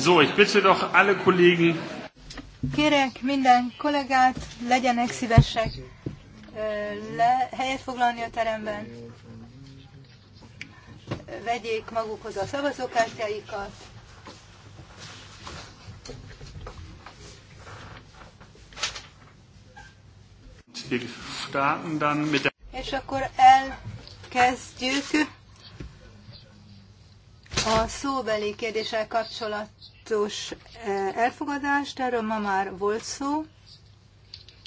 So, ich bitte doch alle Kollegen. Kérek minden kollégát, legyenek szívesek le, helyet foglalni a teremben. Vegyék magukhoz a szavazókártyáikat. És akkor elkezdjük a szóbeli kérdéssel kapcsolatban konfliktus eh, elfogadást, erről ma már volt szó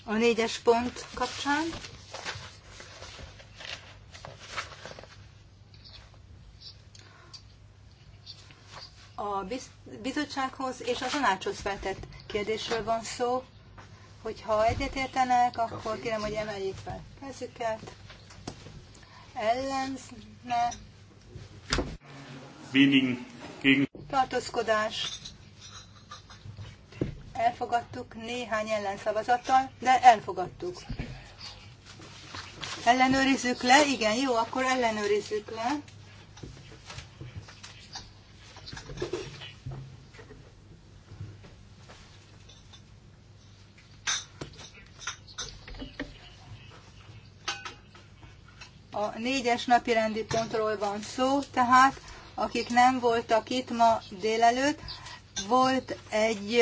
a négyes pont kapcsán. A bizottsághoz és a tanácshoz feltett kérdésről van szó, hogyha egyetértenek, akkor kérem, hogy emeljék fel kezüket. Ellenzne. Wenigen Tartózkodás elfogadtuk néhány ellenszavazattal, de elfogadtuk. Ellenőrizzük le, igen, jó, akkor ellenőrizzük le. A négyes napi rendi pontról van szó, tehát akik nem voltak itt ma délelőtt, volt egy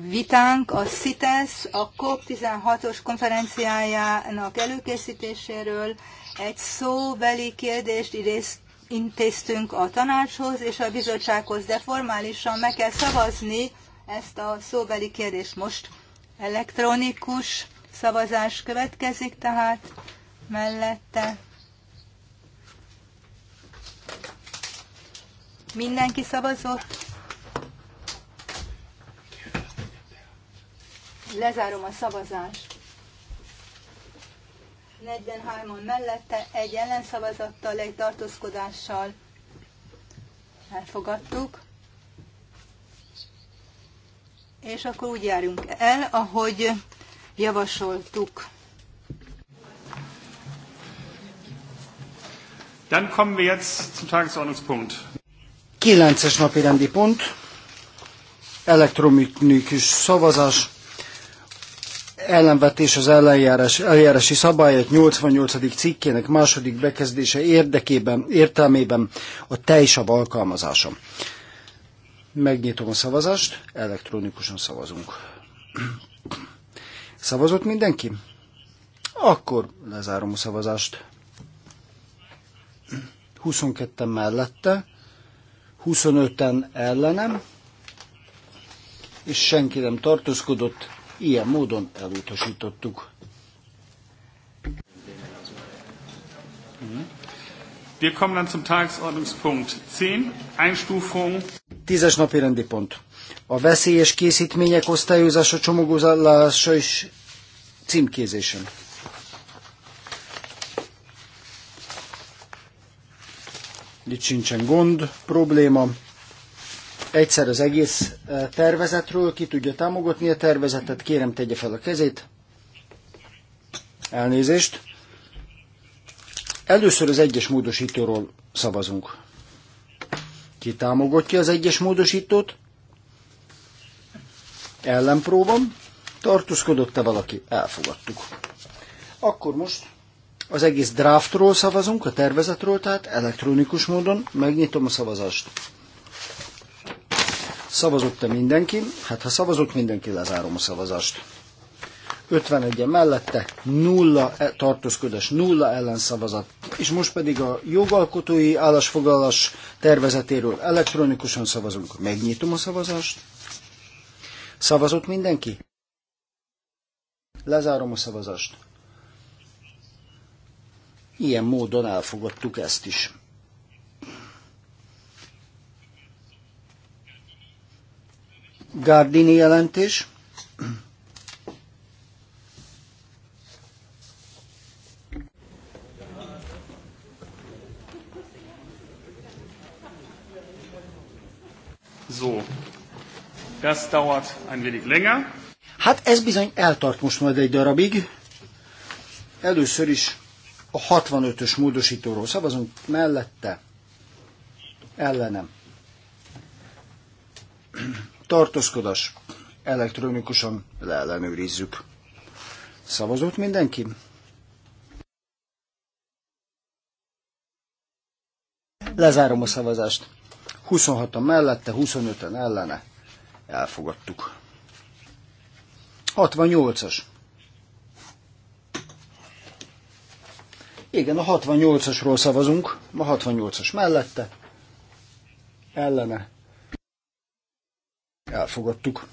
vitánk a CITES, a COP16-os konferenciájának előkészítéséről. Egy szóbeli kérdést idéz intéztünk a tanácshoz és a bizottsághoz, de formálisan meg kell szavazni ezt a szóbeli kérdést most. Elektronikus szavazás következik tehát mellette. Mindenki szavazott? Lezárom a szavazást. 43 on mellette, egy ellenszavazattal, egy tartózkodással elfogadtuk. És akkor úgy járunk el, ahogy javasoltuk. Dann kommen wir jetzt zum Tagesordnungspunkt. 9-es rendi pont, elektronikus szavazás ellenvetés az ellenjárás, eljárási szabályok 88. cikkének második bekezdése érdekében, értelmében a teljesabb alkalmazása. Megnyitom a szavazást, elektronikusan szavazunk. Szavazott mindenki? Akkor lezárom a szavazást. 22 mellette, 25-en ellenem, és senki nem tartózkodott, Ilyen módon elutasítottuk. Wir kommen dann zum Tagesordnungspunkt 10, Einstufung. Tízes napi rendi pont. A veszélyes készítmények osztályozása, csomagozása és címkézésen. Itt sincsen gond, probléma egyszer az egész tervezetről, ki tudja támogatni a tervezetet, kérem tegye fel a kezét. Elnézést. Először az egyes módosítóról szavazunk. Ki támogatja az egyes módosítót? Ellenpróbam. Tartózkodott-e valaki? Elfogadtuk. Akkor most az egész draftról szavazunk, a tervezetről, tehát elektronikus módon megnyitom a szavazást. Szavazott-e mindenki? Hát ha szavazott mindenki, lezárom a szavazást. 51 -e mellette, nulla e, tartózkodás, nulla ellenszavazat. És most pedig a jogalkotói állásfoglalás tervezetéről elektronikusan szavazunk. Megnyitom a szavazást. Szavazott mindenki? Lezárom a szavazást. Ilyen módon elfogadtuk ezt is. Gardini jelentés. So, das dauert ein wenig länger. Hát ez bizony eltart most majd egy darabig. Először is a 65-ös módosítóról szavazunk, mellette ellenem tartózkodás elektronikusan leellenőrizzük. Szavazott mindenki? Lezárom a szavazást. 26-an mellette, 25-en ellene. Elfogadtuk. 68-as. Igen, a 68-asról szavazunk. A 68-as mellette. Ellene Elfogadtuk.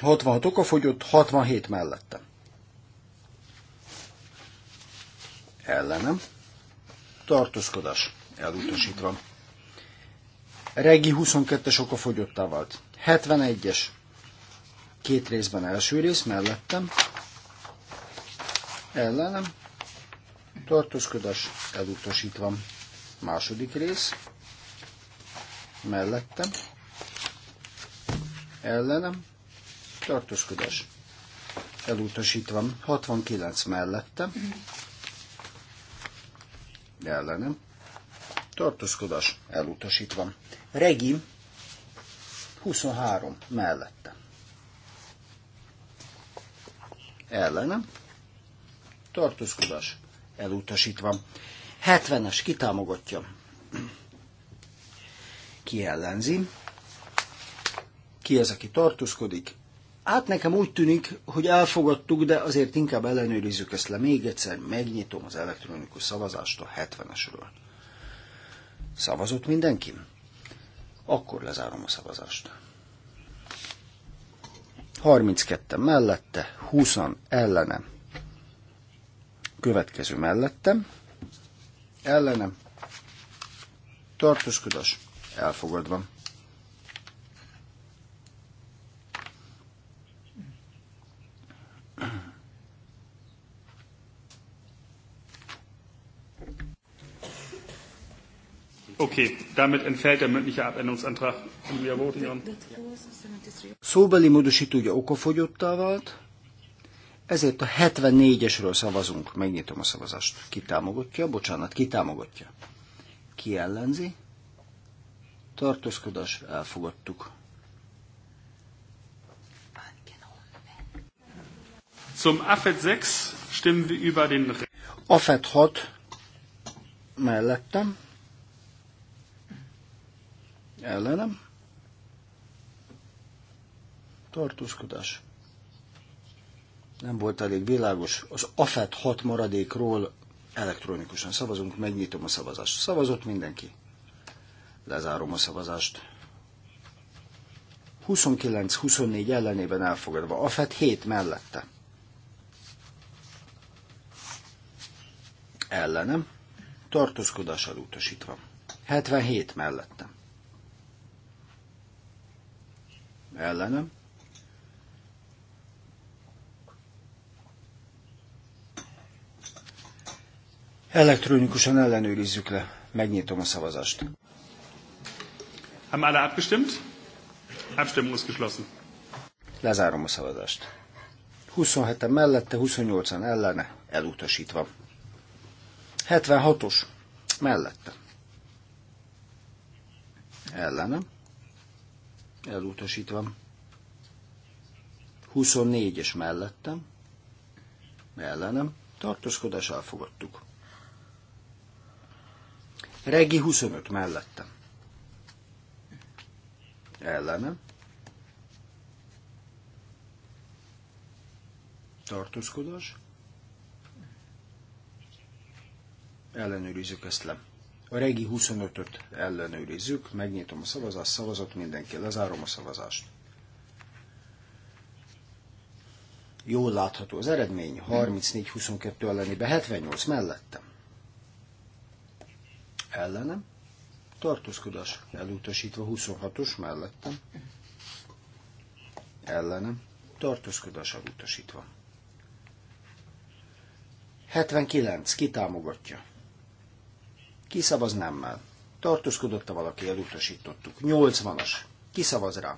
66 fogyott, 67 mellette. Ellenem. Tartózkodás. Elutasítva. Regi 22-es okafogyottá vált. 71-es. Két részben első rész, mellettem. Ellenem. Tartózkodás. Elutasítva. Második rész. Mellettem ellenem, tartózkodás elutasítva, 69 mellette, ellenem, tartózkodás elutasítva, regi 23 mellette, ellenem, tartózkodás elutasítva, 70-es kitámogatja, ki ellenzi, ki az, aki tartózkodik. Hát nekem úgy tűnik, hogy elfogadtuk, de azért inkább ellenőrizzük ezt le még egyszer, megnyitom az elektronikus szavazást a 70-esről. Szavazott mindenki? Akkor lezárom a szavazást. 32 mellette, 20 ellenem. Következő mellettem, ellenem, tartózkodás elfogadva. Okay, damit entfällt der mündliche Abänderungsantrag. Szóbeli módosító ugye okofogyottá vált, ezért a 74-esről szavazunk. Megnyitom a szavazást. Ki támogatja? Bocsánat, ki támogatja? Ki ellenzi? Tartózkodás, elfogadtuk. Zum AFET 6 stimmen wir über den... AFET 6 mellettem ellenem, tartózkodás. Nem volt elég világos. Az AFET 6 maradékról elektronikusan szavazunk, megnyitom a szavazást. Szavazott mindenki. Lezárom a szavazást. 29-24 ellenében elfogadva. AFET 7 mellette. Ellenem. tartózkodás elutasítva. 77 mellettem. ellenem. Elektronikusan ellenőrizzük le. Megnyitom a szavazást. Haben alle abgestimmt? Abstimmung ist geschlossen. Lezárom a szavazást. 27-en mellette, 28-an ellene, elutasítva. 76-os mellette. Ellenem elutasítva. 24-es mellettem, ellenem, tartózkodás elfogadtuk. Regi 25 mellettem. Ellenem. Tartózkodás. Ellenőrizzük ezt le. A regi 25-öt ellenőrizzük, megnyitom a szavazást, szavazott mindenki, lezárom a szavazást. Jól látható az eredmény, 34-22 ellenében, 78 mellettem. Ellenem, tartózkodás elutasítva, 26-os mellettem. Ellenem, tartózkodás elutasítva. 79. Ki támogatja? Kiszavaz nemmel. Tartózkodott-e valaki, elutasítottuk. 80-as. Kiszavaz rá.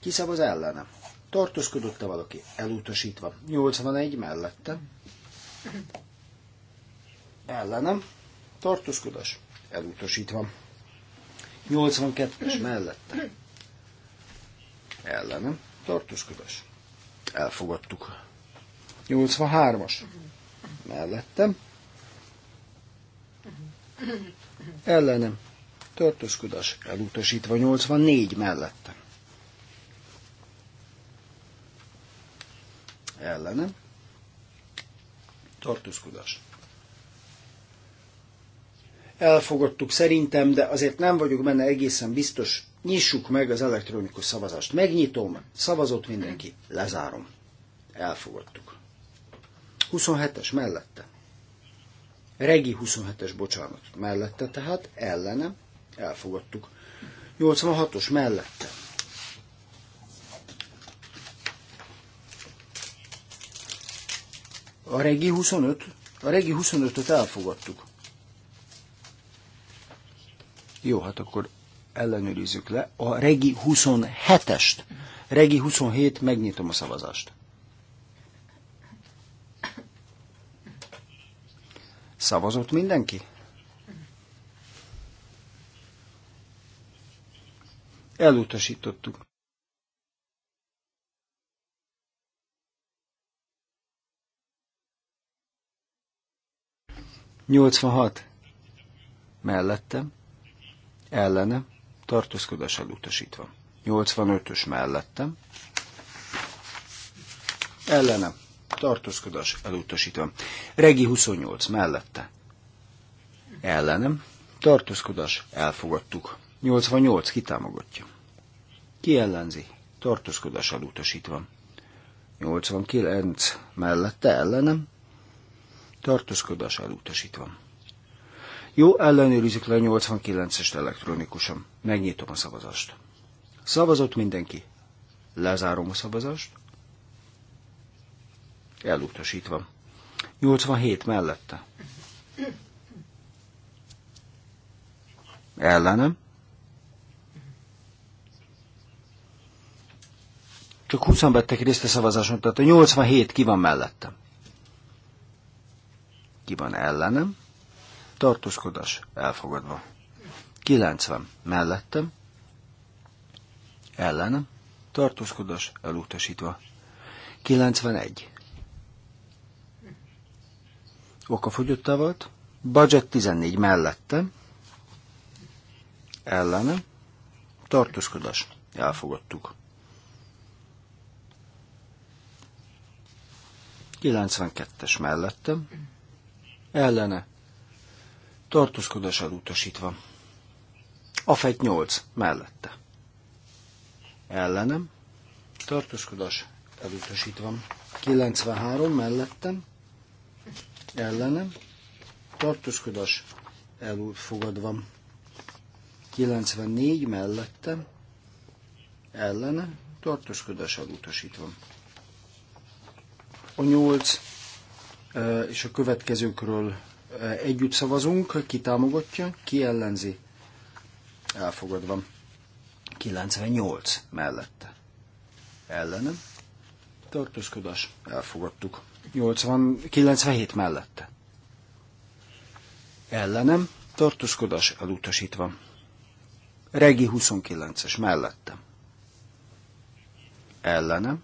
Kiszavaz ellene. Tartózkodott-e valaki, elutasítva. 81 mellette. Ellenem. Tartózkodás. Elutasítva. 82-es mellette. Ellenem. Tartózkodás. Elfogadtuk. 83-as mellettem. Ellenem. Tartózkodás elutasítva 84 mellettem. Ellenem. Tartózkodás. Elfogadtuk szerintem, de azért nem vagyok benne egészen biztos. Nyissuk meg az elektronikus szavazást. Megnyitom, szavazott mindenki, lezárom. Elfogadtuk. 27-es mellette. Regi 27-es, bocsánat, mellette tehát, ellene, elfogadtuk. 86-os mellette. A Regi 25, a Regi 25-öt elfogadtuk. Jó, hát akkor ellenőrizzük le. A Regi 27-est. Regi 27, megnyitom a szavazást. Szavazott mindenki? Elutasítottuk. Nyolcvanhat. Mellettem. Ellene. Tartózkodás elutasítva. 85 mellettem. Ellenem tartózkodás elutasítva. Regi 28 mellette. Ellenem, tartózkodás elfogadtuk. 88 kitámogatja. Ki ellenzi? Tartózkodás elutasítva. 89 mellette ellenem, tartózkodás elutasítva. Jó, ellenőrizzük le 89-est elektronikusan. Megnyitom a szavazást. Szavazott mindenki. Lezárom a szavazást elutasítva. 87 mellette. Ellenem. Csak 20 vettek részt a szavazáson, tehát a 87 ki van mellettem. Ki van ellenem? Tartózkodás elfogadva. 90 mellettem. Ellenem. Tartózkodás elutasítva. 91 okafogyottá volt. Budget 14 mellette, ellene, tartózkodás, elfogadtuk. 92-es mellette, ellene, tartózkodás elutasítva. A fejt 8 mellette. Ellenem, tartózkodás elutasítva. 93 mellettem, ellenem, tartózkodás elfogadva. 94 mellette ellene, tartózkodás elutasítva. A 8 és a következőkről együtt szavazunk, ki támogatja, ki ellenzi, elfogadva. 98 mellette. Ellenem. Tartózkodás. Elfogadtuk. 80, 97 mellette. Ellenem, tartózkodás elutasítva. Regi 29-es mellette. Ellenem,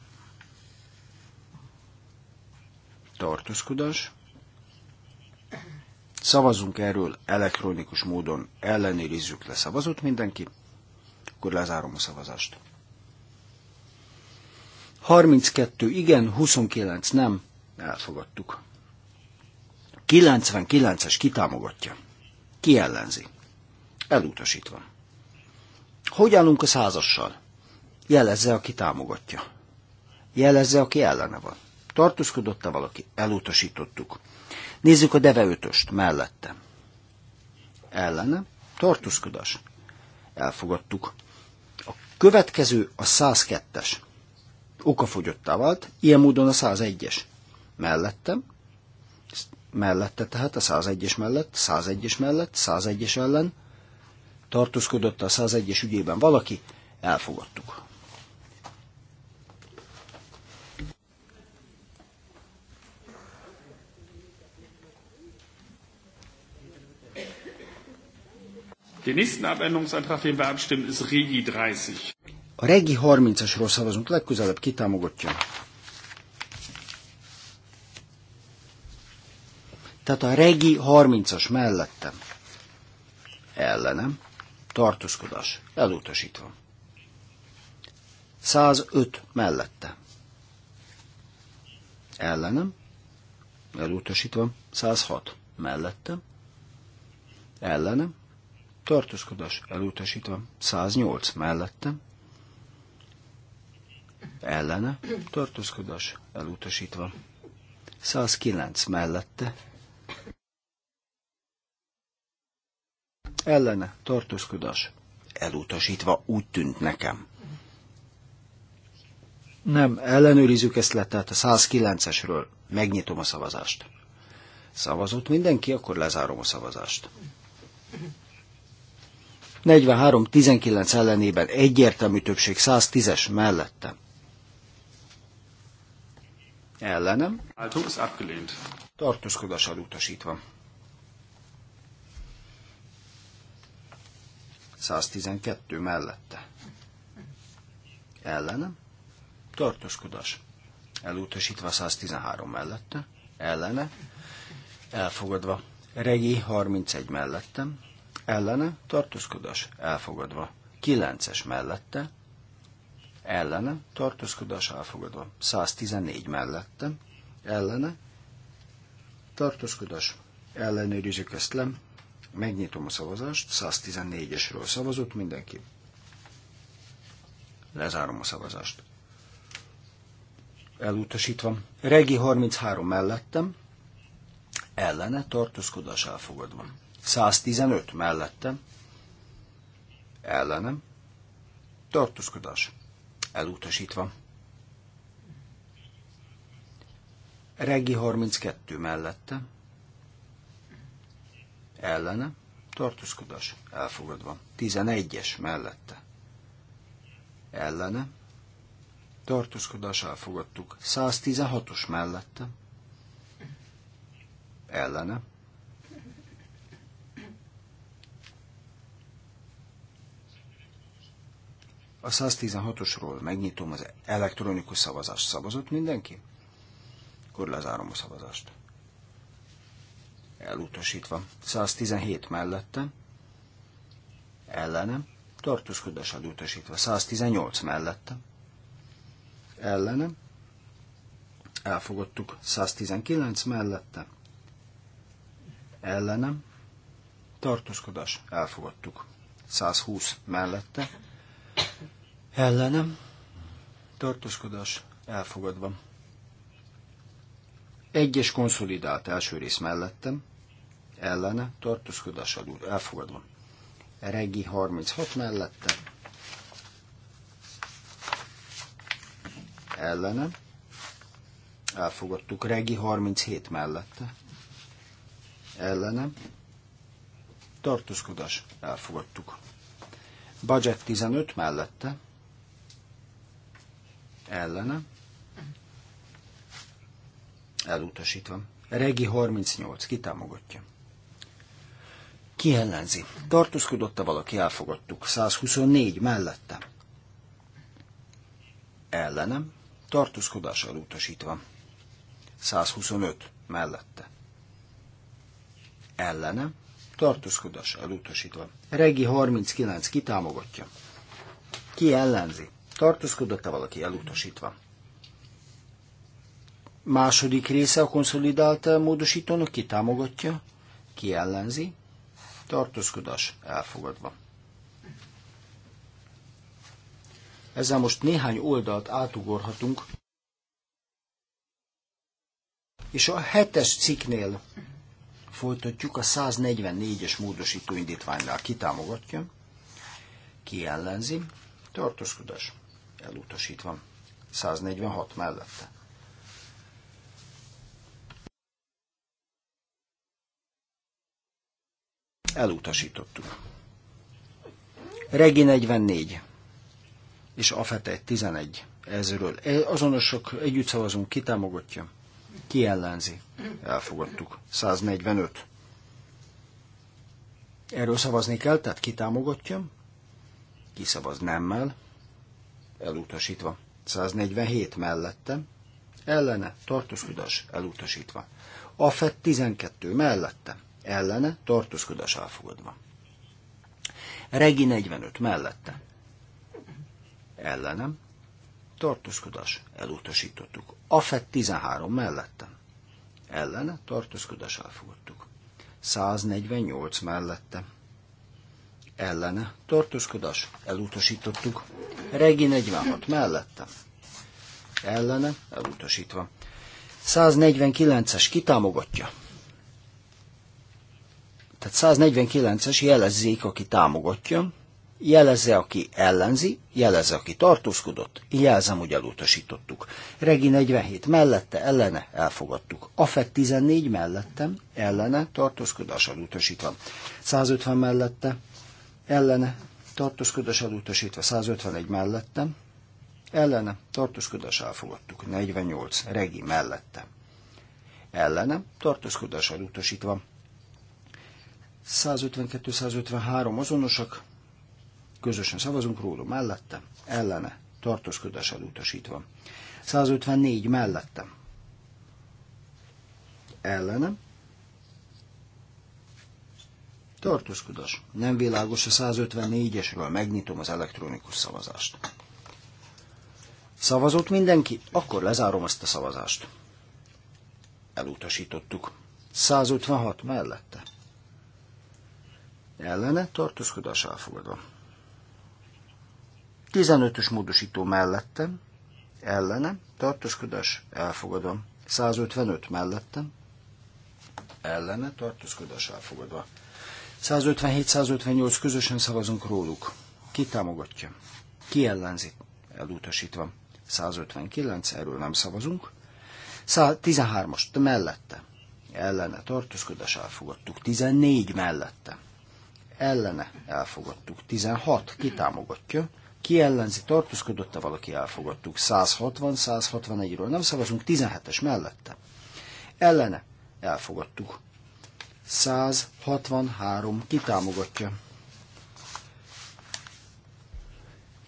tartózkodás. Szavazunk erről elektronikus módon, ellenőrizzük le. Szavazott mindenki? Akkor lezárom a szavazást. 32 igen, 29 nem, Elfogadtuk. 99-es kitámogatja. Ki ellenzi? Elutasítva. Hogy állunk a százassal? Jelezze, aki támogatja. Jelezze, aki ellene van. Tartózkodott-e valaki? Elutasítottuk. Nézzük a deve ötöst mellette. Ellene? Tartózkodás. Elfogadtuk. A következő a 102-es. Okafogyottá vált, ilyen módon a 101-es mellettem, mellette tehát a 101-es mellett, 101-es mellett, 101-es ellen tartózkodott a 101-es ügyében valaki, elfogadtuk. Den nächsten Abänderungsantrag, den wir abstimmen, ist Regi 30. A Regi 30-asról szavazunk legközelebb, kitámogatja. Tehát a regi 30-as mellettem. Ellenem. Tartózkodás. Elutasítva. 105 mellette. Ellenem. Elutasítva. 106 mellette. Ellenem. Tartózkodás. Elutasítva. 108 mellette. Ellene. Tartózkodás. Elutasítva. 109 mellette ellene tartózkodás elutasítva úgy tűnt nekem. Nem, ellenőrizzük ezt le, tehát a 109-esről megnyitom a szavazást. Szavazott mindenki, akkor lezárom a szavazást. 43-19 ellenében egyértelmű többség 110-es mellette. Ellenem. Tartózkodás elutasítva. 112 mellette. Ellenem. Tartoskodás. Elutasítva 113 mellette. Ellene. Elfogadva. Regi 31 mellettem. Ellene. Tartoskodás. Elfogadva. 9-es mellette. Ellene. Tartoskodás. elfogadva. 114 mellettem. Ellene. Tartoskodás. Ellenőrizzük ezt le. Megnyitom a szavazást, 114-esről szavazott mindenki. Lezárom a szavazást. Elutasítva. Regi 33 mellettem, ellene tartózkodás elfogadva. 115 mellettem, ellenem, tartózkodás elutasítva. Regi 32 mellettem, ellene, tartózkodás elfogadva. 11-es mellette, ellene, tartózkodás elfogadtuk. 116-os mellette, ellene, A 116-osról megnyitom az elektronikus szavazást. Szavazott mindenki? Akkor lezárom a szavazást elutasítva. 117 mellette, ellenem, tartózkodás elutasítva. 118 mellette, ellenem, elfogadtuk. 119 mellette, ellenem, tartózkodás elfogadtuk. 120 mellette, ellenem, tartózkodás elfogadva. Egyes konszolidált első rész mellettem, ellene tartózkodás alul elfogadva. Regi 36 mellette ellene elfogadtuk. Regi 37 mellette ellene tartózkodás elfogadtuk. Budget 15 mellette ellene elutasítva. Regi 38 kitámogatja. Ki ellenzi? Tartózkodott-e valaki? Elfogadtuk. 124 mellette. Ellenem. Tartózkodással utasítva. 125 mellette. Ellenem. Tartózkodással utasítva. Regi 39 kitámogatja. Ki ellenzi? Tartózkodott-e valaki elutasítva? Második része a konszolidált módosítónak kitámogatja. ki ellenzi, tartózkodás elfogadva. Ezzel most néhány oldalt átugorhatunk, és a hetes cikknél folytatjuk a 144-es módosító indítványnál. Ki támogatja? Ki ellenzi? Tartózkodás elutasítva. 146 mellette Elutasítottuk. Regi 44 és Afete 11. Ezről azonosok együtt szavazunk, ki támogatja, ki ellenzi. Elfogadtuk. 145. Erről szavazni kell, tehát ki támogatja, ki szavaz nemmel, elutasítva. 147 mellettem, ellene tartózkodás elutasítva. Afet 12 mellettem, ellene tartózkodás elfogadva. Regi 45 mellette ellenem tartózkodás elutasítottuk. Afet 13 mellettem ellene tartózkodás elfogadtuk. 148 mellette ellene tartózkodás elutasítottuk. Regi 46 mellette, ellene elutasítva. 149-es kitámogatja tehát 149-es jelezzék, aki támogatja, jelezze, aki ellenzi, jelezze, aki tartózkodott, jelzem, hogy elutasítottuk. Regi 47 mellette, ellene, elfogadtuk. Afet 14 mellettem, ellene, tartózkodás elutasítva. 150 mellette, ellene, tartózkodás elutasítva. 151 mellettem, ellene, tartózkodás elfogadtuk. 48, Regi mellette. Ellene, tartózkodás elutasítva. 152-153 azonosak, közösen szavazunk róla, mellette, ellene, tartózkodás elutasítva. 154 mellette, ellene, tartózkodás. Nem világos a 154-esről, megnyitom az elektronikus szavazást. Szavazott mindenki? Akkor lezárom ezt a szavazást. Elutasítottuk. 156 mellette ellene tartózkodás elfogadva. 15-ös módosító mellettem, ellene tartózkodás elfogadva. 155 mellettem, ellene tartózkodás elfogadva. 157-158 közösen szavazunk róluk. Ki támogatja? Ki ellenzi? Elutasítva. 159, erről nem szavazunk. 13-as mellette, ellene tartózkodás elfogadtuk. 14 mellette, ellene elfogadtuk. 16 kitámogatja, ki ellenzi tartózkodott-e valaki elfogadtuk. 160-161-ről nem szavazunk, 17-es mellette. Ellene elfogadtuk. 163 kitámogatja.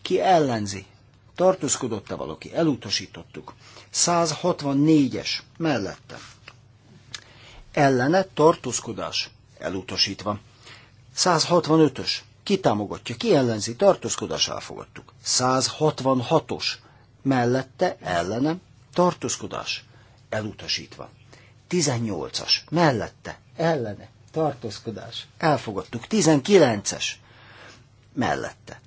Ki ellenzi? Tartózkodott-e valaki? Elutasítottuk. 164-es mellette. Ellene tartózkodás elutasítva. 165-ös. Ki támogatja, ki ellenzi, tartózkodás elfogadtuk. 166-os. Mellette, ellenem, tartózkodás elutasítva. 18-as. Mellette, ellene, tartózkodás elfogadtuk. 19-es. Mellette,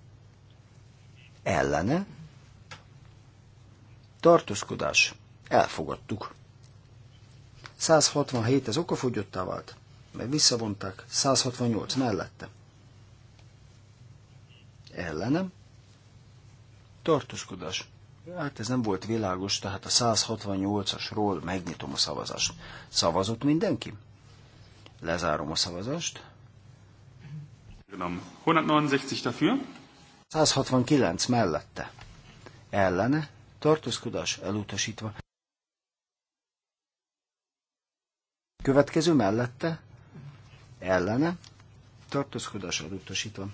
ellene, tartózkodás elfogadtuk. 167 ez okafogyottá vált meg visszavonták 168 mellette. Ellenem. Tartoskodás. Hát ez nem volt világos, tehát a 168-asról megnyitom a szavazást. Szavazott mindenki? Lezárom a szavazást. 169 dafür. 169 mellette. Ellene. Tartózkodás elutasítva. Következő mellette ellene, tartózkodás elutasítva.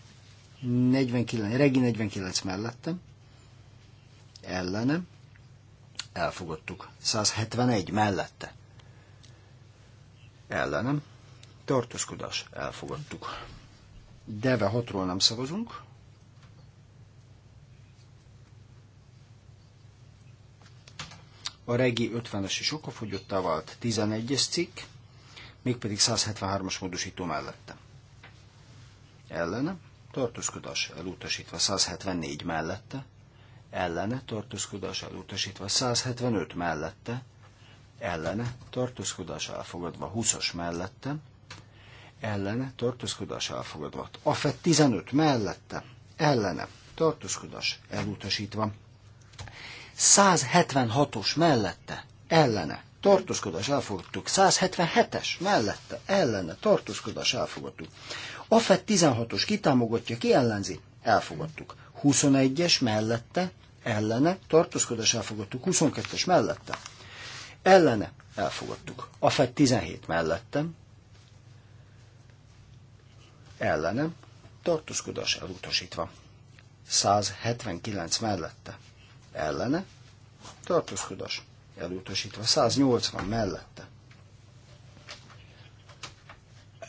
49, regi 49 mellettem, ellene, elfogadtuk. 171 mellette, ellenem, tartózkodás, elfogadtuk. Deve 6-ról nem szavazunk. A regi 50-es is okafogyottá vált, 11-es cikk, mégpedig 173-as módosító mellettem. Ellene tartózkodás elutasítva 174 mellette, ellene tartózkodás elutasítva 175 mellette, ellene tartózkodás elfogadva 20-as mellette, ellene tartózkodás elfogadva. A FED 15 mellette, ellene tartózkodás elutasítva. 176-os mellette, ellene tartózkodás elfogadtuk. 177-es mellette, ellene, tartózkodás elfogadtuk. FED 16-os kitámogatja, ki ellenzi, elfogadtuk. 21-es mellette, ellene, tartózkodás elfogadtuk. 22-es mellette, ellene, elfogadtuk. FED 17 mellette, ellenem, tartózkodás elutasítva. 179 mellette, ellene, tartózkodás elutasítva. 180 mellette.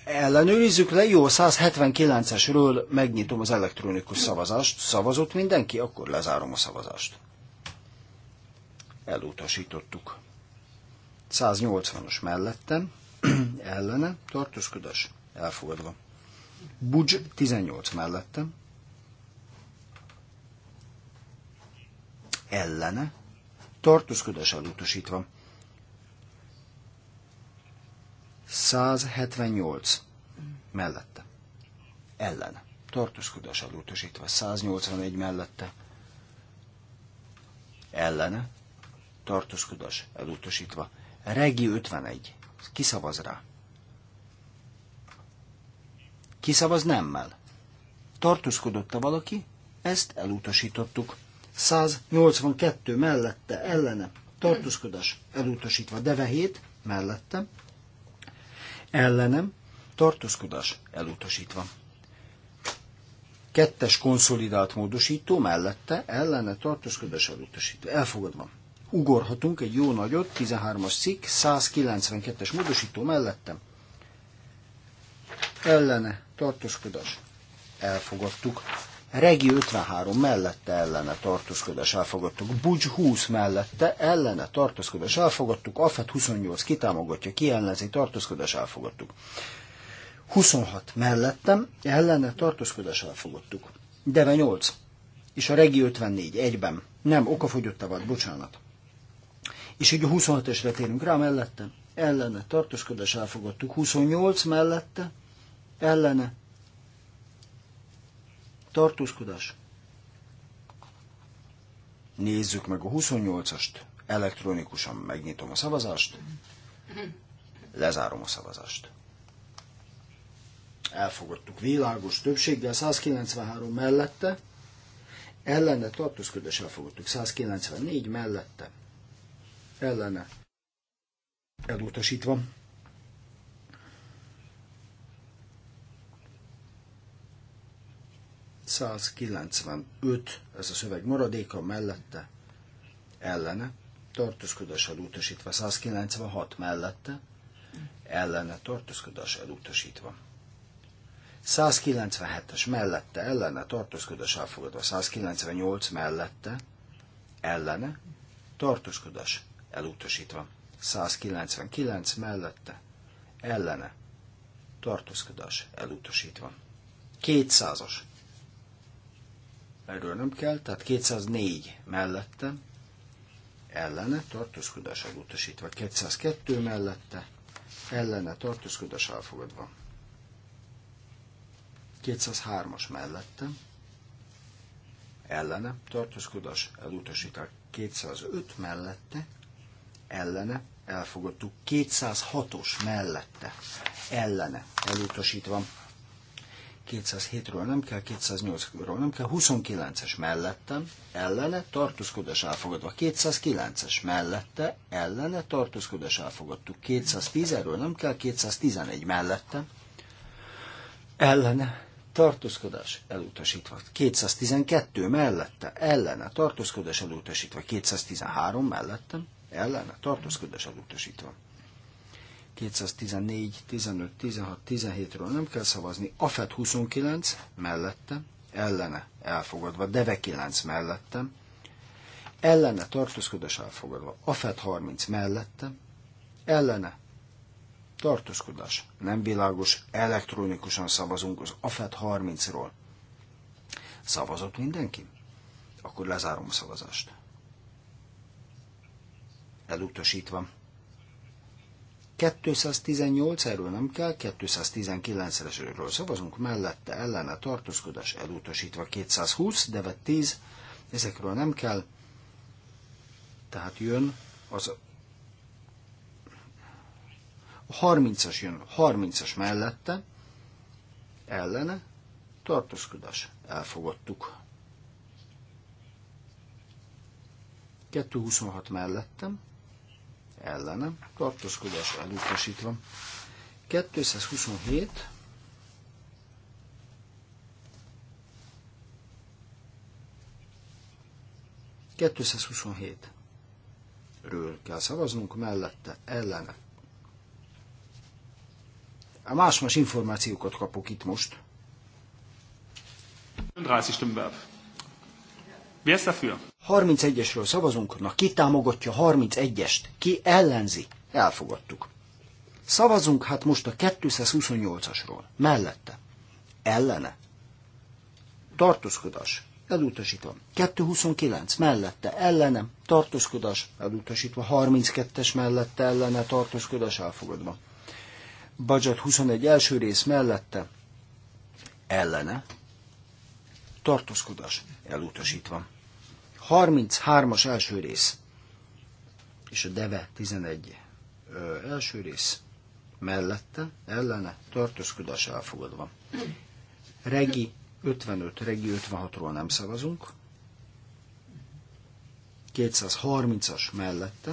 Ellenőrizzük le, jó, 179-esről megnyitom az elektronikus szavazást. Szavazott mindenki? Akkor lezárom a szavazást. Elutasítottuk. 180-os mellettem, ellene, tartózkodás, elfogadva. Budzs 18 mellettem, ellene, tartózkodással utasítva. 178 mellette. Ellen. Tartózkodással utasítva. 181 mellette. Ellene. Tartózkodás elutasítva. Regi 51. Kiszavaz rá. Kiszavaz nemmel. Tartózkodott-e valaki? Ezt elutasítottuk. 182 mellette ellene tartózkodás elutasítva, deve 7 mellette ellenem tartózkodás elutasítva. Kettes konszolidált módosító mellette ellene tartózkodás elutasítva. Elfogadva. Ugorhatunk egy jó nagyot, 13-as cikk, 192-es módosító mellette Ellene tartózkodás. Elfogadtuk. Regi 53 mellette ellene tartózkodás elfogadtuk. Bucs 20 mellette ellene tartózkodás elfogadtuk. Afet 28 kitámogatja, kiellenzi tartózkodás elfogadtuk. 26 mellettem ellene tartózkodás elfogadtuk. Deve 8 és a Regi 54 egyben. Nem, a vad, bocsánat. És így a 26-esre térünk rá mellette, ellene tartózkodás elfogadtuk. 28 mellette, ellene tartózkodás. Nézzük meg a 28-ast, elektronikusan megnyitom a szavazást, lezárom a szavazást. Elfogadtuk világos többséggel, 193 mellette, ellene tartózkodás elfogadtuk, 194 mellette, ellene elutasítva. 195, ez a szöveg maradéka, mellette, ellene, tartózkodás elutasítva, 196 mellette, ellene, tartózkodás elutasítva. 197-es mellette, ellene, tartózkodás elfogadva, 198 mellette, ellene, tartózkodás elutasítva, 199 mellette, ellene, tartózkodás elutasítva. 200-as erről nem kell, tehát 204 mellette, ellene tartózkodás elutasítva, 202 mellette, ellene tartózkodás elfogadva, 203-as mellette, ellene tartózkodás elutasítva, 205 mellette, ellene elfogadtuk, 206-os mellette, ellene elutasítva, 207-ről nem kell, 208-ról nem kell, 29-es mellettem, ellene, tartózkodás elfogadva, 209-es mellette, ellene, tartózkodás elfogadtuk, 210-ről nem kell, 211 mellette, ellene, tartózkodás elutasítva, 212 mellette, ellene, tartózkodás elutasítva, 213 mellette, ellene, tartózkodás elutasítva. 214, 15, 16, 17-ről nem kell szavazni. AFET 29 mellette, ellene elfogadva, DEVE 9 mellette, ellene tartózkodás elfogadva, AFET 30 mellette, ellene tartózkodás nem világos, elektronikusan szavazunk az AFET 30-ról. Szavazott mindenki? Akkor lezárom a szavazást. Elutasítva. 218 erről nem kell, 219-esről szavazunk, mellette ellene tartózkodás elutasítva 220, devet 10, ezekről nem kell, tehát jön az a 30-as jön, 30-as mellette, ellene, tartózkodás, elfogadtuk. 226 mellettem, ellenem, tartózkodás elutasítva. 227 227 ről kell szavaznunk, mellette ellene. A más-más információkat kapok itt most. 30 Stimmwerf. 31-esről szavazunk, na ki támogatja 31-est, ki ellenzi? Elfogadtuk. Szavazunk hát most a 228-asról, mellette. Ellene. Tartózkodás. Elutasítom. 229 mellette ellene, tartózkodás elutasítva. 32-es mellette ellene, tartózkodás elfogadva. Budget 21 első rész mellette ellene, tartózkodás elutasítva. 33-as első rész, és a Deve 11 ö, első rész mellette, ellene, tartózkodás elfogadva. Regi 55, Regi 56-ról nem szavazunk. 230-as mellette,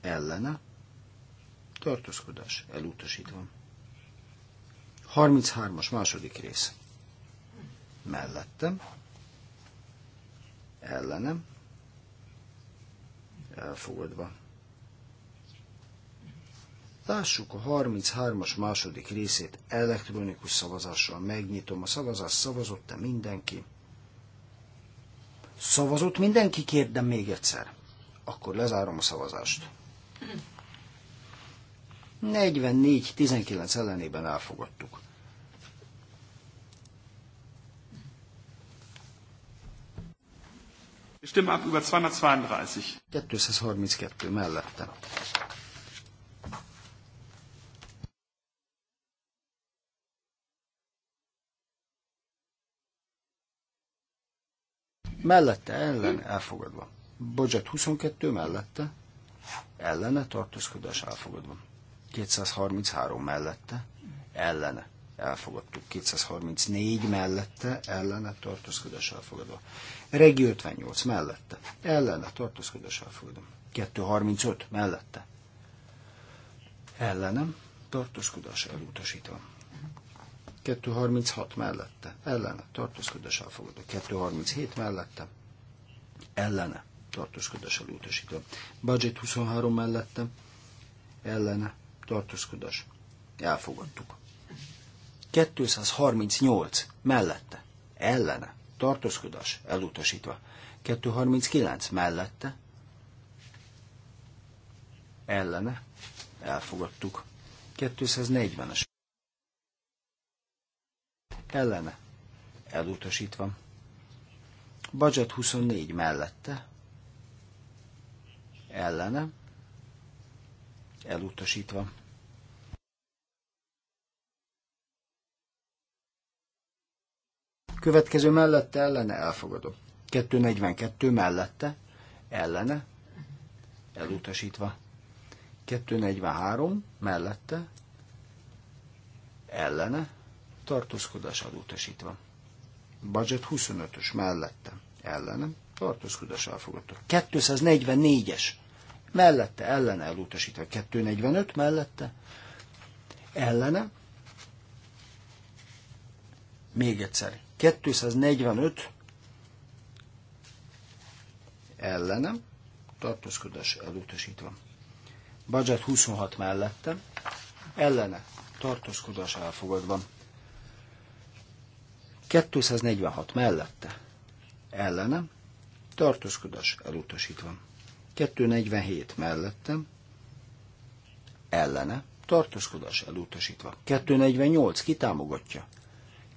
ellene, tartózkodás elutasítva. 33-as második rész. Mellettem, ellenem, elfogadva. Lássuk a 33-as második részét elektronikus szavazással. Megnyitom a szavazást, szavazott-e mindenki? Szavazott mindenki? Kérdem még egyszer. Akkor lezárom a szavazást. 44-19 hmm. ellenében elfogadtuk. Stimme ab über 232. 232 mellette. Mellette, ellen, elfogadva. Bocsát, 22 mellette, ellene, tartózkodás elfogadva. 233 mellette, ellene, elfogadtuk. 234 mellette, ellene, tartózkodás elfogadva. Regi 58 mellette. Ellene tartózkodás elfogadom. 235 mellette. Ellenem tartózkodás elutasítva. 236 mellette. Ellene tartózkodás elfogadó. 237 mellette. Ellene tartózkodás elutasítva. Budget 23 mellette. Ellene tartózkodás. Elfogadtuk. 238 mellette. Ellene tartózkodás elutasítva. 239 mellette, ellene, elfogadtuk. 240-es ellene, elutasítva. Budget 24 mellette, ellene, elutasítva. Következő mellette ellene elfogadom. 242 mellette ellene elutasítva. 243 mellette ellene tartózkodás elutasítva. Budget 25-ös mellette ellene tartózkodás elfogadva. 244-es mellette ellene elutasítva. 245 mellette ellene még egyszer. 245 ellenem, tartózkodás elutasítva. Budget 26 mellettem, ellene, tartózkodás elfogadva. 246 mellette, ellenem, tartózkodás elutasítva. 247 mellettem, ellene, tartózkodás elutasítva. 248 kitámogatja,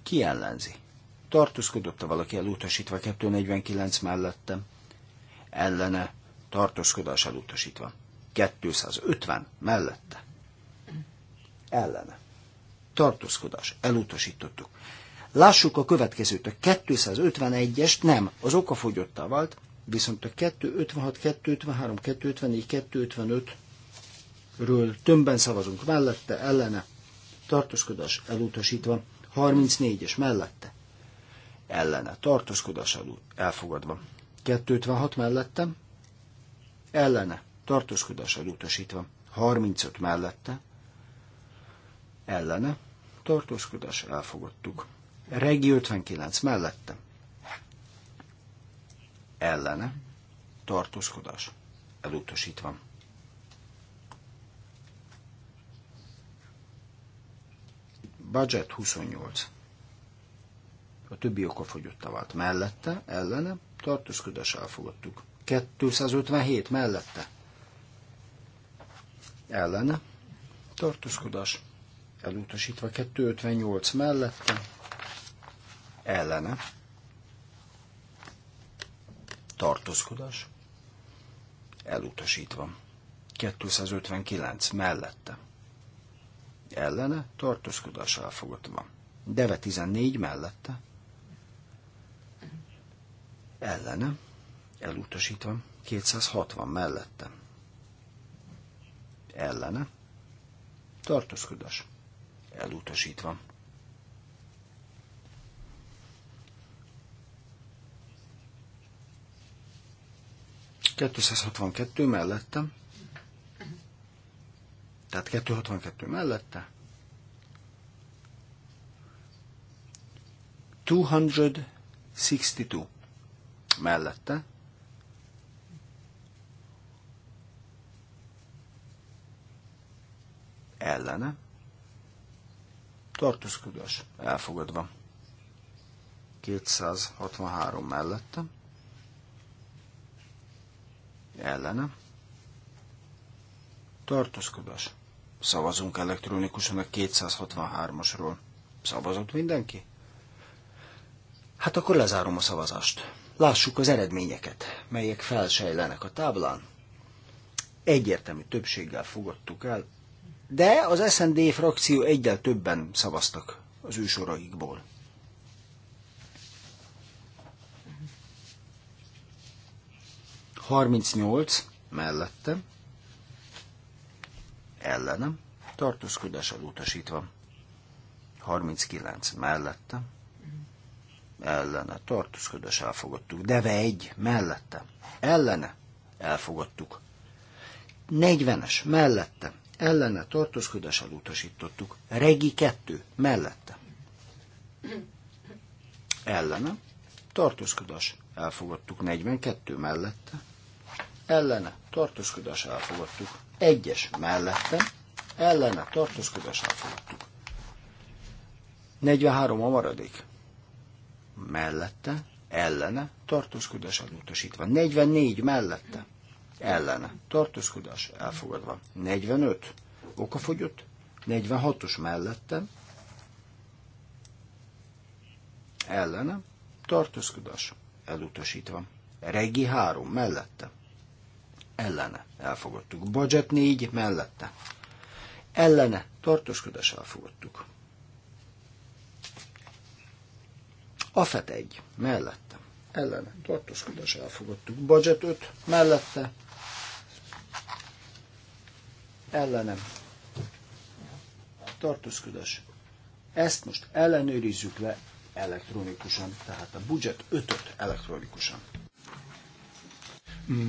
ki ellenzi? Tartózkodott-e valaki elutasítva 249 mellettem? Ellene tartózkodás elutasítva. 250 mellette. Ellene. Tartózkodás. Elutasítottuk. Lássuk a következőt. A 251-est nem, az okafogyottá vált, viszont a 256, 253, 254, 255 ről tömbben szavazunk mellette, ellene, tartózkodás elutasítva. 34-es mellette. Ellene. Tartózkodás elfogadva. 256 mellettem. Ellene. Tartózkodás utasítva. 35 mellette. Ellene. Tartózkodás elfogadtuk. Regi 59 mellette. Ellene. Tartózkodás elutasítva. Budget 28. A többi okafogyottá vált. Mellette, ellene, tartózkodás elfogadtuk. 257 mellette. Ellene, tartózkodás elutasítva. 258 mellette, ellene, tartózkodás elutasítva. 259 mellette ellene tartózkodás van. Deve 14 mellette ellene elutasítva. 260 mellette ellene tartózkodás elutasítva. Kettőszázhatvankettő mellettem tehát 262 mellette. 262 mellette. Ellene. Tartózkodás elfogadva. 263 mellette. Ellene. Tartózkodás Szavazunk elektronikusan a 263-asról. Szavazott mindenki? Hát akkor lezárom a szavazást. Lássuk az eredményeket, melyek felsejlenek a táblán. Egyértelmű többséggel fogadtuk el, de az SND frakció egyel többen szavaztak az ősoraikból. Harmincnyolc mellette, ellenem, tartózkodással utasítva. 39 mellette, ellene, tartózkodás elfogadtuk. Deve egy, mellette, ellene, elfogadtuk. 40-es, mellette, ellene, tartózkodással utasítottuk. Regi kettő mellette, ellene, tartózkodás elfogadtuk. 42 mellette, ellene, tartózkodás elfogadtuk. Egyes mellette ellene tartózkodás elfogadtuk. 43 a maradék. Mellette ellene tartózkodás elutasítva. 44 mellette ellene tartózkodás elfogadva. 45 okafogyott, 46-os mellette ellene tartózkodás elutasítva. Regi 3 mellette ellene elfogadtuk. Budget 4 mellette ellene tartózkodás elfogadtuk. Afet 1 mellette ellene tartózkodás elfogadtuk. Budget 5 mellette ellenem tartózkodás. Ezt most ellenőrizzük le elektronikusan, tehát a budget 5-öt elektronikusan.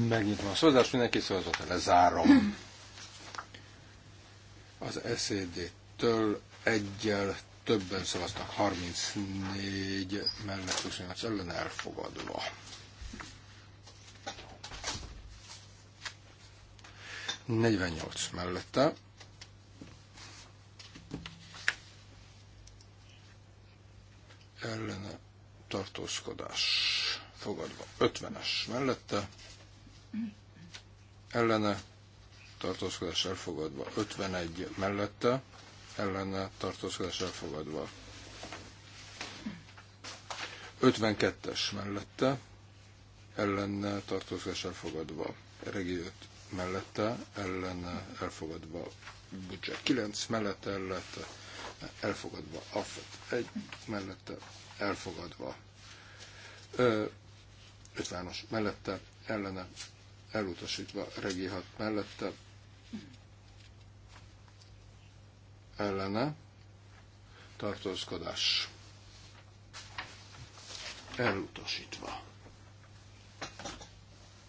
Megnyitom a szózás, mindenki szavazott, lezárom. Az SZD-től e egyel többen szavaztak, 34 mellett 28 ellen elfogadva. Negyvennyolc mellette. Ellene tartózkodás fogadva. Ötvenes mellette ellene tartózkodás elfogadva 51 mellette, ellene tartózkodás elfogadva 52-es mellette, ellene tartózkodás elfogadva regi 5 mellette, ellene elfogadva budget 9 mellette, ellene elfogadva affet 1 mellette, elfogadva 50-as mellette, ellene elutasítva regi mellette, ellene tartózkodás elutasítva.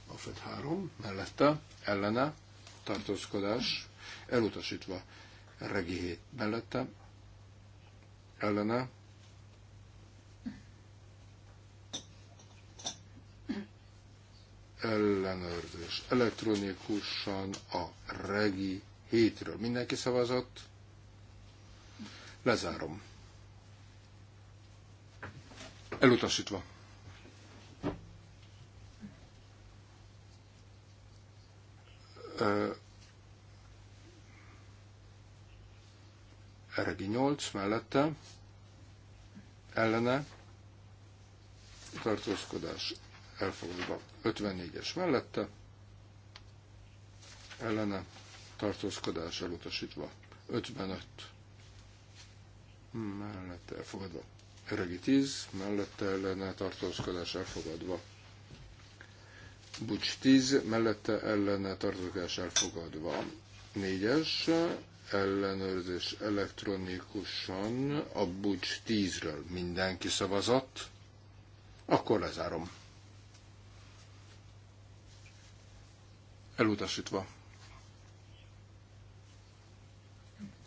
Buffett 3 mellette, ellene tartózkodás elutasítva regi mellette, ellene ellenőrzés. Elektronikusan a regi hétről. Mindenki szavazott? Lezárom. Elutasítva. Eregi Regi 8 mellette ellene tartózkodás elfogadva. 54-es mellette, ellene tartózkodás elutasítva. 55 mellette elfogadva. Öregi 10, mellette ellene tartózkodás elfogadva. Bucs 10, mellette ellene tartózkodás elfogadva. 4-es, ellenőrzés elektronikusan a Bucs 10-ről mindenki szavazott. Akkor lezárom. Elutasítva.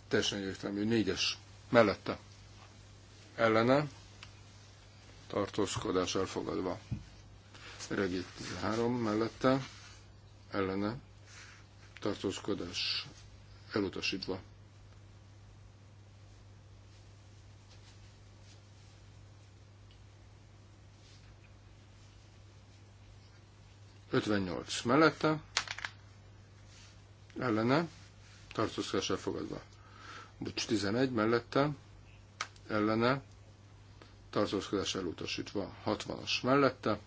Teljesen egyértelmű. Négyes. Mellette. Ellene. Tartózkodás elfogadva. Regi 13 mellette. Ellene. Tartózkodás elutasítva. Ötvennyolc mellette ellene, tartózkodás elfogadva. Bocs 11 mellette, ellene, tartózkodás elutasítva. 60-as mellette,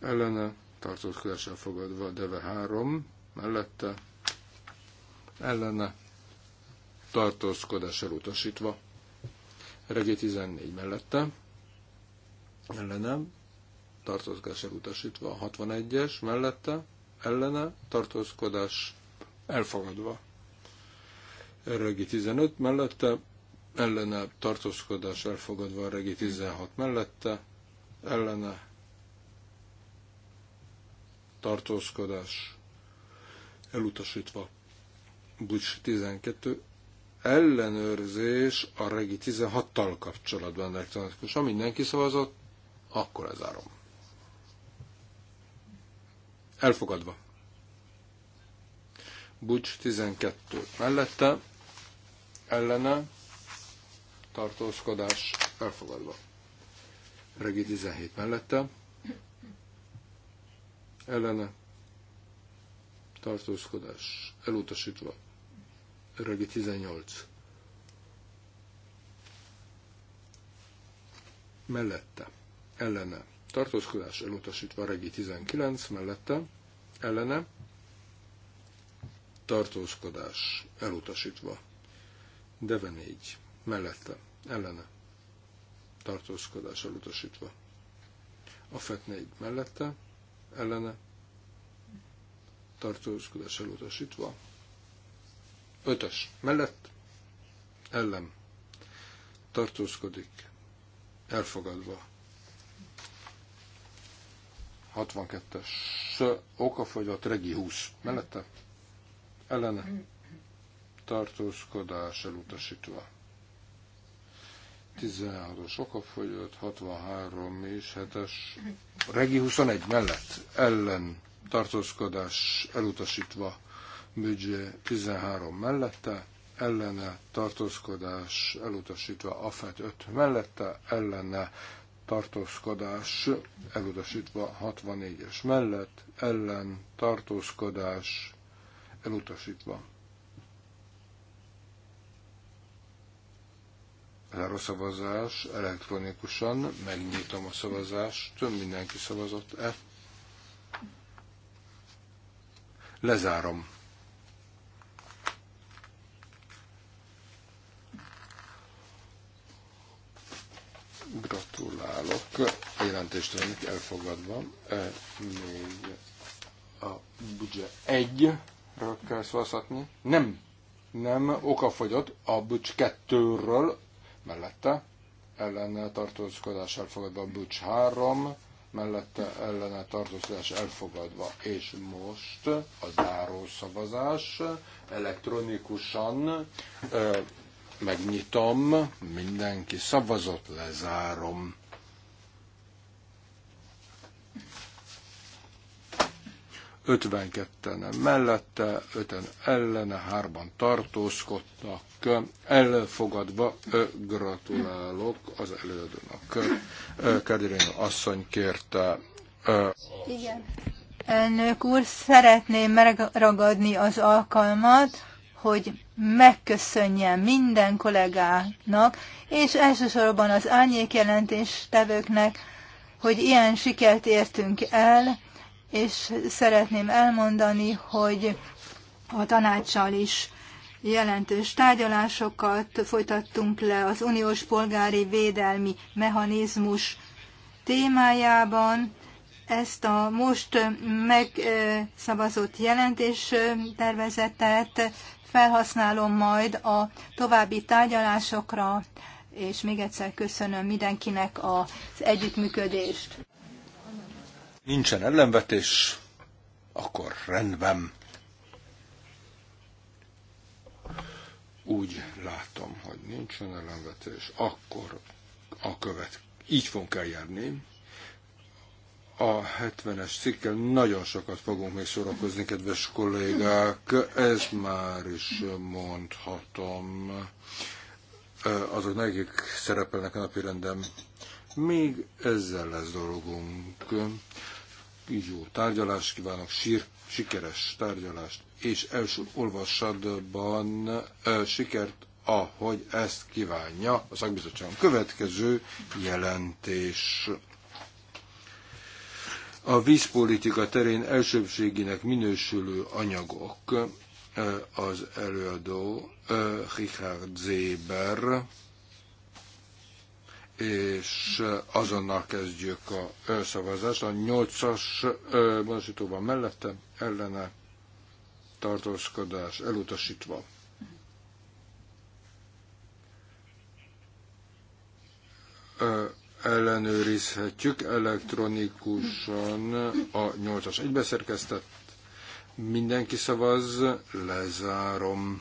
ellene, tartózkodás elfogadva. Deve 3 mellette, ellene, tartózkodás elutasítva. Regé 14 mellette, ellene, tartózkodás elutasítva. 61-es mellette, ellene tartózkodás elfogadva. Regi 15 mellette ellene tartózkodás elfogadva, Regi 16 mellette ellene tartózkodás elutasítva. Bucs 12 ellenőrzés a Regi 16-tal kapcsolatban elektronikus. Ha mindenki szavazott, akkor lezárom. Elfogadva. Bucs 12 mellette, ellene, tartózkodás, elfogadva. Regi 17 mellette, ellene, tartózkodás, elutasítva. Regi 18 mellette, ellene, tartózkodás elutasítva regi 19 mellette, ellene tartózkodás elutasítva. Deve 4 mellette ellene tartózkodás elutasítva. A FET mellette ellene tartózkodás elutasítva. ötös mellett ellen tartózkodik elfogadva 62-es okafogyott, regi 20 mellette, ellene tartózkodás elutasítva. 16-os okafogyott, 63 és 7-es, regi 21 mellett ellen tartózkodás elutasítva, büdzsé 13 mellette, ellene tartózkodás elutasítva, afet 5 mellette, ellene tartózkodás elutasítva 64-es mellett, ellen tartózkodás elutasítva. A szavazás, elektronikusan, megnyitom a szavazást, Több mindenki szavazott-e? Lezárom. Gratulálok. A jelentéstelenik elfogadva. Még e, a budzse 1-ről kell szólszatni. Nem, nem Oka fogyott a bücs 2-ről mellette ellene tartózkodás elfogadva, a bucs 3 mellette ellene tartózkodás elfogadva, és most a záró szavazás elektronikusan e, megnyitom, mindenki szavazott, lezárom. Ötvenketten mellette, öten ellene, hárban tartózkodtak, elfogadva gratulálok az előadónak. Kedvény asszony kérte. Igen. Elnök úr, szeretném megragadni az alkalmat, hogy megköszönje minden kollégának, és elsősorban az árnyék jelentéstevőknek, hogy ilyen sikert értünk el, és szeretném elmondani, hogy a tanácssal is jelentős tárgyalásokat folytattunk le az uniós polgári védelmi mechanizmus témájában. Ezt a most megszavazott jelentés tervezetet felhasználom majd a további tárgyalásokra, és még egyszer köszönöm mindenkinek az együttműködést. Nincsen ellenvetés, akkor rendben. Úgy látom, hogy nincsen ellenvetés, akkor a követ. Így fogunk eljárni a 70-es cikkel nagyon sokat fogunk még sorakozni, kedves kollégák, Ez már is mondhatom azok nekik szerepelnek a napi rendem. Még ezzel lesz dolgunk. Így jó tárgyalást kívánok, sír, sikeres tárgyalást, és első olvasatban sikert, ahogy ezt kívánja a szakbizottságon. Következő jelentés a vízpolitika terén elsőbséginek minősülő anyagok az előadó Richard Zéber, és azonnal kezdjük a szavazást. A nyolcas módosítóban mellette ellene tartózkodás elutasítva. Ö, ellenőrizhetjük elektronikusan a 8-as egybeszerkesztett. Mindenki szavaz, lezárom.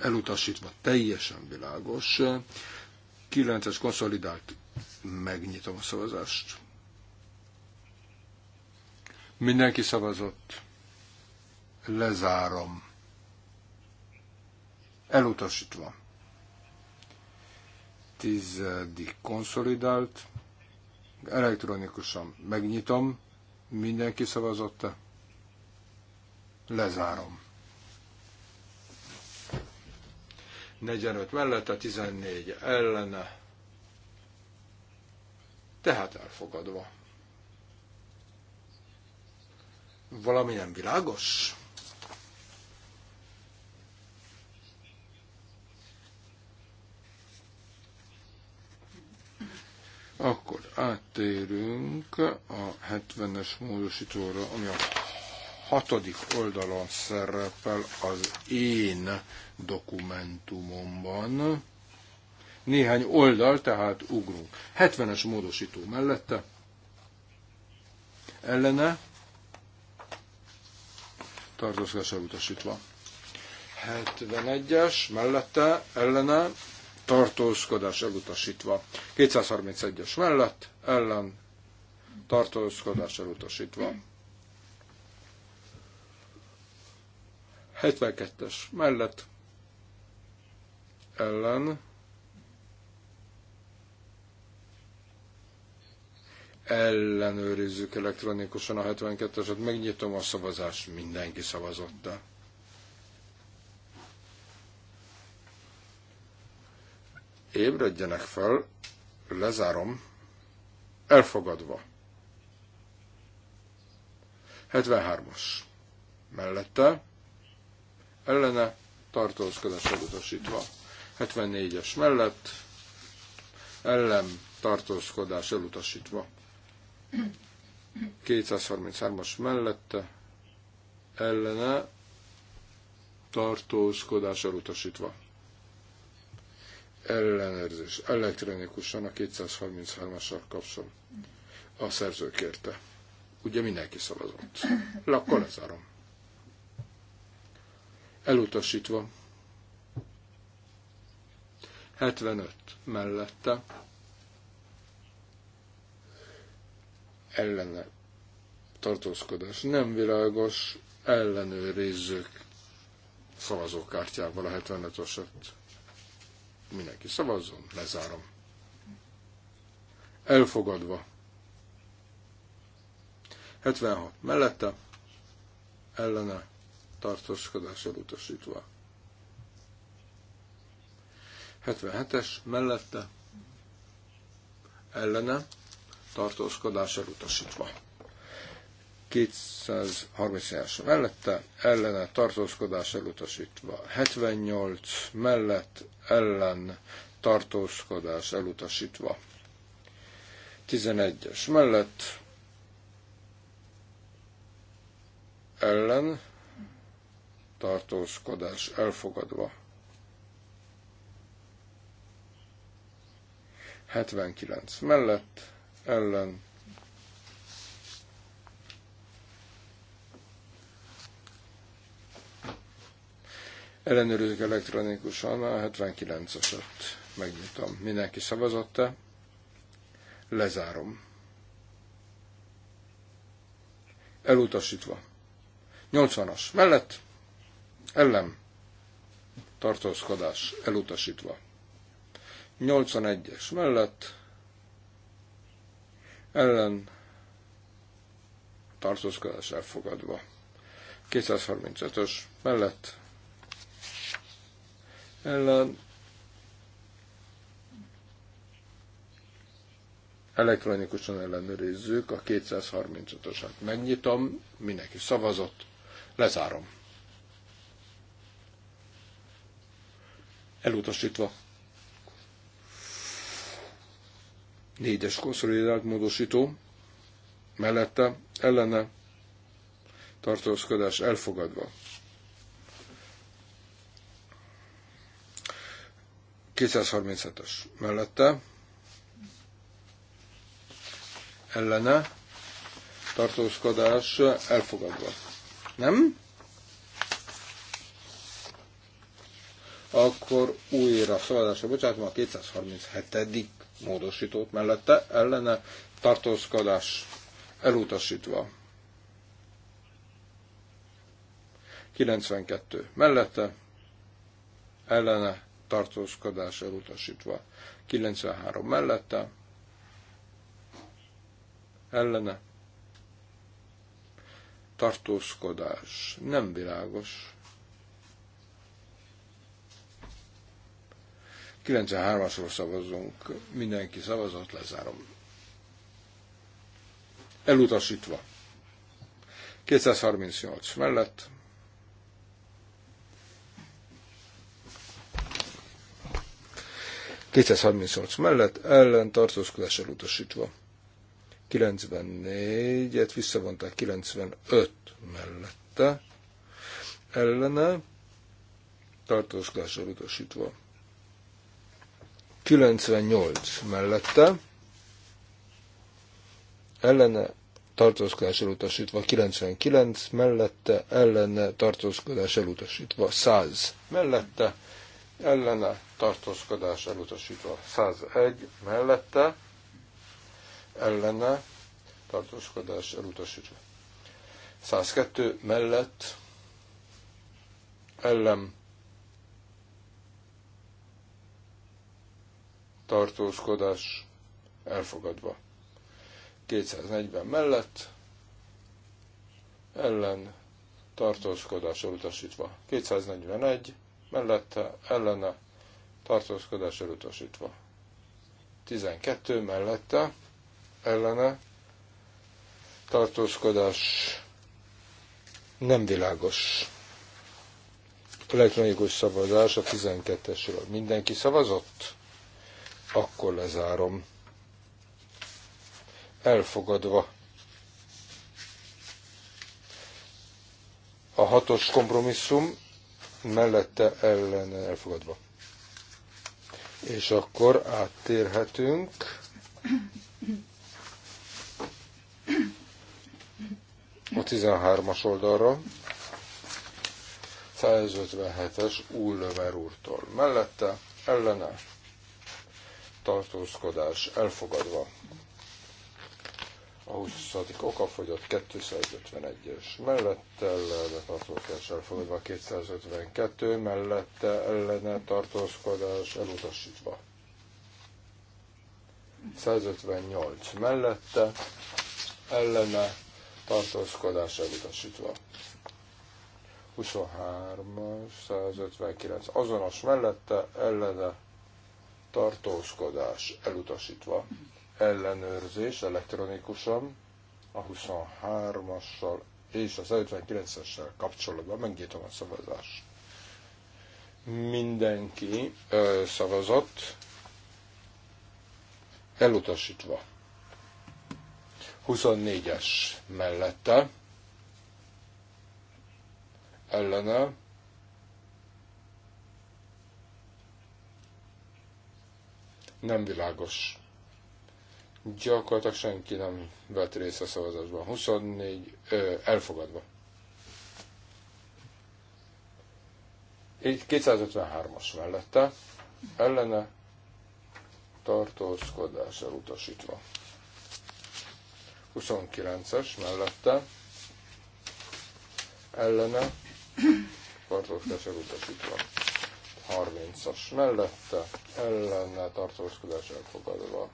Elutasítva teljesen világos. 9-es konszolidált, megnyitom a szavazást. Mindenki szavazott. Lezárom. Elutasítva tizedik konszolidált. Elektronikusan megnyitom. Mindenki szavazott-e? Lezárom. 45 mellett a 14 ellene. Tehát elfogadva. Valami nem világos? Akkor áttérünk a 70-es módosítóra, ami a hatodik oldalon szerepel az én dokumentumomban. Néhány oldal, tehát ugrunk. 70-es módosító mellette, ellene, tartózkodás elutasítva. 71-es mellette, ellene, tartózkodás elutasítva. 231-es mellett ellen tartózkodás elutasítva. 72-es mellett ellen ellenőrizzük elektronikusan a 72-eset, megnyitom a szavazást, mindenki szavazott -e. Ébredjenek fel, lezárom, elfogadva. 73-as. Mellette, ellene, tartózkodás elutasítva. 74-es mellett, ellen, tartózkodás elutasítva. 233-as mellette, ellene, tartózkodás elutasítva ellenőrzés elektronikusan a 233-assal kapcsol. A szerző kérte. Ugye mindenki szavazott. Lakkor lezárom. Elutasítva. 75 mellette. Ellene tartózkodás. Nem világos ellenőrizzük szavazókártyával a 75 osat Mindenki szavazzon, lezárom. Elfogadva. 76 mellette, ellene tartózkodással utasítva. 77-es mellette, ellene tartózkodással utasítva. 231 as mellette ellene tartózkodás elutasítva, 78 mellett ellen tartózkodás elutasítva, 11-es mellett ellen tartózkodás elfogadva, 79 mellett ellen Ellenőrizzük elektronikusan a 79-eset. Megnyitom. Mindenki szavazott-e? Lezárom. Elutasítva. 80-as. Mellett. Ellen. Tartózkodás. Elutasítva. 81-es. Mellett. Ellen. Tartózkodás elfogadva. 235-ös. Mellett ellen elektronikusan ellenőrizzük a 235 osat Megnyitom, mindenki szavazott, lezárom. Elutasítva. Négyes konszolidált módosító, mellette, ellene, tartózkodás elfogadva. 237-es mellette ellene tartózkodás elfogadva. Nem? Akkor újra szavazásra bocsátom a 237. módosítót mellette ellene tartózkodás elutasítva. 92. Mellette ellene tartózkodás elutasítva. 93 mellette, ellene, tartózkodás nem világos. 93-asról szavazunk, mindenki szavazott, lezárom. Elutasítva. 238 mellett, 238 mellett ellen tartózkodással utasítva. 94-et visszavonták 95 mellette ellene tartózkodással utasítva. 98 mellette ellene tartózkodás elutasítva 99, mellette ellene tartózkodás elutasítva 100, mellette ellene tartózkodás elutasítva 101 mellette, ellene tartózkodás elutasítva 102 mellett, ellen tartózkodás elfogadva 240 mellett, ellen tartózkodás elutasítva 241 mellette ellene tartózkodás elutasítva. 12 mellette ellene tartózkodás nem világos. Elektronikus szavazás a 12-esről. Mindenki szavazott? Akkor lezárom. Elfogadva. A hatos kompromisszum mellette ellen elfogadva. És akkor áttérhetünk a 13-as oldalra, 157-es Ullöver úrtól. Mellette ellene tartózkodás elfogadva a 20. oka fogyott 251-es mellette ellene tartózkodás elfogadva 252 mellette ellene tartózkodás elutasítva 158 mellette ellene tartózkodás elutasítva 23-as 159 azonos mellette ellene tartózkodás elutasítva ellenőrzés elektronikusan a 23-assal és az 59-essel kapcsolatban. Megnyitom a szavazást. Mindenki ö, szavazott, elutasítva. 24-es mellette, ellene, nem világos. Gyakorlatilag senki nem vett részt a szavazásban. 24 ö, elfogadva. 253-as mellette ellene tartózkodás elutasítva. 29-es mellette ellene tartózkodás elutasítva. 30-as mellette ellene tartózkodás elfogadva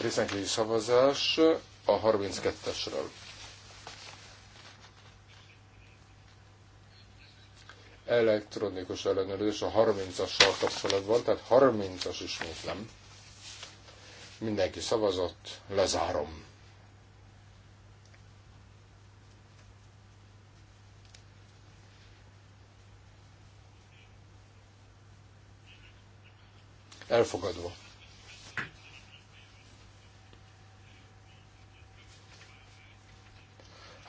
részenkénti szavazás a 32-esről. Elektronikus ellenőrzés a 30-assal kapcsolatban, tehát 30-as ismétlem. Mindenki szavazott, lezárom. Elfogadva.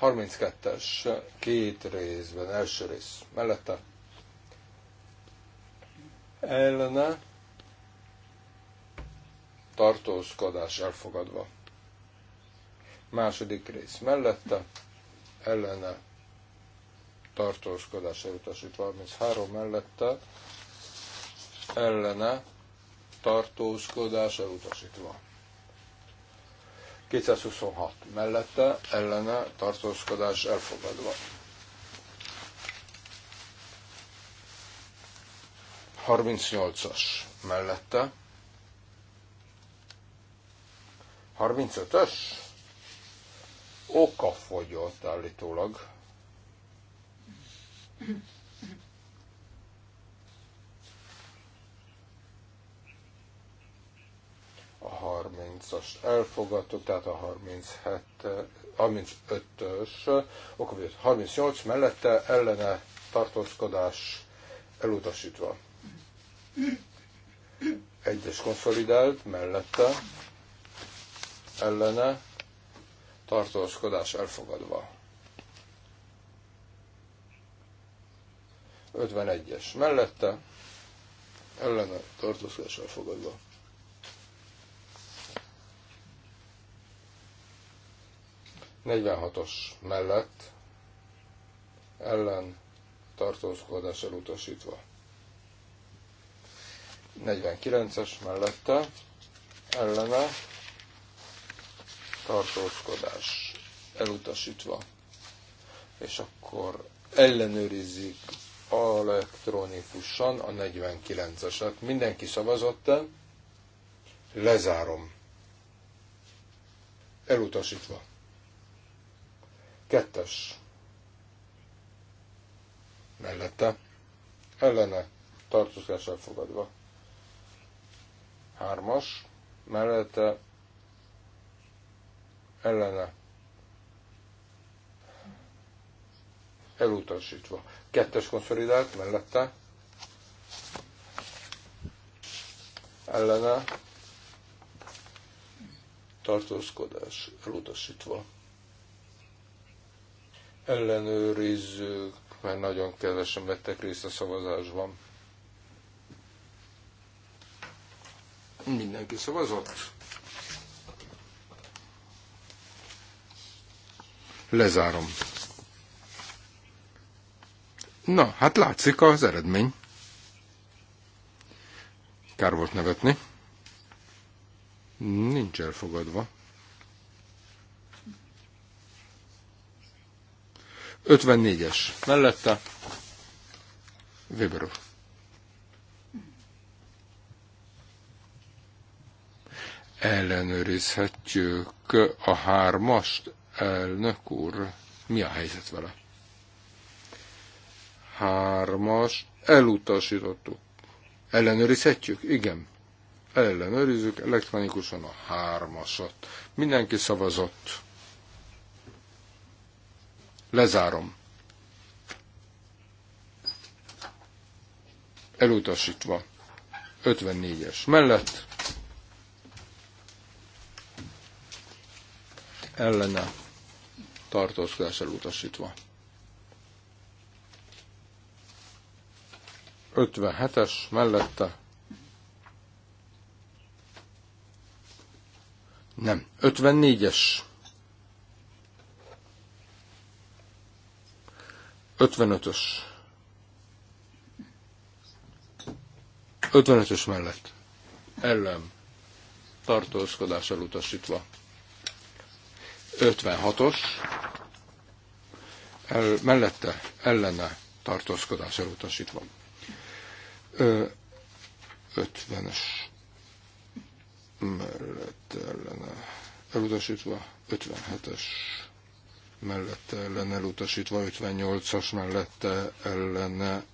32-es két részben, első rész mellette. Ellene tartózkodás elfogadva. Második rész mellette, ellene tartózkodás elutasítva, 33 mellette, ellene tartózkodás elutasítva. 226 mellette ellene tartózkodás elfogadva. 38-as mellette. 35-ös? Oka fogyott állítólag. 30-ast elfogadtuk, tehát a 35-ös, akkor 38 mellette ellene tartózkodás elutasítva. Egyes konszolidált mellette ellene tartózkodás elfogadva. 51-es mellette ellene tartózkodás elfogadva. 46-os mellett ellen tartózkodás elutasítva. 49-es mellette ellene tartózkodás elutasítva. És akkor ellenőrizzük elektronikusan a 49-eset. Mindenki szavazott -e? Lezárom. Elutasítva. Kettes. Mellette. Ellene. Tartózkodás elfogadva. Hármas. Mellette. Ellene. Elutasítva. Kettes konszolidált. Mellette. Ellene tartózkodás elutasítva ellenőrizzük, mert nagyon kevesen vettek részt a szavazásban. Mindenki szavazott? Lezárom. Na, hát látszik az eredmény. Kár volt nevetni. Nincs elfogadva. 54-es mellette. Weberov. Ellenőrizhetjük a hármast, elnök úr. Mi a helyzet vele? Hármas, elutasítottuk. Ellenőrizhetjük? Igen. Ellenőrizzük elektronikusan a hármasat. Mindenki szavazott. Lezárom. Elutasítva. 54-es mellett. Ellene. Tartózkodás elutasítva. 57-es mellette. Nem, 54-es 55-ös. 55-ös mellett. Ellen. Tartózkodás elutasítva. 56-os. El, mellette. Ellene. Tartózkodás elutasítva. 50-es. Mellette. Ellene. Elutasítva. 57-es mellette lenne elutasítva, 58-as mellette lenne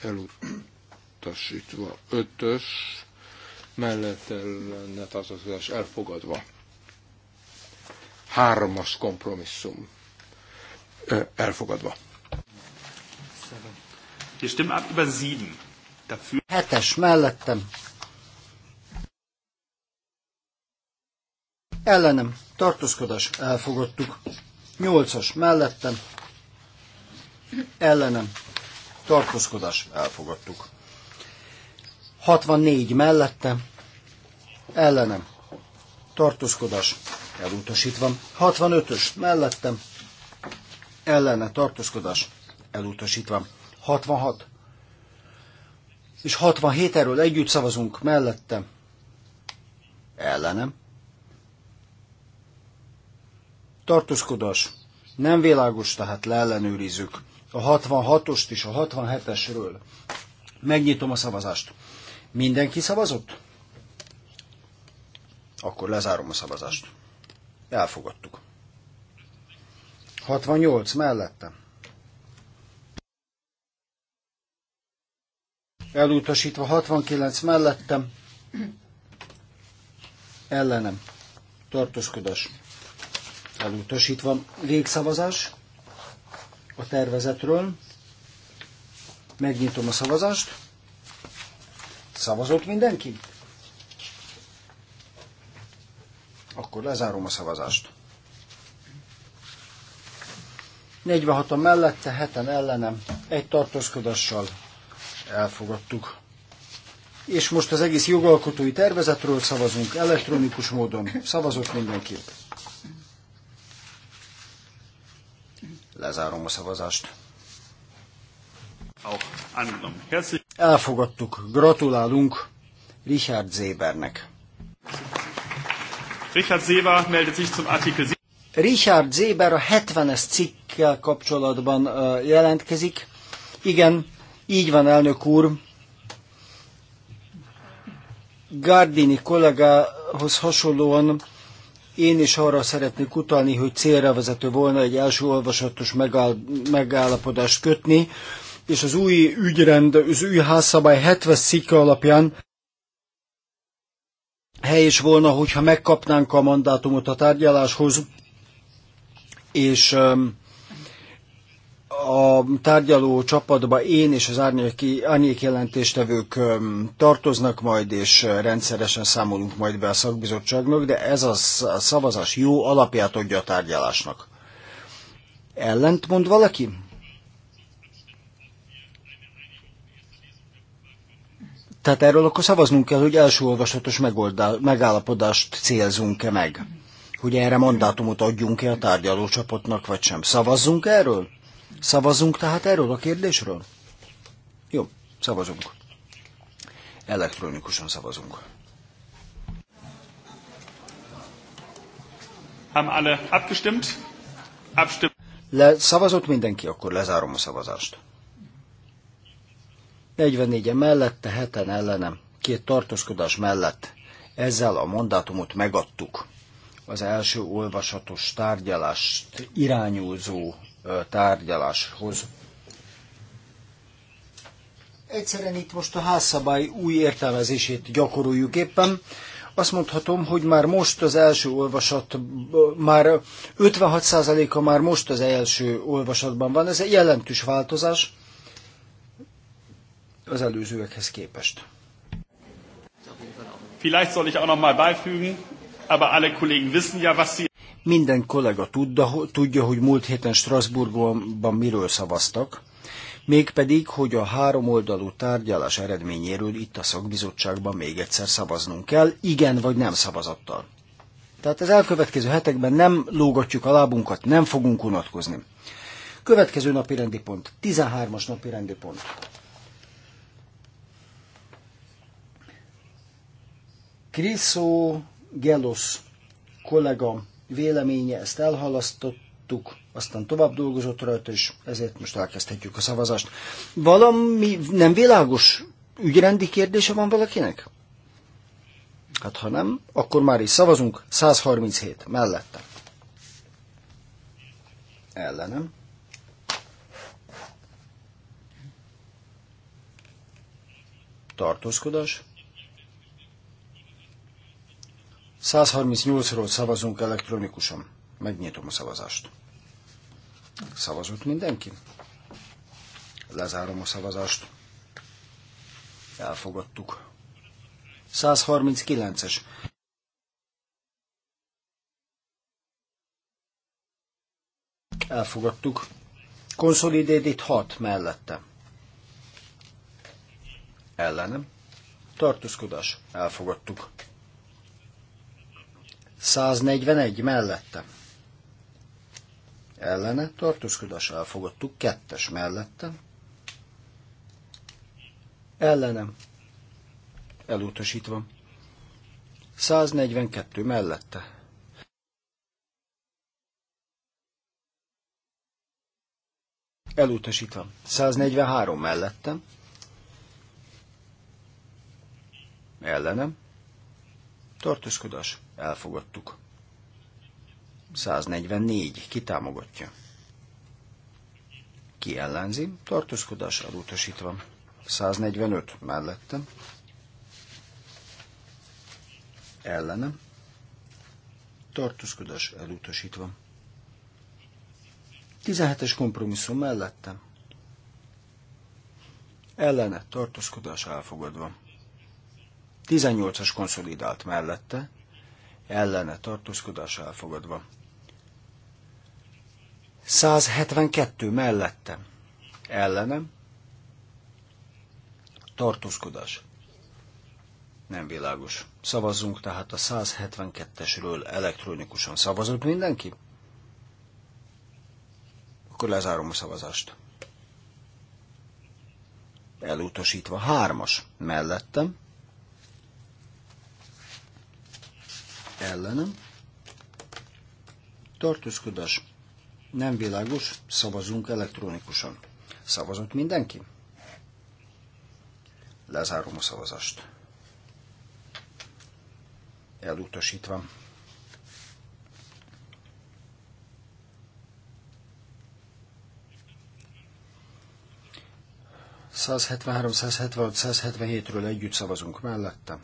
elutasítva, 5-ös mellette lenne tartozás elfogadva. Hármas kompromisszum elfogadva. Wir stimmen ab über Hetes mellettem ellenem, tartózkodás, elfogadtuk. 8-as mellettem, ellenem, tartózkodás, elfogadtuk. 64 mellettem, ellenem, tartózkodás, elutasítva. 65-ös mellettem, ellene, tartózkodás, elutasítva. 66 és 67 erről együtt szavazunk mellettem ellenem, Tartózkodás. Nem világos, tehát leellenőrizzük. A 66-ost és a 67-esről. Megnyitom a szavazást. Mindenki szavazott? Akkor lezárom a szavazást. Elfogadtuk. 68 mellette. Elutasítva 69 mellettem. Ellenem. Tartózkodás elutasítva. Végszavazás a tervezetről. Megnyitom a szavazást. Szavazott mindenki? Akkor lezárom a szavazást. 46 a mellette, 7-en ellenem, egy tartózkodással elfogadtuk. És most az egész jogalkotói tervezetről szavazunk elektronikus módon. Szavazott mindenki. Lezárom a szavazást. Elfogadtuk. Gratulálunk Richard Zébernek. Richard Zéber meldet sich zum Artikel 7. Richard Zéber a 70-es cikkkel kapcsolatban jelentkezik. Igen, így van, elnök úr. Gardini kollégához hasonlóan én is arra szeretnék utalni, hogy célra vezető volna egy első olvasatos megállapodást kötni, és az új ügyrend, az új házszabály 70 szikke alapján helyes volna, hogyha megkapnánk a mandátumot a tárgyaláshoz, és um, a tárgyaló csapatba én és az árnyék, árnyék jelentéstevők tartoznak majd, és rendszeresen számolunk majd be a szakbizottságnak, de ez a szavazás jó alapját adja a tárgyalásnak. Ellent mond valaki? Tehát erről akkor szavaznunk kell, hogy első olvasatos megállapodást célzunk-e meg. Hogy erre mandátumot adjunk-e a tárgyalócsapatnak, vagy sem. Szavazzunk erről? Szavazunk tehát erről a kérdésről? Jó, szavazunk. Elektronikusan szavazunk. Haben alle abgestimmt? Abstimmt. Le, szavazott mindenki, akkor lezárom a szavazást. 44 -e mellette, heten ellenem, két tartózkodás mellett. Ezzel a mandátumot megadtuk. Az első olvasatos tárgyalást irányúzó tárgyaláshoz. Egyszerűen itt most a házszabály új értelmezését gyakoroljuk éppen. Azt mondhatom, hogy már most az első olvasat, már 56%-a már most az első olvasatban van. Ez egy jelentős változás az előzőekhez képest. Vielleicht soll ich auch noch mal beifügen, aber alle Kollegen wissen ja, was sie minden kollega tudda, tudja, hogy múlt héten Strasbourgban miről szavaztak, mégpedig, hogy a három oldalú tárgyalás eredményéről itt a szakbizottságban még egyszer szavaznunk kell, igen vagy nem szavazattal. Tehát az elkövetkező hetekben nem lógatjuk a lábunkat, nem fogunk unatkozni. Következő napi rendi pont, 13-as napi rendi pont. Kriszó Gelos kollega véleménye, ezt elhalasztottuk, aztán tovább dolgozott rajta, és ezért most elkezdhetjük a szavazást. Valami nem világos ügyrendi kérdése van valakinek? Hát ha nem, akkor már is szavazunk 137 mellette. Ellenem. Tartózkodás. 138-ról szavazunk elektronikusan. Megnyitom a szavazást. Szavazott mindenki? Lezárom a szavazást. Elfogadtuk. 139-es. Elfogadtuk. Consolidated 6 mellette. Ellenem. Tartózkodás. Elfogadtuk. 141 mellette. Ellene tartózkodás elfogadtuk, kettes mellette. Ellenem. Elutasítva. 142 mellette. Elutasítva. 143 mellettem. Ellenem tartózkodás, elfogadtuk. 144, ki támogatja? Ki ellenzi, tartózkodás elutasítva. 145 mellettem, ellenem, tartózkodás elutasítva. 17-es kompromisszum mellettem, ellene tartózkodás elfogadva. 18-as konszolidált mellette, ellene tartózkodás elfogadva. 172 mellette, ellenem, tartózkodás. Nem világos. Szavazzunk tehát a 172-esről elektronikusan. Szavazott mindenki? Akkor lezárom a szavazást. Elutasítva hármas mellettem, ellenem. Tartózkodás nem világos, szavazunk elektronikusan. Szavazott mindenki? Lezárom a szavazást. Elutasítva. ...173, 176, 177-ről együtt szavazunk mellette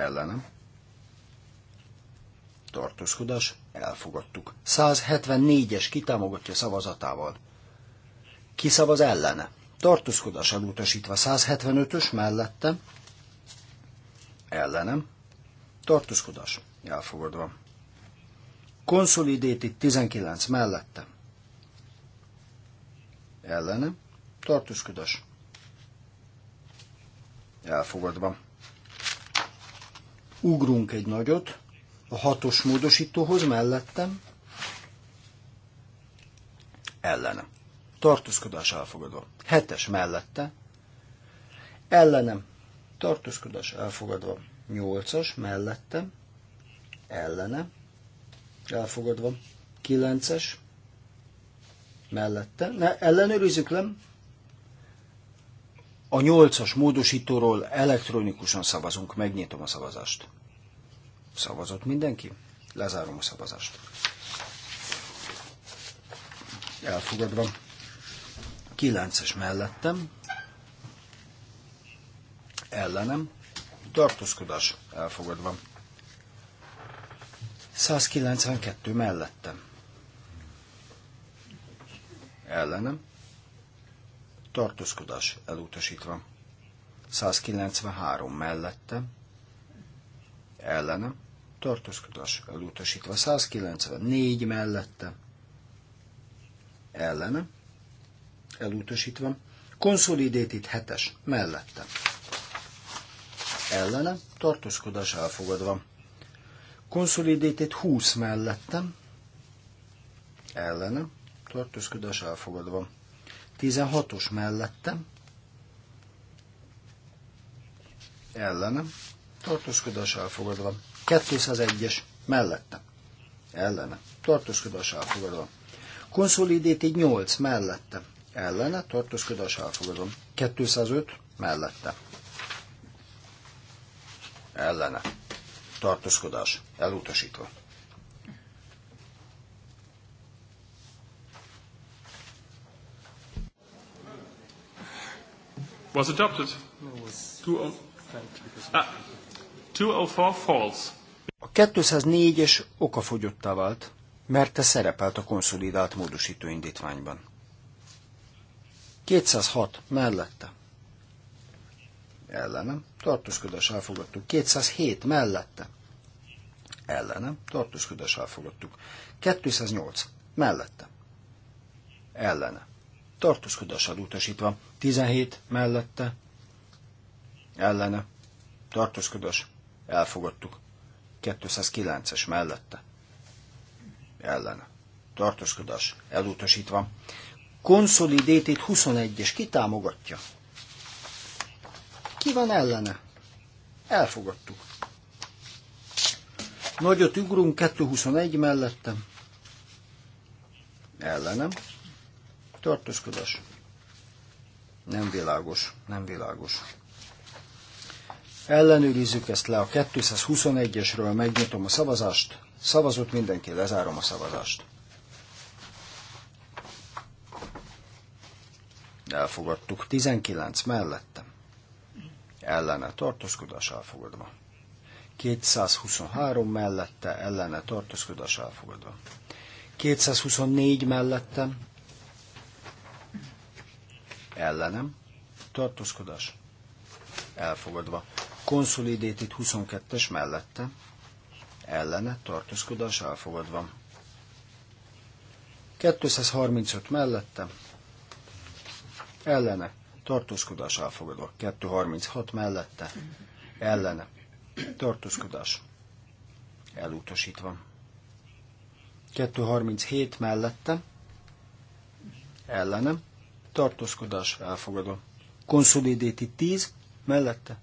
ellenem. Tartózkodás, elfogadtuk. 174-es kitámogatja szavazatával. Kiszavaz ellene. Tartózkodás elutasítva 175-ös mellettem. Ellenem. Tartózkodás elfogadva. Konszolidéti 19 mellette. Ellenem. Tartózkodás elfogadva. Ugrunk egy nagyot a hatos módosítóhoz mellettem, ellenem. Tartózkodás elfogadva. Hetes mellette, ellenem. Tartózkodás elfogadva. Nyolcas mellettem, ellenem. Elfogadva. Kilences mellette. Ne, ellenőrizzük, le, a nyolcas módosítóról elektronikusan szavazunk. Megnyitom a szavazást. Szavazott mindenki? Lezárom a szavazást. Elfogadva. Kilences mellettem. Ellenem. Tartózkodás. Elfogadva. 192 mellettem. Ellenem tartózkodás elutasítva. 193 mellette, ellene, tartózkodás elutasítva. 194 mellette, ellene, elutasítva. Konszolidétit 7-es mellette, ellene, tartózkodás elfogadva. Konszolidétit 20 mellette, ellene, tartózkodás elfogadva. 16-os mellettem, ellenem, tartózkodás elfogadva. 201-es mellettem, ellenem, tartózkodás elfogadva. Konszolidéti 8 mellettem, ellene, tartózkodás elfogadva. 205 mellettem, ellene, tartózkodás elutasítva. was adopted. 204 ah, A 204-es okafogyottá vált, mert te szerepelt a konszolidált módosító indítványban. 206 mellette. Ellenem. Tartózkodás elfogadtuk. 207 mellette. Ellenem. Tartózkodás elfogadtuk. 208 mellette. Ellenem tartózkodással utasítva. 17 mellette, ellene, tartózkodás, elfogadtuk. 209-es mellette, ellene, tartózkodás, elutasítva. Konszolidétét 21-es Ki támogatja? Ki van ellene? Elfogadtuk. Nagyot ugrunk 221 mellettem. Ellenem tartózkodás. Nem világos, nem világos. Ellenőrizzük ezt le a 221-esről, megnyitom a szavazást. Szavazott mindenki, lezárom a szavazást. Elfogadtuk. 19 mellettem. Ellene tartózkodás elfogadva. 223 mellette ellene tartózkodás elfogadva. 224 mellettem ellenem, tartózkodás elfogadva. Consolidated 22-es mellette, ellene, tartózkodás elfogadva. 235 mellette, ellene, tartózkodás elfogadva. 236 mellette, ellene, tartózkodás elutasítva. 237 mellette, ellenem, tartózkodás elfogadom. Konszolidéti 10 mellette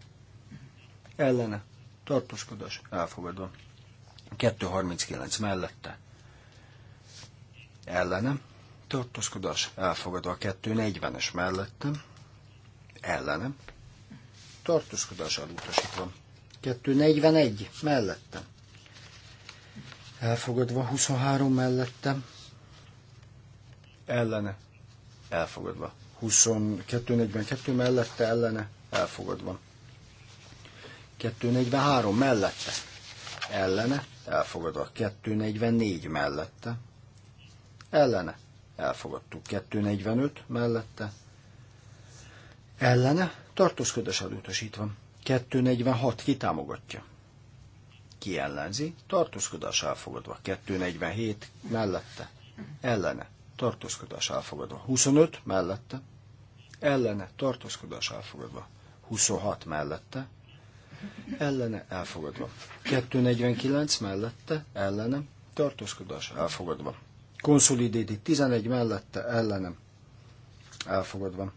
ellene tartózkodás elfogadom. 239 mellette ellene tartózkodás elfogadom. A 240-es mellette ellene tartózkodás elutasítva. 241 mellette elfogadva. 23 mellette ellene elfogadva. 22.42 mellette ellene elfogadva. 243 mellette ellene elfogadva. 244 mellette ellene elfogadtuk. 245 mellette ellene tartózkodás elutasítva. 246 kitámogatja. Ki ellenzi? Tartózkodás elfogadva. 247 mellette. Ellene tartózkodás elfogadva. 25 mellette, ellene tartózkodás elfogadva. 26 mellette, ellene elfogadva. 249 mellette, ellene tartózkodás elfogadva. Konszolidéti 11 mellette, ellene elfogadva.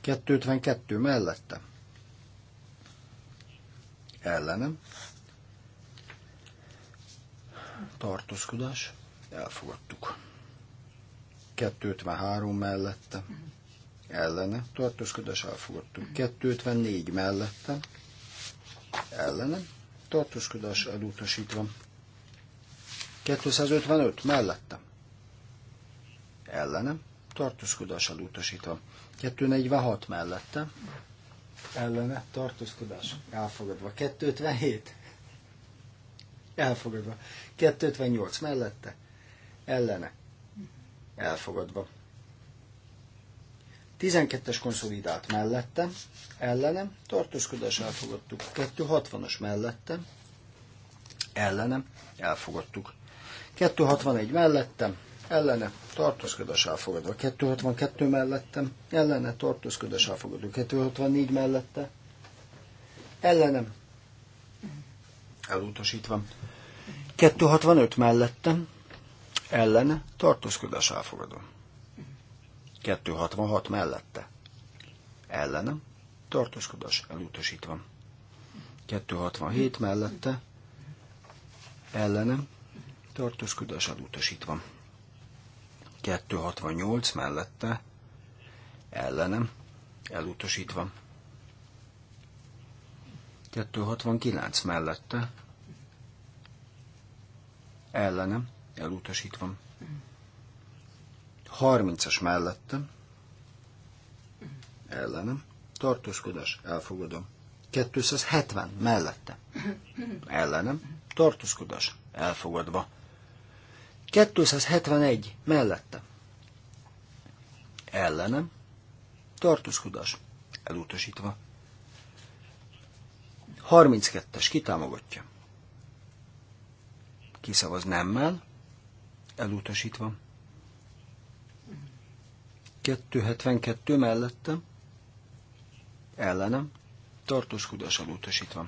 252 mellette, ellenem, tartózkodás, elfogadtuk. 253 mellette ellene tartózkodás elfogadtuk. 254 mellette ellene tartózkodás elutasítva. 255 mellette ellene tartózkodás elutasítva. 246 mellette ellene tartózkodás elfogadva. 257 elfogadva. 258 mellette ellene elfogadva. 12-es konszolidált mellette, ellenem, tartózkodás elfogadtuk. 260-as mellette, ellenem, elfogadtuk. 261 mellettem, ellene, tartózkodás elfogadva. 262 mellettem, ellene, tartózkodás elfogadva. 264 mellette, ellenem, elutasítva. 265 mellettem, ellen tartózkodás elfogadom. 266 mellette Ellen tartózkodás elutasítva. 267 mellette ellenem tartózkodás elutasítva. 268 mellette ellenem elutasítva. 269 mellette ellenem elutasítva. 30-as mellettem, ellenem, tartózkodás, elfogadom. 270 mellette, ellenem, tartózkodás, elfogadva. 271 mellette, ellenem, tartózkodás, elutasítva. 32-es kitámogatja. Kiszavaz nemmel, elutasítva. 272 mellettem, ellenem, tartózkodás elutasítva.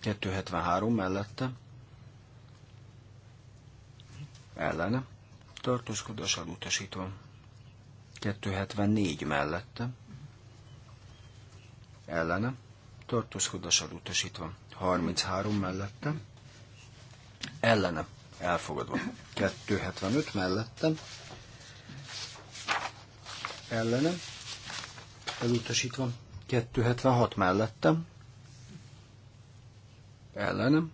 273 mellette, ellenem, tartózkodás elutasítva. 274 mellette, ellenem, tartózkodás elutasítva. 33 mellette, ellenem, elfogadva. 275 mellettem, ellenem, elutasítva. 276 mellettem, ellenem,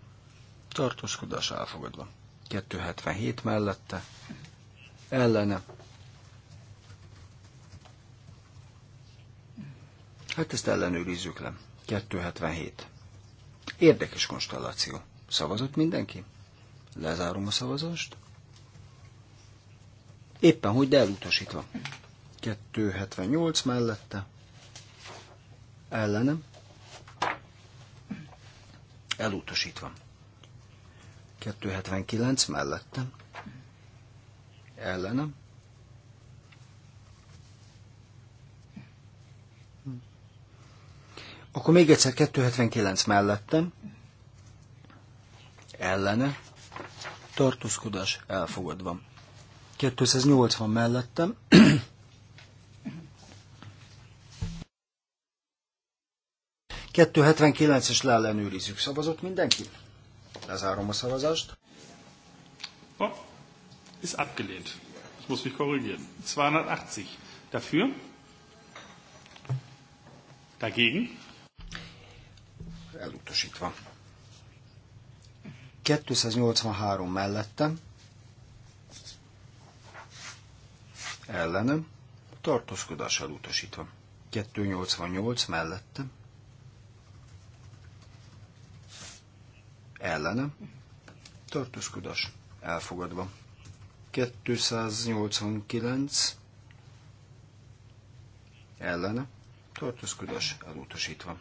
tartózkodás elfogadva. 277 mellette, ellene. Hát ezt ellenőrizzük le. 277. Érdekes konstelláció. Szavazott mindenki? Lezárom a szavazást. Éppen hogy, de elutasítva. 278 mellette. Ellenem. Elutasítva. 279 mellette. Ellenem. Akkor még egyszer 279 mellettem. Ellene tartózkodás elfogadva. 280 mellettem. Kettő 79-es leellenőrizzük. Szavazott mindenki? Lezárom a szavazást. Oh, ist abgelehnt. Ich muss mich korrigieren. 280. Dafür? Dagegen? Elutasítva. 283 mellettem, ellenem, tartózkodással utasítva. 288 mellettem, ellenem, tartózkodás elfogadva. 289 ellene, tartózkodás elutasítva.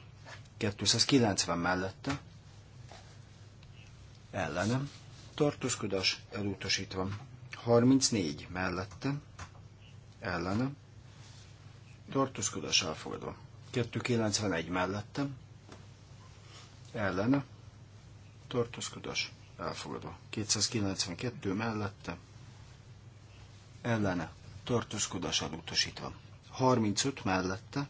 290 mellette, ellenem, tartózkodás elutasítva. 34 mellette, ellenem, tartózkodás elfogadva. 291 mellette ellene, tartózkodás elfogadva. 292 mellette, ellene, tartózkodás elutasítva. 35 mellette,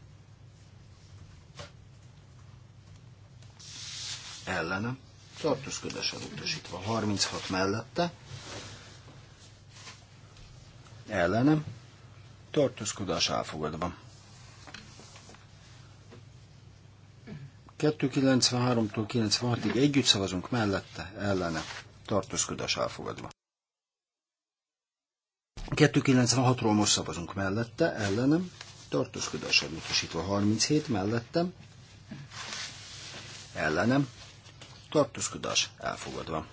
ellenem tartózkodás utasítva, 36 mellette, ellenem, tartózkodás elfogadva. 293-tól 96-ig együtt szavazunk mellette, ellene, tartózkodás elfogadva. 296-ról most szavazunk mellette, ellenem, tartózkodás elutasítva. 37 mellettem, ellenem, tartózkodás elfogadva.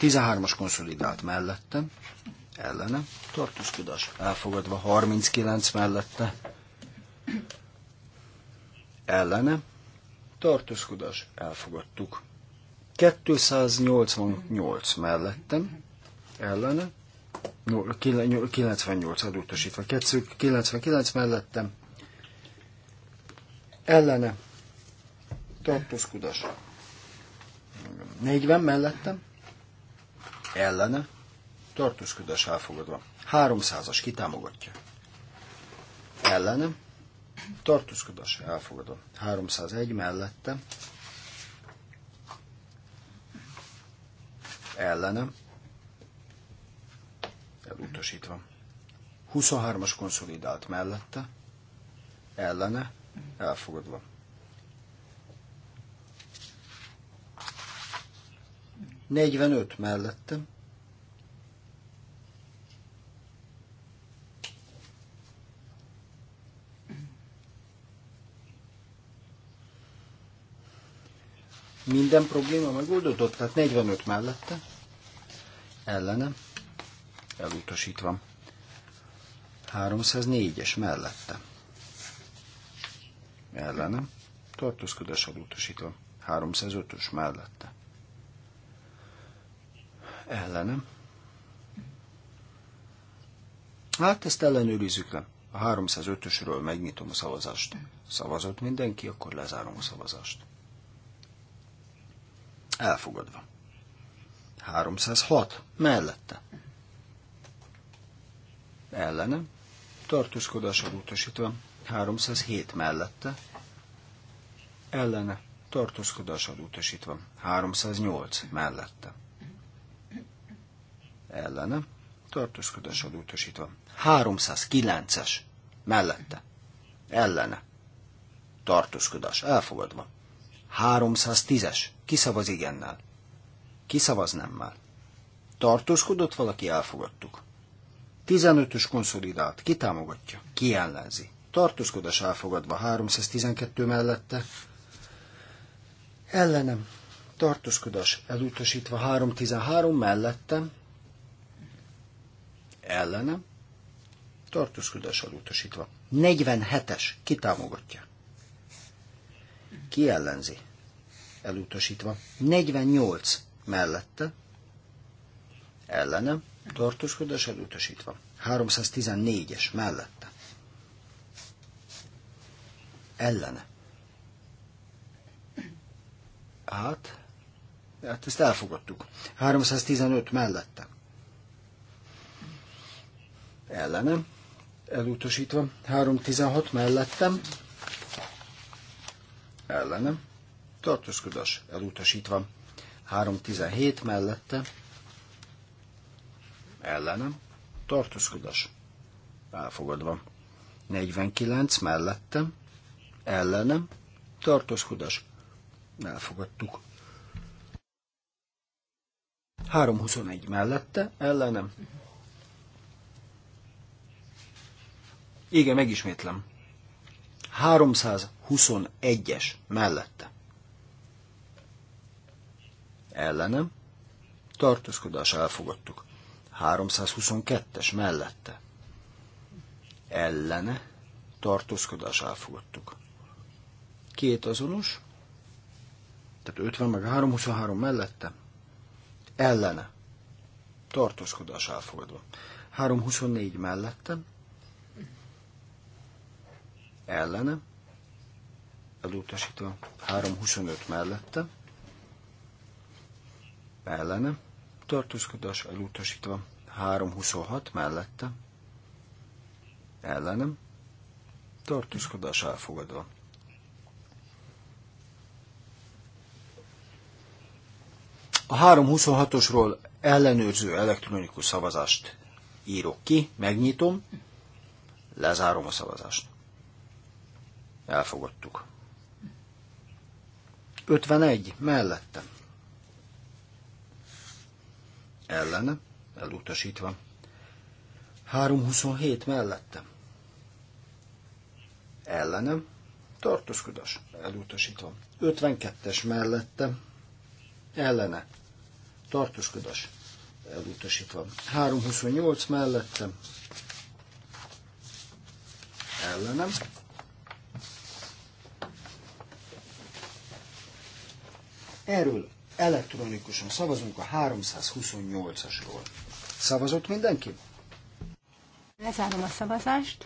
13-as konszolidált mellette, ellene, tartózkodás elfogadva, 39 mellette, ellene, tartózkodás elfogadtuk. 288 mellette, ellene, 98 adótosítva, 299 mellette, ellene, tartózkodás. 40 mellettem, ellene, tartózkodás elfogadva. 300-as kitámogatja. Ellene, tartózkodás elfogadva. 301 mellettem, ellene, elutasítva. 23-as konszolidált mellette, ellene, elfogadva. 45 mellettem. Minden probléma megoldódott, tehát 45 mellette. Ellenem. Elutasítva. 304-es mellette. Ellenem. Tartózkodás elutasítva. 305-ös mellette ellenem. Hát ezt ellenőrizzük le. A 305-ösről megnyitom a szavazást. Szavazott mindenki, akkor lezárom a szavazást. Elfogadva. 306. Mellette. Ellenem. Tartózkodással utasítva. 307 mellette. Ellene. Tartózkodással utasítva. 308 mellette ellene, Tartózkodás adótosítva. 309-es mellette, ellene, tartózkodás elfogadva. 310-es, kiszavaz igennel, kiszavaz nemmel. Tartózkodott valaki, elfogadtuk. 15-ös konszolidált, ki támogatja, ki ellenzi. Tartózkodás elfogadva 312 mellette, ellenem, tartózkodás elutasítva 313 mellettem, ellene? tartózkodással utasítva. 47-es, ki támogatja? Ki ellenzi? Elutasítva. 48 mellette, Ellene? tartózkodás elutasítva. 314-es mellette. Ellene. Hát, hát ezt elfogadtuk. 315 mellette ellenem, elutasítva, 316 mellettem, ellenem, tartózkodás elutasítva, 317 mellette, ellenem, tartózkodás elfogadva, 49 mellettem, ellenem, tartózkodás elfogadtuk. 321 mellette, ellenem, Igen, megismétlem. 321-es mellette. Ellenem. Tartózkodás elfogadtuk. 322-es mellette. Ellene. Tartózkodás elfogadtuk. Két azonos. Tehát 50 meg 323 mellette. Ellene. Tartózkodás elfogadva. 324 mellette ellene, elutasítva 325 mellette, ellene, tartózkodás elutasítva 326 mellette, ellenem, tartózkodás elfogadva. A 326-osról ellenőrző elektronikus szavazást írok ki, megnyitom, lezárom a szavazást. Elfogadtuk. 51 mellettem. Ellene, elutasítva. 327 mellettem. Ellenem, tartózkodás, elutasítva. 52-es mellettem. Ellene, tartózkodás, elutasítva. 328 mellettem. Ellenem, Erről elektronikusan szavazunk a 328-asról. Szavazott mindenki? Lezárom a szavazást.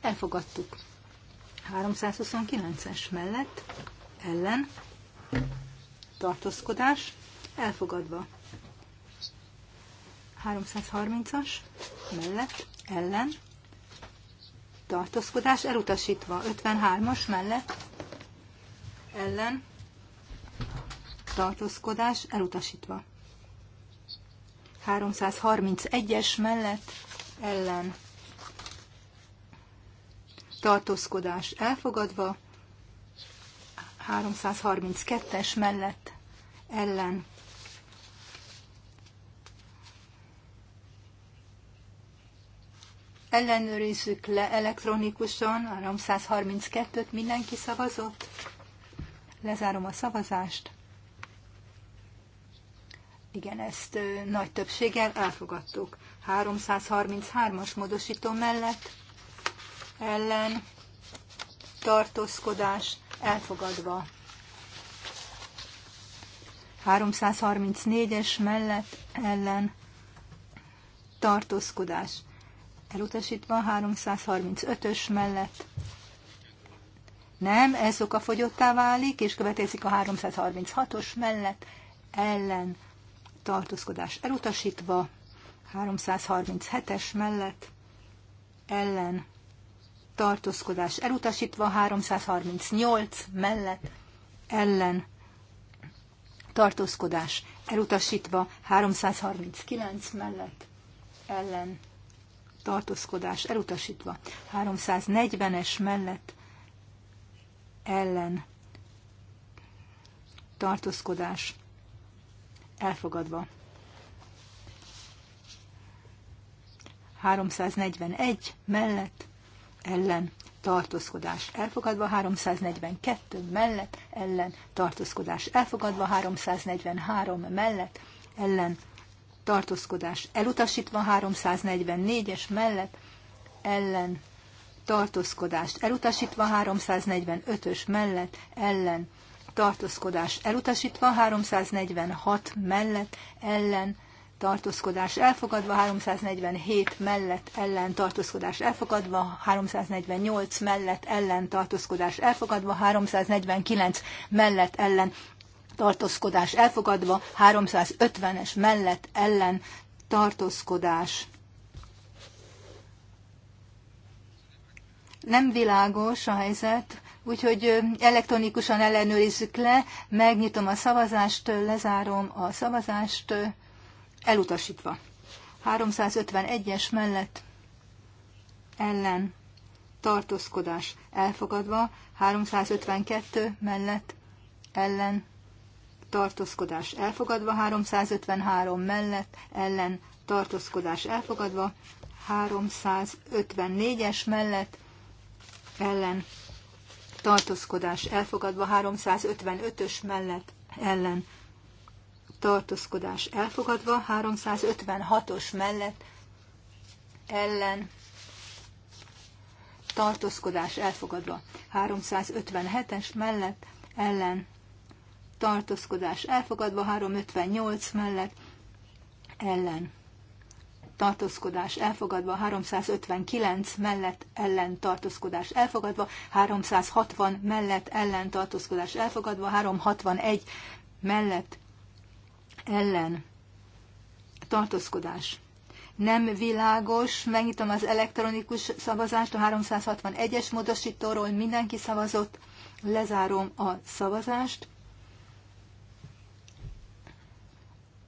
Elfogadtuk. 329-es mellett, ellen, tartózkodás, elfogadva. 330-as mellett, ellen, tartózkodás, elutasítva. 53-as mellett, ellen tartózkodás elutasítva. 331-es mellett ellen tartózkodás elfogadva, 332-es mellett ellen ellenőrizzük le elektronikusan, 332-t mindenki szavazott. Lezárom a szavazást. Igen, ezt nagy többséggel elfogadtuk. 333-as módosító mellett ellen tartózkodás elfogadva. 334-es mellett ellen tartózkodás elutasítva, 335-ös mellett nem, ez fogyottá válik, és következik a 336-os mellett ellen tartózkodás elutasítva, 337-es mellett ellen tartózkodás elutasítva, 338 mellett ellen tartózkodás elutasítva, 339 mellett ellen tartózkodás elutasítva, 340-es mellett ellen tartózkodás elfogadva. 341 mellett ellen tartózkodás elfogadva, 342 mellett ellen tartózkodás elfogadva, 343 mellett ellen tartózkodás elutasítva, 344-es mellett ellen tartózkodást elutasítva, 345-ös mellett ellen tartózkodás elutasítva, 346 mellett ellen tartózkodás elfogadva, 347 mellett ellen tartózkodás elfogadva, 348 mellett ellen tartózkodás elfogadva, 349 mellett ellen tartózkodás elfogadva, 350-es mellett ellen tartózkodás nem világos a helyzet, úgyhogy elektronikusan ellenőrizzük le, megnyitom a szavazást, lezárom a szavazást, elutasítva. 351-es mellett ellen tartózkodás elfogadva, 352 mellett ellen tartózkodás elfogadva, 353 mellett ellen tartózkodás elfogadva, 354-es mellett ellen tartózkodás elfogadva, 355-ös mellett ellen tartózkodás elfogadva, 356-os mellett ellen tartózkodás elfogadva, 357-es mellett ellen tartózkodás elfogadva, 358 mellett ellen tartózkodás elfogadva, 359 mellett ellen tartózkodás elfogadva, 360 mellett ellen tartózkodás elfogadva, 361 mellett ellen tartózkodás. Nem világos, megnyitom az elektronikus szavazást, a 361-es módosítóról mindenki szavazott, lezárom a szavazást.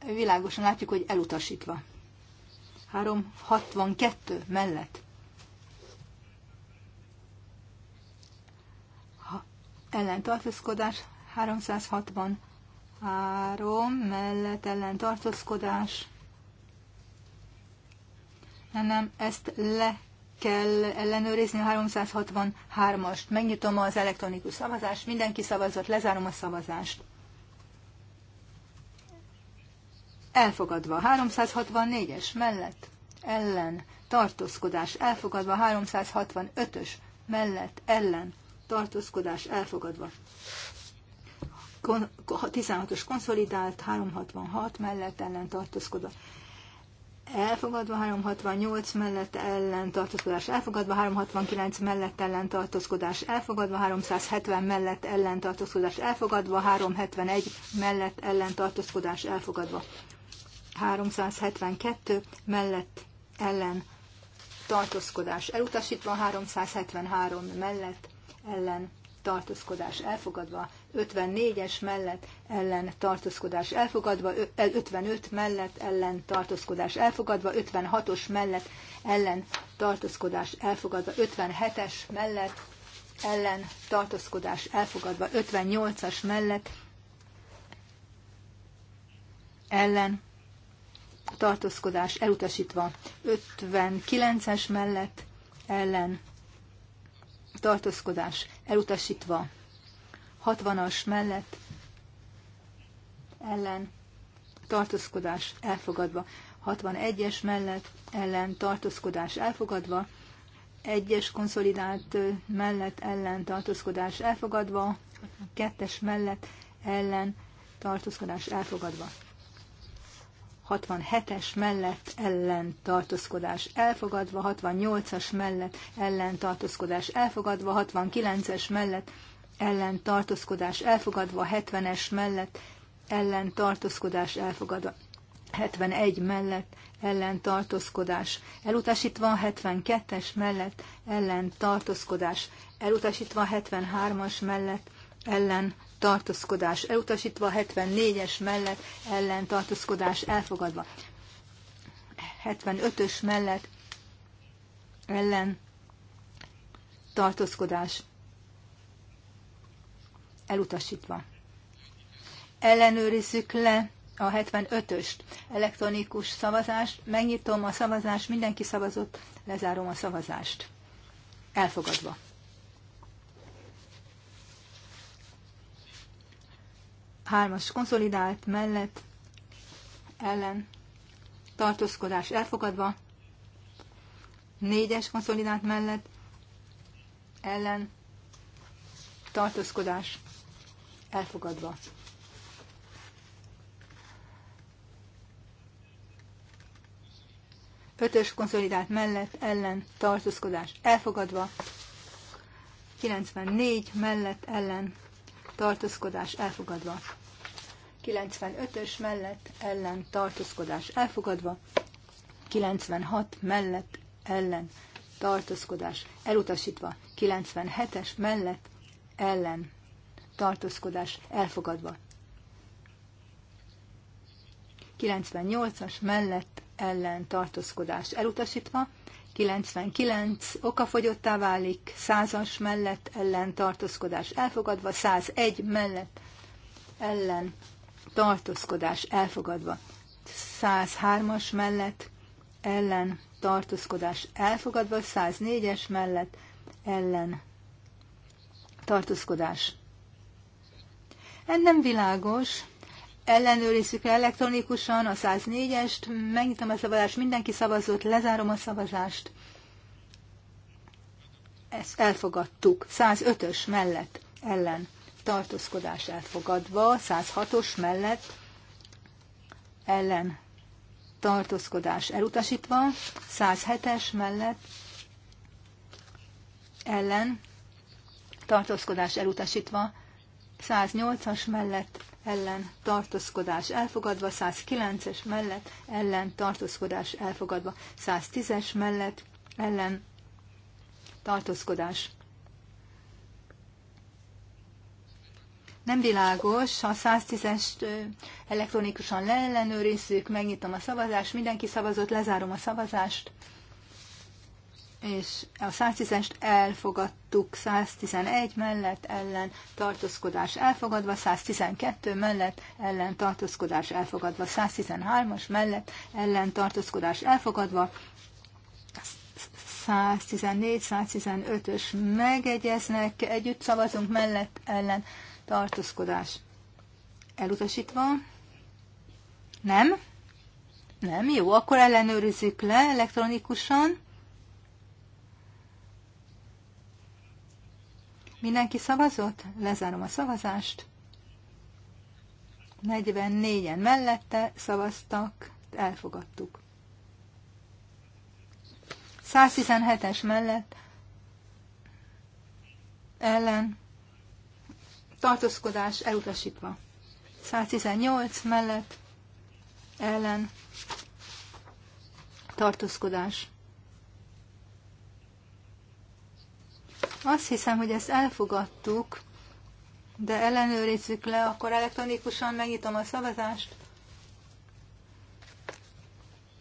Világosan látjuk, hogy elutasítva. 362 mellett. Ha ellentartózkodás 363 mellett ellentartózkodás. Nem, nem, ezt le kell ellenőrizni a 363-ast. Megnyitom az elektronikus szavazást, mindenki szavazott, lezárom a szavazást. elfogadva. 364-es mellett ellen tartózkodás elfogadva. 365-ös mellett ellen tartózkodás elfogadva. 16-os konszolidált, 366 mellett ellen tartózkodva. Elfogadva 368 mellett ellen tartózkodás, elfogadva 369 mellett ellen tartózkodás, elfogadva 370 mellett ellen tartózkodás, elfogadva 371 mellett ellen tartózkodás, elfogadva 372 mellett ellen tartózkodás elutasítva, 373 mellett ellen tartózkodás elfogadva, 54-es mellett ellen tartózkodás elfogadva, 55 mellett ellen tartózkodás elfogadva, 56-os mellett ellen tartózkodás elfogadva, 57-es mellett ellen tartózkodás elfogadva, 58-as mellett ellen tartózkodás elutasítva 59-es mellett ellen tartózkodás elutasítva 60-as mellett ellen tartózkodás elfogadva 61-es mellett ellen tartózkodás elfogadva egyes konszolidált mellett ellen tartózkodás elfogadva, 2-es mellett ellen tartózkodás elfogadva. 67-es mellett ellentartózkodás elfogadva, 68-as mellett ellentartózkodás elfogadva, 69-es mellett ellentartózkodás elfogadva, 70-es mellett ellentartózkodás elfogadva. 71 mellett ellentartózkodás elutasítva 72-es mellett ellentartózkodás elutasítva 73-as mellett ellen tartózkodás elutasítva, 74-es mellett ellen tartózkodás elfogadva, 75-ös mellett ellen tartózkodás elutasítva. Ellenőrizzük le a 75-öst elektronikus szavazást, megnyitom a szavazást, mindenki szavazott, lezárom a szavazást. Elfogadva. hármas konszolidált mellett ellen tartózkodás elfogadva, négyes konszolidált mellett ellen tartózkodás elfogadva. Ötös konszolidált mellett ellen tartózkodás elfogadva. 94 mellett ellen tartózkodás elfogadva. 95-ös mellett ellen tartózkodás elfogadva, 96 mellett ellen tartózkodás elutasítva, 97-es mellett ellen tartózkodás elfogadva. 98-as mellett ellen tartózkodás elutasítva, 99 okafogyottá válik, 100-as mellett ellen tartózkodás elfogadva, 101 mellett ellen tartózkodás elfogadva. 103-as mellett ellen tartózkodás elfogadva, 104-es mellett ellen tartózkodás. Ez nem világos. Ellenőrizzük elektronikusan a 104-est, megnyitom a szavazást, mindenki szavazott, lezárom a szavazást. Ezt elfogadtuk. 105-ös mellett ellen tartózkodás elfogadva, 106-os mellett ellen tartózkodás elutasítva, 107-es mellett ellen tartózkodás elutasítva, 108-as mellett ellen tartózkodás elfogadva, 109-es mellett ellen tartózkodás elfogadva, 110-es mellett ellen tartózkodás nem világos, a 110-es elektronikusan leellenőrizzük, megnyitom a szavazást, mindenki szavazott, lezárom a szavazást, és a 110-est elfogadtuk, 111 mellett ellen tartózkodás elfogadva, 112 mellett ellen tartózkodás elfogadva, 113-as mellett ellen tartózkodás elfogadva, 114-115-ös megegyeznek, együtt szavazunk mellett ellen tartózkodás elutasítva. Nem? Nem? Jó, akkor ellenőrizzük le elektronikusan. Mindenki szavazott? Lezárom a szavazást. 44-en mellette szavaztak, elfogadtuk. 117-es mellett ellen tartózkodás elutasítva. 118 mellett ellen tartózkodás. Azt hiszem, hogy ezt elfogadtuk, de ellenőrizzük le, akkor elektronikusan megnyitom a szavazást.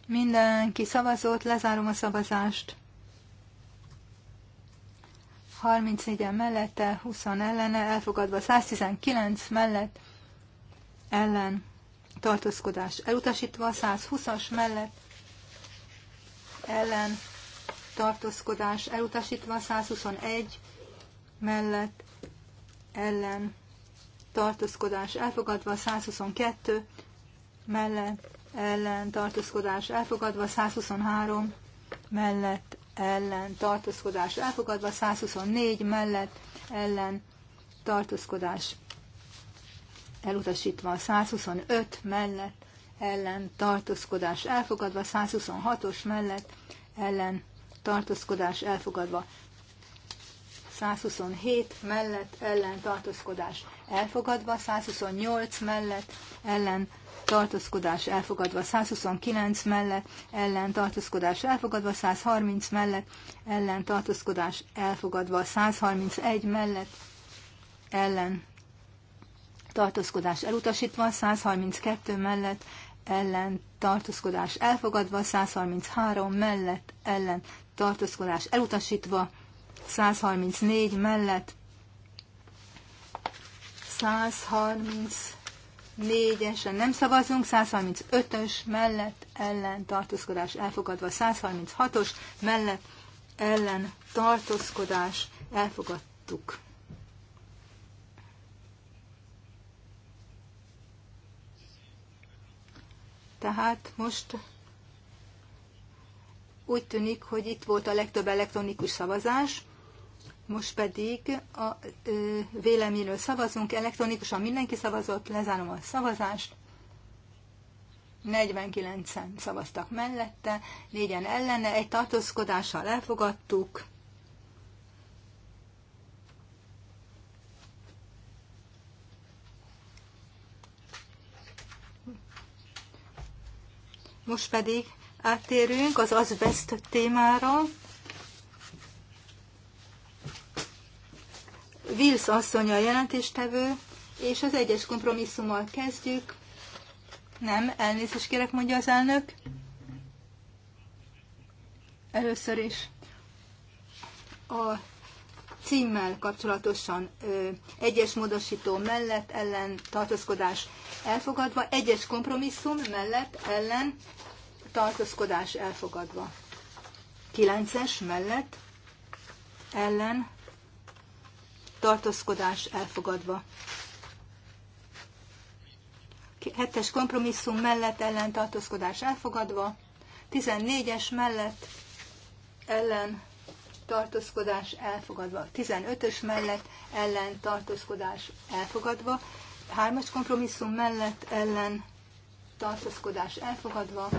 Mindenki szavazott, lezárom a szavazást. 34-en mellette, 20 ellene, elfogadva 119 mellett, ellen, tartózkodás elutasítva, 120-as mellett, ellen, tartózkodás elutasítva, 121 mellett, ellen, tartózkodás elfogadva, 122 mellett, ellen, tartózkodás elfogadva, 123 mellett, ellen tartózkodás elfogadva, 124 mellett ellen tartózkodás elutasítva, 125 mellett ellen tartózkodás elfogadva, 126-os mellett ellen tartózkodás elfogadva, 127 mellett ellen tartózkodás elfogadva, 128 mellett ellen tartózkodás elfogadva 129 mellett, ellen tartózkodás elfogadva 130 mellett, ellen tartózkodás elfogadva 131 mellett, ellen tartózkodás elutasítva 132 mellett, ellen tartózkodás elfogadva 133 mellett, ellen tartózkodás elutasítva 134 mellett, 130 négyesen esen nem szavazunk, 135-ös mellett ellen tartózkodás elfogadva, 136-os mellett ellen tartózkodás elfogadtuk. Tehát most úgy tűnik, hogy itt volt a legtöbb elektronikus szavazás. Most pedig a ö, véleményről szavazunk elektronikusan. Mindenki szavazott, lezárom a szavazást. 49-en szavaztak mellette, négyen ellene, egy tartózkodással elfogadtuk. Most pedig áttérünk az azbest témára. Wills asszony a jelentéstevő, és az egyes kompromisszummal kezdjük. Nem, elnézést kérek, mondja az elnök. Először is a címmel kapcsolatosan ö, egyes módosító mellett ellen tartózkodás elfogadva, egyes kompromisszum mellett ellen tartózkodás elfogadva. Kilences mellett ellen tartózkodás elfogadva. Hetes kompromisszum mellett ellen tartózkodás elfogadva. 14-es mellett ellen tartózkodás elfogadva. 15-ös mellett ellen tartózkodás elfogadva. 3-as kompromisszum mellett ellen tartózkodás elfogadva.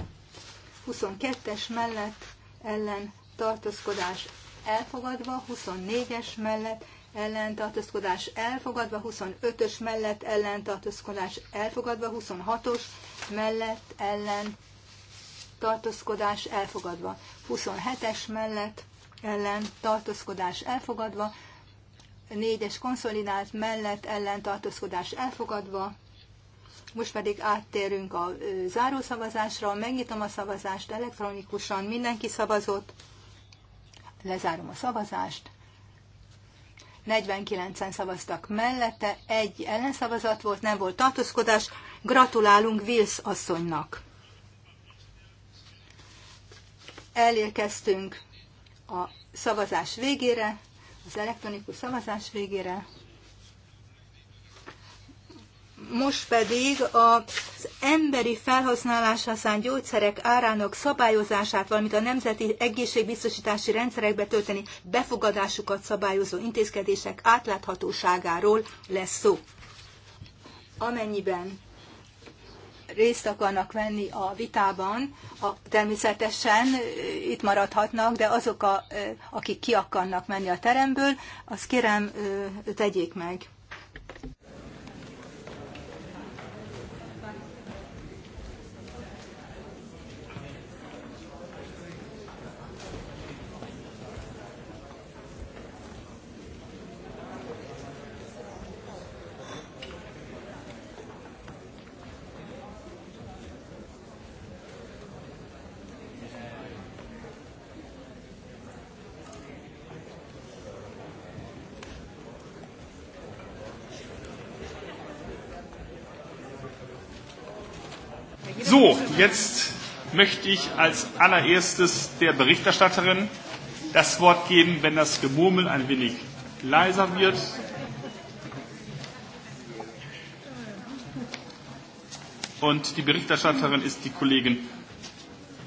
22-es mellett ellen tartózkodás elfogadva, 24-es mellett ellentartózkodás elfogadva, 25-ös mellett ellentartózkodás elfogadva, 26-os mellett ellentartózkodás elfogadva, 27-es mellett ellentartózkodás elfogadva, 4-es konszolidált mellett ellentartózkodás elfogadva, most pedig áttérünk a zárószavazásra, megnyitom a szavazást elektronikusan, mindenki szavazott, lezárom a szavazást, 49-en szavaztak mellette, egy ellenszavazat volt, nem volt tartózkodás. Gratulálunk Wills asszonynak! Elérkeztünk a szavazás végére, az elektronikus szavazás végére. Most pedig az emberi felhasználásra szánt gyógyszerek árának szabályozását, valamint a nemzeti egészségbiztosítási rendszerekbe tölteni befogadásukat szabályozó intézkedések átláthatóságáról lesz szó. Amennyiben részt akarnak venni a vitában, a, természetesen itt maradhatnak, de azok, a, akik ki akarnak menni a teremből, azt kérem, tegyék meg. jetzt möchte ich als allererstes der Berichterstatterin das Wort geben, wenn das Gemurmel ein wenig leiser wird. Und die Berichterstatterin ist die Kollegin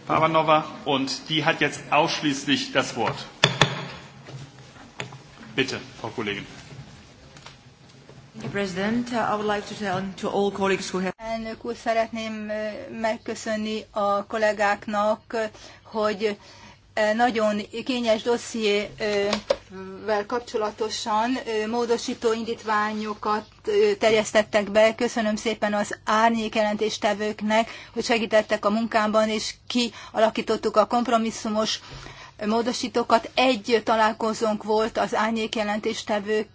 Pavanova und die hat jetzt ausschließlich das Wort. Bitte, Frau Kollegin. Herr Präsident, ich möchte allen Kollegen sagen, elnök úr, szeretném megköszönni a kollégáknak, hogy nagyon kényes dossziével kapcsolatosan módosító indítványokat terjesztettek be. Köszönöm szépen az árnyék jelentéstevőknek, hogy segítettek a munkámban, és kialakítottuk a kompromisszumos módosítókat. Egy találkozónk volt az árnyék jelentéstevők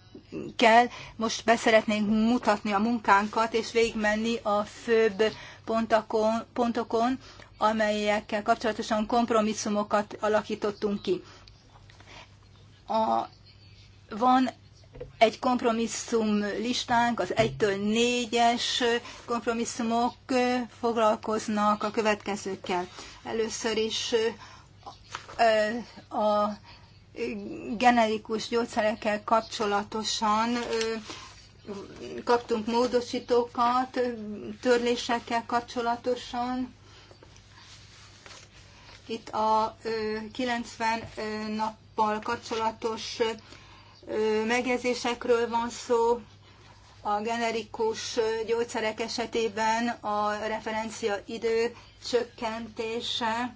kell. Most beszeretnénk mutatni a munkánkat, és végigmenni a főbb pontokon, pontokon amelyekkel kapcsolatosan kompromisszumokat alakítottunk ki. A, van egy kompromisszum listánk, az 1-től 4-es kompromisszumok foglalkoznak a következőkkel. Először is a generikus gyógyszerekkel kapcsolatosan kaptunk módosítókat, törlésekkel kapcsolatosan. Itt a 90 nappal kapcsolatos megjegyzésekről van szó, a generikus gyógyszerek esetében a referencia idő csökkentése,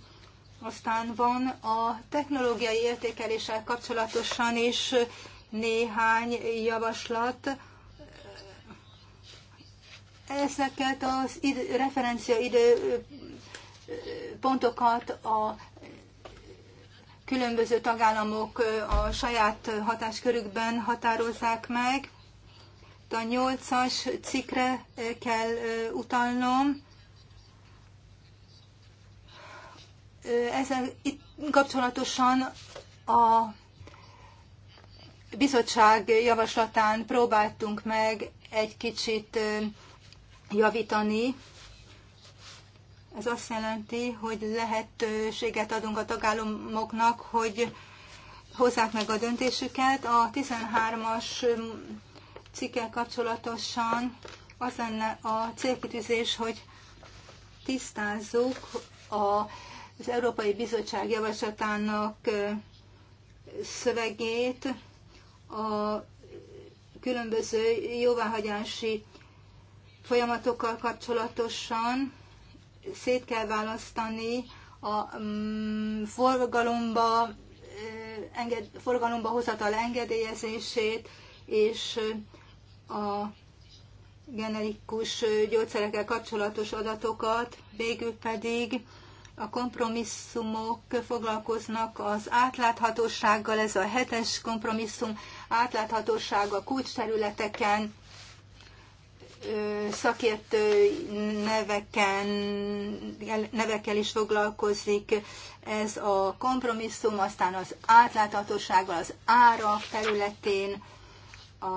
aztán van a technológiai értékeléssel kapcsolatosan is néhány javaslat. Ezeket az idő, referencia idő pontokat a különböző tagállamok a saját hatáskörükben határozzák meg. A nyolcas cikre kell utalnom. Ezzel itt kapcsolatosan a bizottság javaslatán próbáltunk meg egy kicsit javítani. Ez azt jelenti, hogy lehetőséget adunk a tagállamoknak, hogy hozzák meg a döntésüket. A 13-as cikkel kapcsolatosan az lenne a célkitűzés, hogy tisztázzuk a az Európai Bizottság javaslatának szövegét a különböző jóváhagyási folyamatokkal kapcsolatosan szét kell választani a mm, forgalomba, enged, forgalomba hozatal engedélyezését és a generikus gyógyszerekkel kapcsolatos adatokat, végül pedig a kompromisszumok foglalkoznak az átláthatósággal, ez a hetes kompromisszum, átláthatóság a kulcsterületeken, szakértő neveken, nevekkel is foglalkozik ez a kompromisszum, aztán az átláthatósággal az árak területén, a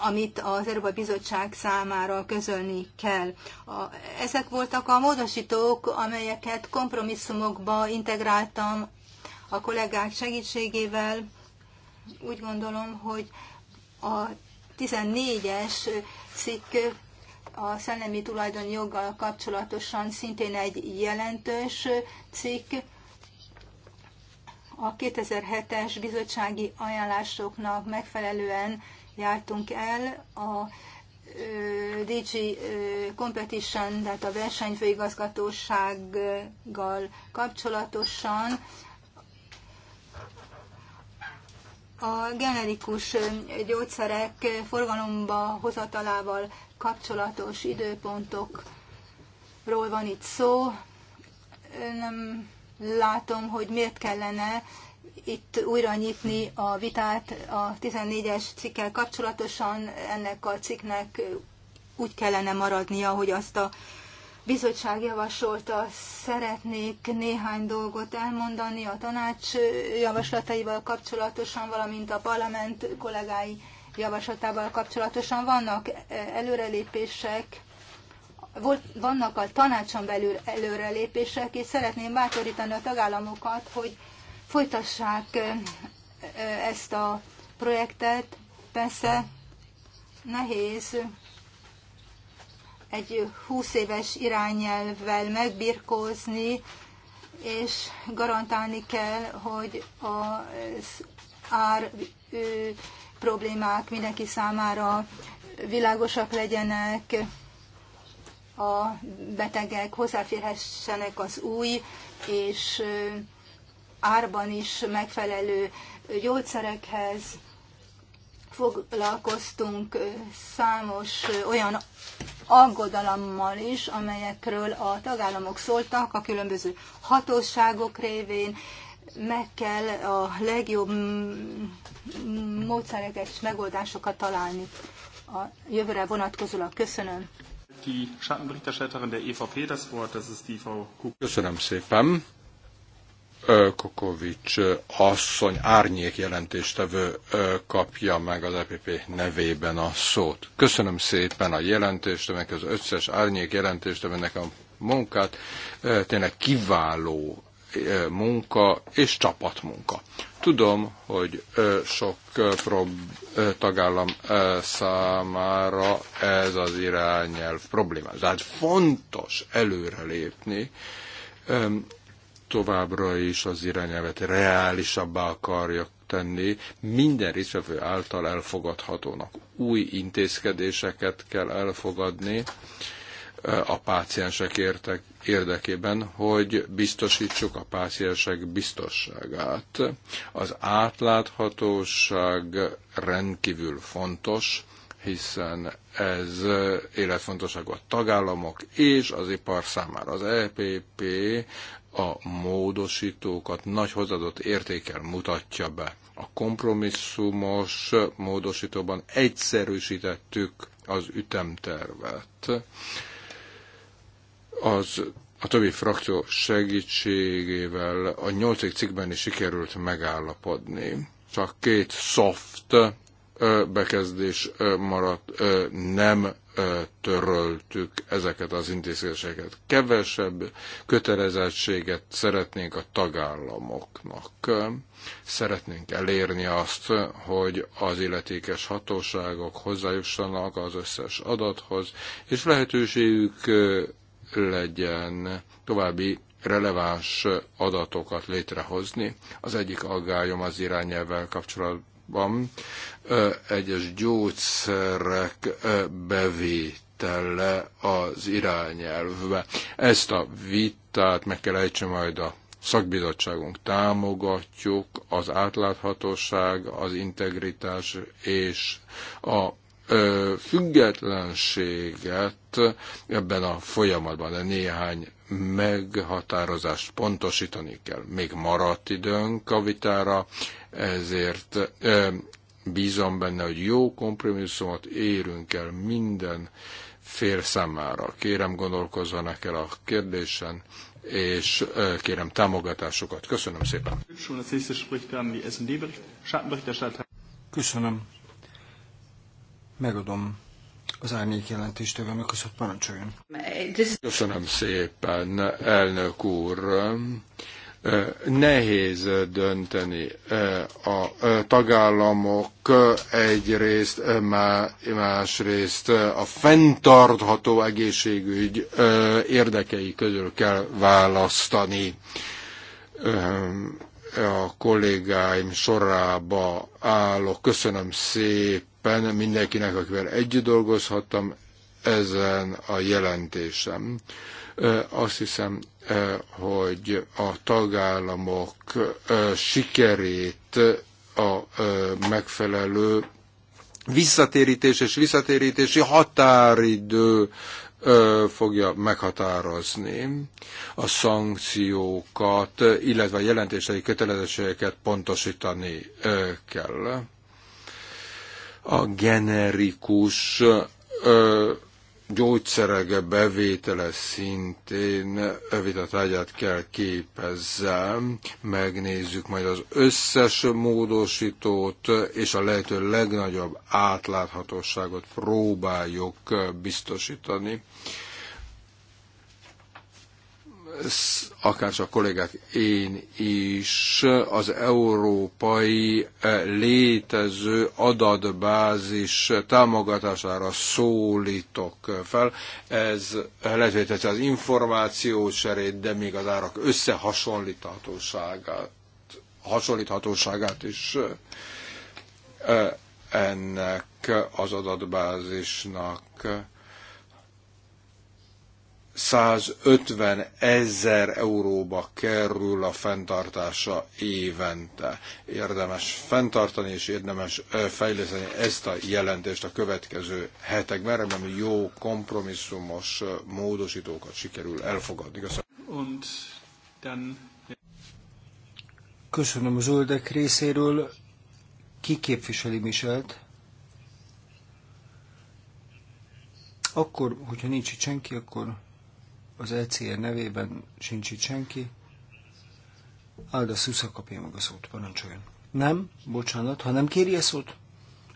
amit az Európai Bizottság számára közölni kell. A, ezek voltak a módosítók, amelyeket kompromisszumokba integráltam a kollégák segítségével. Úgy gondolom, hogy a 14-es cikk a szellemi tulajdonjoggal kapcsolatosan szintén egy jelentős cikk. A 2007-es bizottsági ajánlásoknak megfelelően jártunk el a DG Competition, tehát a versenyfőigazgatósággal kapcsolatosan a generikus gyógyszerek forgalomba hozatalával kapcsolatos időpontokról van itt szó. Nem látom, hogy miért kellene itt újra nyitni a vitát a 14-es cikkel kapcsolatosan. Ennek a cikknek úgy kellene maradnia, hogy azt a bizottság javasolta. Szeretnék néhány dolgot elmondani a tanács javaslataival kapcsolatosan, valamint a parlament kollégái javaslatával kapcsolatosan. Vannak előrelépések, Volt vannak a tanácson belül előrelépések, és szeretném bátorítani a tagállamokat, hogy folytassák ezt a projektet. Persze nehéz egy 20 éves irányelvvel megbirkózni, és garantálni kell, hogy az ár problémák mindenki számára világosak legyenek, a betegek hozzáférhessenek az új és árban is megfelelő gyógyszerekhez. Foglalkoztunk számos olyan aggodalommal is, amelyekről a tagállamok szóltak a különböző hatóságok révén, meg kell a legjobb mm, módszereket és megoldásokat találni a jövőre vonatkozólag. Köszönöm. E Köszönöm szépen. Kokovics asszony árnyék jelentéstevő kapja meg az EPP nevében a szót. Köszönöm szépen a jelentést, meg az összes árnyék jelentéstevőnek a munkát. Tényleg kiváló munka és csapatmunka. Tudom, hogy sok prob tagállam számára ez az irányelv problémás. Tehát fontos előrelépni továbbra is az irányelvet reálisabbá akarja tenni, minden részvevő által elfogadhatónak. Új intézkedéseket kell elfogadni a páciensek értek, érdekében, hogy biztosítsuk a páciensek biztosságát. Az átláthatóság rendkívül fontos, hiszen ez életfontosságú a tagállamok és az ipar számára. Az EPP a módosítókat nagy hozadott értékel mutatja be. A kompromisszumos módosítóban egyszerűsítettük az ütemtervet. Az a többi frakció segítségével a nyolcik cikkben is sikerült megállapodni. Csak két soft bekezdés maradt, nem töröltük ezeket az intézkedéseket. Kevesebb kötelezettséget szeretnénk a tagállamoknak. Szeretnénk elérni azt, hogy az illetékes hatóságok hozzájussanak az összes adathoz, és lehetőségük legyen további releváns adatokat létrehozni. Az egyik aggályom az irányelvvel kapcsolatban egyes gyógyszerek bevétele az irányelvbe. Ezt a vitát meg kell ejtse majd a szakbizottságunk támogatjuk, az átláthatóság, az integritás és a függetlenséget ebben a folyamatban, de néhány meghatározást pontosítani kell. Még maradt időnk a vitára, ezért Bízom benne, hogy jó kompromisszumot érünk el minden fér számára. Kérem, gondolkozzanak el a kérdésen, és kérem támogatásokat. Köszönöm szépen. Köszönöm. Megadom az árnyék jelentéstevőnek, köszönöm, parancsoljon. Köszönöm szépen, elnök úr nehéz dönteni. A tagállamok egyrészt, másrészt a fenntartható egészségügy érdekei közül kell választani. A kollégáim sorába állok. Köszönöm szépen mindenkinek, akivel együtt dolgozhattam ezen a jelentésem. Azt hiszem, hogy a tagállamok sikerét a megfelelő visszatérítés és visszatérítési határidő fogja meghatározni a szankciókat, illetve a jelentései kötelezettségeket pontosítani kell. A generikus gyógyszerege bevétele szintén vitatágyát kell képezzem. Megnézzük majd az összes módosítót, és a lehető legnagyobb átláthatóságot próbáljuk biztosítani akár csak kollégák, én is az európai eh, létező adatbázis támogatására szólítok fel. Ez lehet, az az cserét, de még az árak összehasonlíthatóságát hasonlíthatóságát is eh, ennek az adatbázisnak 150 ezer euróba kerül a fenntartása évente. Érdemes fenntartani és érdemes fejleszteni ezt a jelentést a következő hetekben. Remélem, jó kompromisszumos módosítókat sikerül elfogadni. Köszönöm. Köszönöm az zöldek részéről. Ki képviseli Miselt? Akkor, hogyha nincs itt senki, akkor az ECR nevében sincs itt senki. Alda Szusza kapja meg a szót, parancsoljon. Nem, bocsánat, ha nem kéri a szót,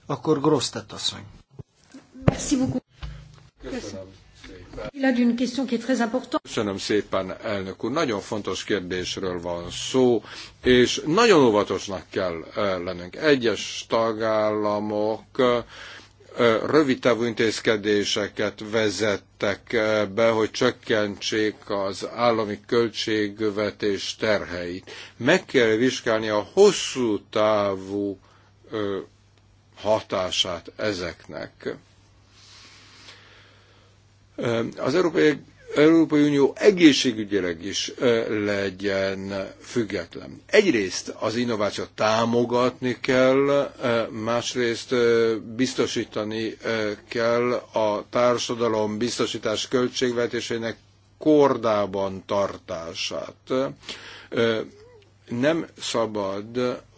akkor Grossz tett asszony. Merci beaucoup. Köszönöm. Köszönöm szépen, elnök úr. Nagyon fontos kérdésről van szó, és nagyon óvatosnak kell eh, lennünk. Egyes tagállamok eh, rövid távú intézkedéseket vezettek be, hogy csökkentsék az állami költségvetés terheit. Meg kell vizsgálni a hosszú távú hatását ezeknek. Az európai Európai Unió egészségügyileg is legyen független. Egyrészt az innovációt támogatni kell, másrészt biztosítani kell a társadalom biztosítás költségvetésének kordában tartását. Nem szabad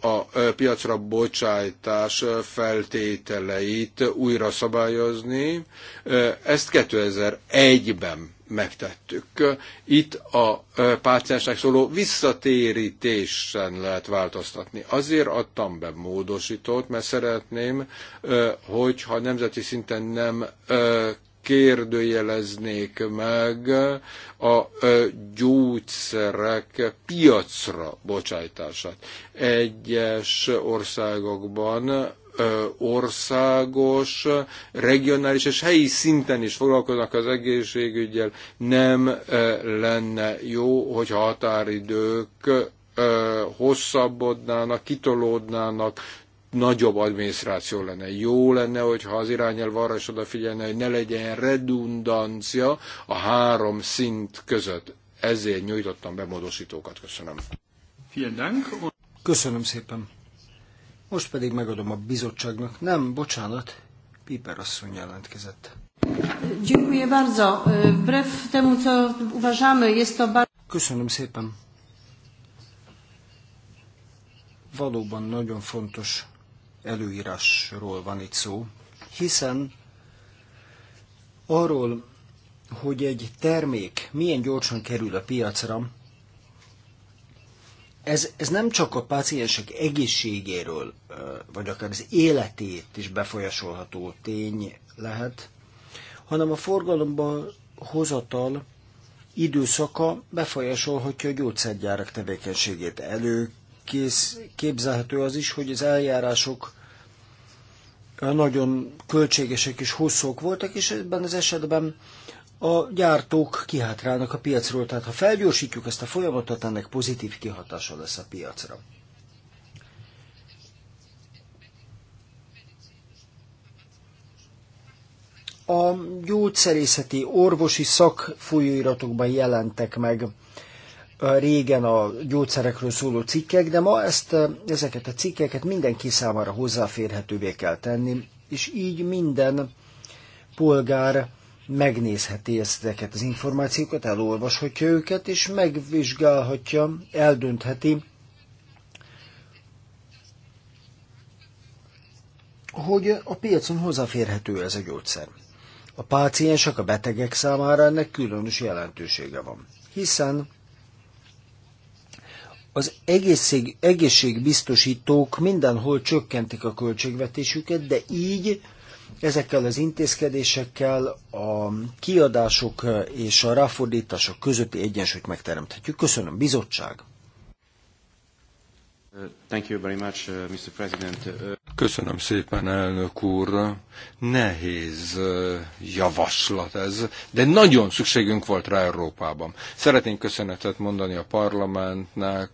a piacra bocsájtás feltételeit újra szabályozni. Ezt 2001-ben megtettük. Itt a páciensnek szóló visszatérítésen lehet változtatni. Azért adtam be módosítót, mert szeretném, hogyha nemzeti szinten nem kérdőjeleznék meg a gyógyszerek piacra bocsájtását. Egyes országokban országos, regionális és helyi szinten is foglalkoznak az egészségügyel. Nem lenne jó, hogy határidők hosszabbodnának, kitolódnának, nagyobb adminisztráció lenne. Jó lenne, hogyha az irányelv arra is odafigyelne, hogy ne legyen redundancia a három szint között. Ezért nyújtottam be módosítókat. Köszönöm. Köszönöm szépen. Most pedig megadom a bizottságnak. Nem, bocsánat, Piper asszony jelentkezett. Dziękuję bardzo. E, wbrew temu, co uważamy, jest to bardzo... Köszönöm szépen. Valóban nagyon fontos előírásról van itt szó, hiszen arról, hogy egy termék milyen gyorsan kerül a piacra, ez, ez nem csak a páciensek egészségéről, vagy akár az életét is befolyásolható tény lehet, hanem a forgalomba hozatal időszaka befolyásolhatja a gyógyszergyárak tevékenységét. Előkész képzelhető az is, hogy az eljárások nagyon költségesek és hosszúk voltak, és ebben az esetben a gyártók kihátrálnak a piacról. Tehát ha felgyorsítjuk ezt a folyamatot, ennek pozitív kihatása lesz a piacra. A gyógyszerészeti orvosi szakfolyóiratokban jelentek meg régen a gyógyszerekről szóló cikkek, de ma ezt, ezeket a cikkeket mindenki számára hozzáférhetővé kell tenni, és így minden polgár megnézheti ezeket az információkat, elolvashatja őket, és megvizsgálhatja, eldöntheti, hogy a piacon hozzáférhető ez a gyógyszer. A páciensek, a betegek számára ennek különös jelentősége van, hiszen az egészség, egészségbiztosítók mindenhol csökkentik a költségvetésüket, de így Ezekkel az intézkedésekkel a kiadások és a ráfordítások közötti egyensúlyt megteremthetjük. Köszönöm, bizottság! Thank you very much, uh, Mr. President. Uh, Köszönöm szépen, elnök úr. Nehéz javaslat ez, de nagyon szükségünk volt rá Európában. Szeretnénk köszönetet mondani a parlamentnek,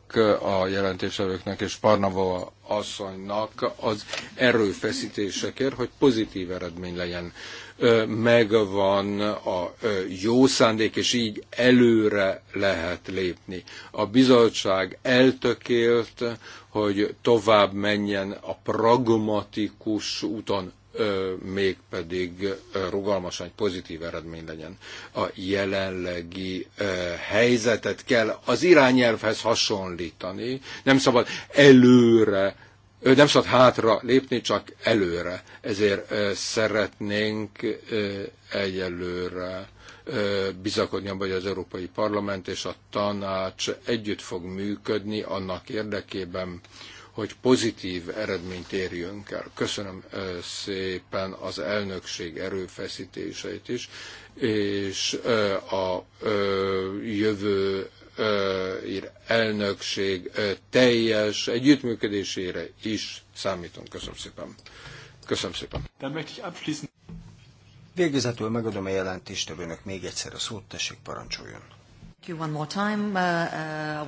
a jelentésevőknek és Parnava asszonynak az erőfeszítésekért, hogy pozitív eredmény legyen. Megvan a jó szándék, és így előre lehet lépni. A bizottság eltökélt, hogy tovább menjen a pragmatikus úton, mégpedig rugalmasan egy pozitív eredmény legyen. A jelenlegi helyzetet kell az irányelvhez hasonlítani, nem szabad előre nem szabad hátra lépni, csak előre. Ezért szeretnénk egyelőre bizakodni abban, hogy az Európai Parlament és a tanács együtt fog működni annak érdekében, hogy pozitív eredményt érjünk el. Köszönöm szépen az elnökség erőfeszítéseit is, és a jövő elnökség teljes együttműködésére is számítunk. Köszönöm szépen. Köszönöm szépen. Végezetül megadom a jelentést, önök még egyszer a szót, tessék parancsoljon. Uh,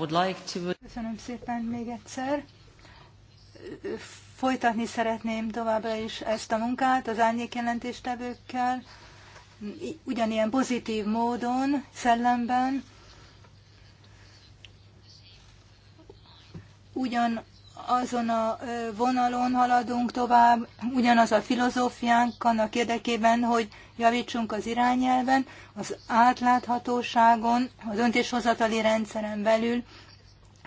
uh, Köszönöm szépen még egyszer. Folytatni szeretném továbbra is ezt a munkát az árnyék jelentéstevőkkel, ugyanilyen pozitív módon, szellemben, ugyan azon a vonalon haladunk tovább, ugyanaz a filozófiánk annak érdekében, hogy javítsunk az irányelven, az átláthatóságon, a döntéshozatali rendszeren belül,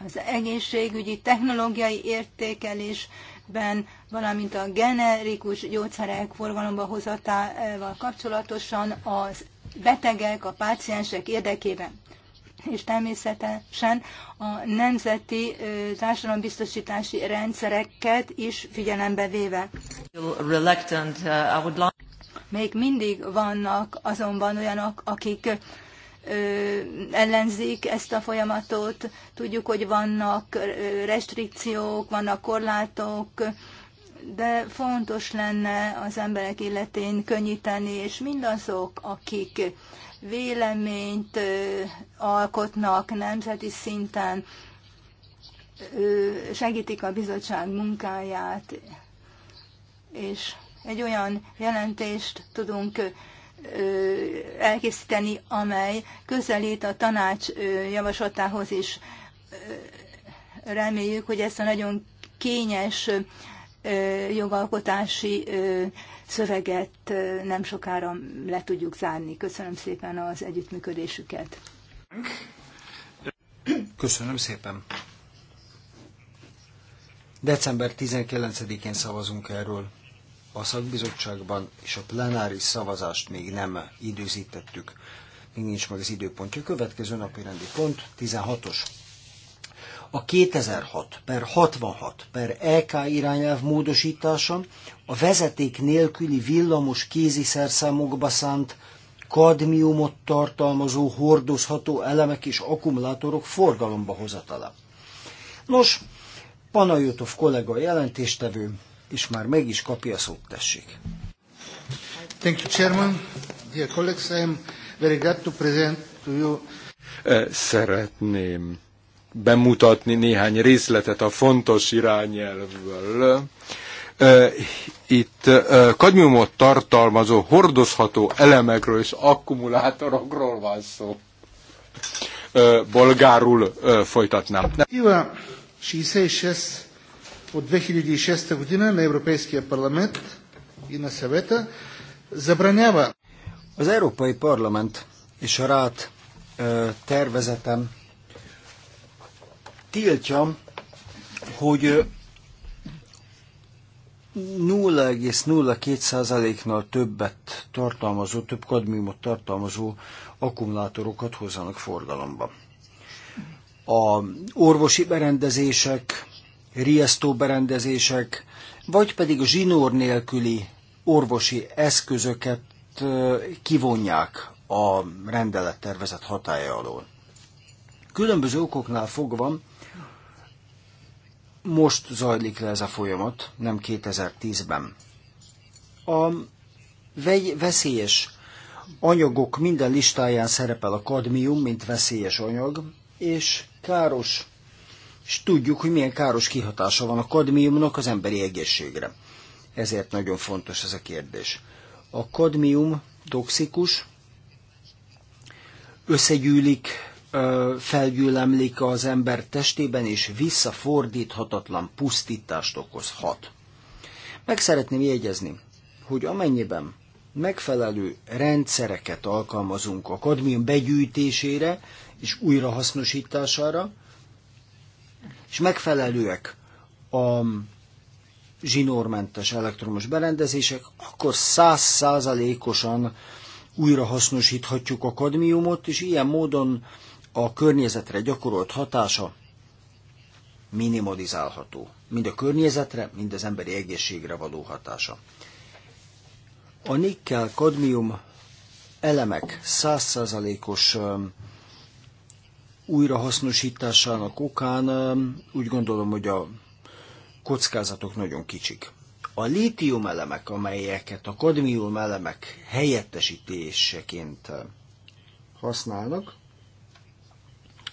az egészségügyi technológiai értékelésben, valamint a generikus gyógyszerek forgalomba hozatával kapcsolatosan az betegek, a páciensek érdekében és természetesen a nemzeti társadalombiztosítási rendszereket is figyelembe véve. Uh, Még mindig vannak azonban olyanok, akik ellenzik ezt a folyamatot. Tudjuk, hogy vannak restrikciók, vannak korlátok, de fontos lenne az emberek életén könnyíteni, és mindazok, akik véleményt alkotnak nemzeti szinten, segítik a bizottság munkáját, és egy olyan jelentést tudunk elkészíteni, amely közelít a tanács javaslatához is. Reméljük, hogy ezt a nagyon kényes jogalkotási szöveget nem sokára le tudjuk zárni. Köszönöm szépen az együttműködésüket. Köszönöm szépen. December 19-én szavazunk erről. A szakbizottságban és a plenáris szavazást még nem időzítettük. Még nincs meg az időpontja. Következő napi rendi pont, 16-os. A 2006 per 66 per EK irányelv módosítása a vezeték nélküli villamos kéziszerszámokba szánt kadmiumot tartalmazó hordozható elemek és akkumulátorok forgalomba hozatala. Nos, Panajotov kollega jelentéstevő, és már meg is kapja a szót, tessék. Thank you, Chairman. Dear colleagues, I am very glad to present to you. Szeretném bemutatni néhány részletet a fontos irányelvből. Itt kadmiumot tartalmazó hordozható elemekről és akkumulátorokról van szó. Bolgárul folytatnám. Директива 66 от 2006 година на Европейския парламент и на съвета забранява. Az Európai Parlament és a Rát tervezetem tiltja, hogy 002 nál többet tartalmazó, több kadmiumot tartalmazó akkumulátorokat hozzanak forgalomba. A orvosi berendezések, riasztó berendezések, vagy pedig a zsinór nélküli orvosi eszközöket kivonják a rendelettervezet hatája alól. Különböző okoknál fogva most zajlik le ez a folyamat, nem 2010-ben. A veszélyes anyagok minden listáján szerepel a kadmium, mint veszélyes anyag, és káros, és tudjuk, hogy milyen káros kihatása van a kadmiumnak az emberi egészségre. Ezért nagyon fontos ez a kérdés. A kadmium toxikus, összegyűlik, felgyűlemlik az ember testében, és visszafordíthatatlan pusztítást okozhat. Meg szeretném jegyezni, hogy amennyiben megfelelő rendszereket alkalmazunk a kadmium begyűjtésére és újrahasznosítására, és megfelelőek a zsinórmentes elektromos berendezések, akkor százszázalékosan újrahasznosíthatjuk a kadmiumot, és ilyen módon a környezetre gyakorolt hatása minimalizálható. Mind a környezetre, mind az emberi egészségre való hatása. A nikkel, kadmium elemek 100%-os újrahasznosításának okán úgy gondolom, hogy a kockázatok nagyon kicsik. A lítium elemek, amelyeket a kadmium elemek helyettesítéseként használnak,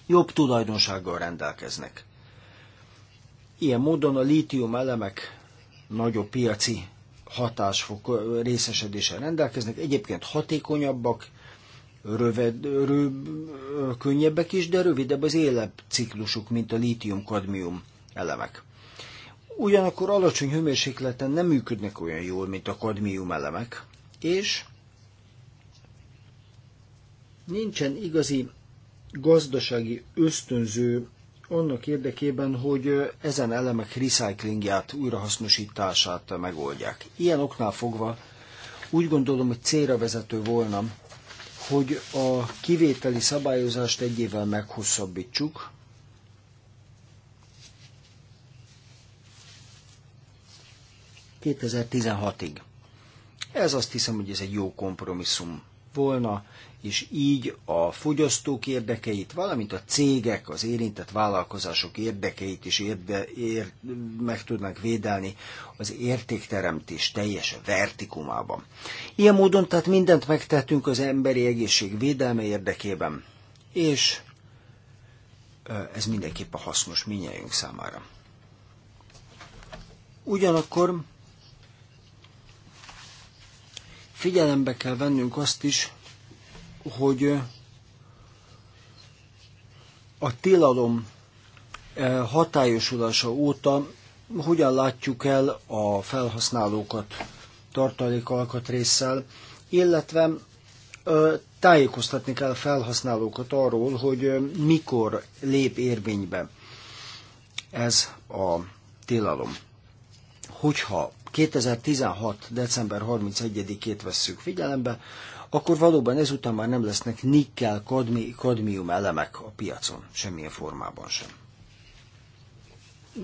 jobb tulajdonsággal rendelkeznek. Ilyen módon a lítium elemek nagyobb piaci hatásfok részesedéssel rendelkeznek, egyébként hatékonyabbak, rövid, rö, könnyebbek is, de rövidebb az életciklusuk, mint a lítium-kadmium elemek. Ugyanakkor alacsony hőmérsékleten nem működnek olyan jól, mint a kadmium elemek, és nincsen igazi gazdasági ösztönző annak érdekében, hogy ezen elemek recyclingját, újrahasznosítását megoldják. Ilyen oknál fogva úgy gondolom, hogy célra vezető volna, hogy a kivételi szabályozást egy évvel meghosszabbítsuk, ...2016-ig. Ez azt hiszem, hogy ez egy jó kompromisszum volna, és így a fogyasztók érdekeit, valamint a cégek, az érintett vállalkozások érdekeit is érde, ér, meg tudnak védelni az értékteremtés teljes vertikumában. Ilyen módon tehát mindent megtettünk az emberi egészség védelme érdekében, és ez mindenképpen hasznos minnyájunk számára. Ugyanakkor figyelembe kell vennünk azt is, hogy a tilalom hatályosulása óta hogyan látjuk el a felhasználókat tartalék alkatrészsel, illetve tájékoztatni kell a felhasználókat arról, hogy mikor lép érvénybe ez a tilalom. Hogyha 2016. december 31-ét vesszük figyelembe, akkor valóban ezután már nem lesznek nikkel, kadmi, kadmium elemek a piacon, semmilyen formában sem.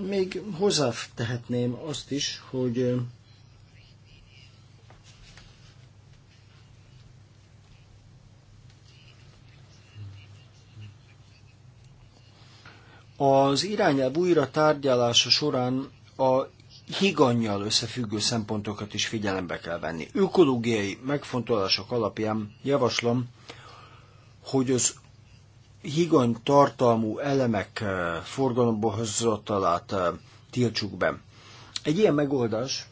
Még tehetném azt is, hogy az irányelv újra tárgyalása során a higannyal összefüggő szempontokat is figyelembe kell venni. Ökológiai megfontolások alapján javaslom, hogy az higany tartalmú elemek eh, forgalomba hozzatalát eh, tiltsuk be. Egy ilyen megoldás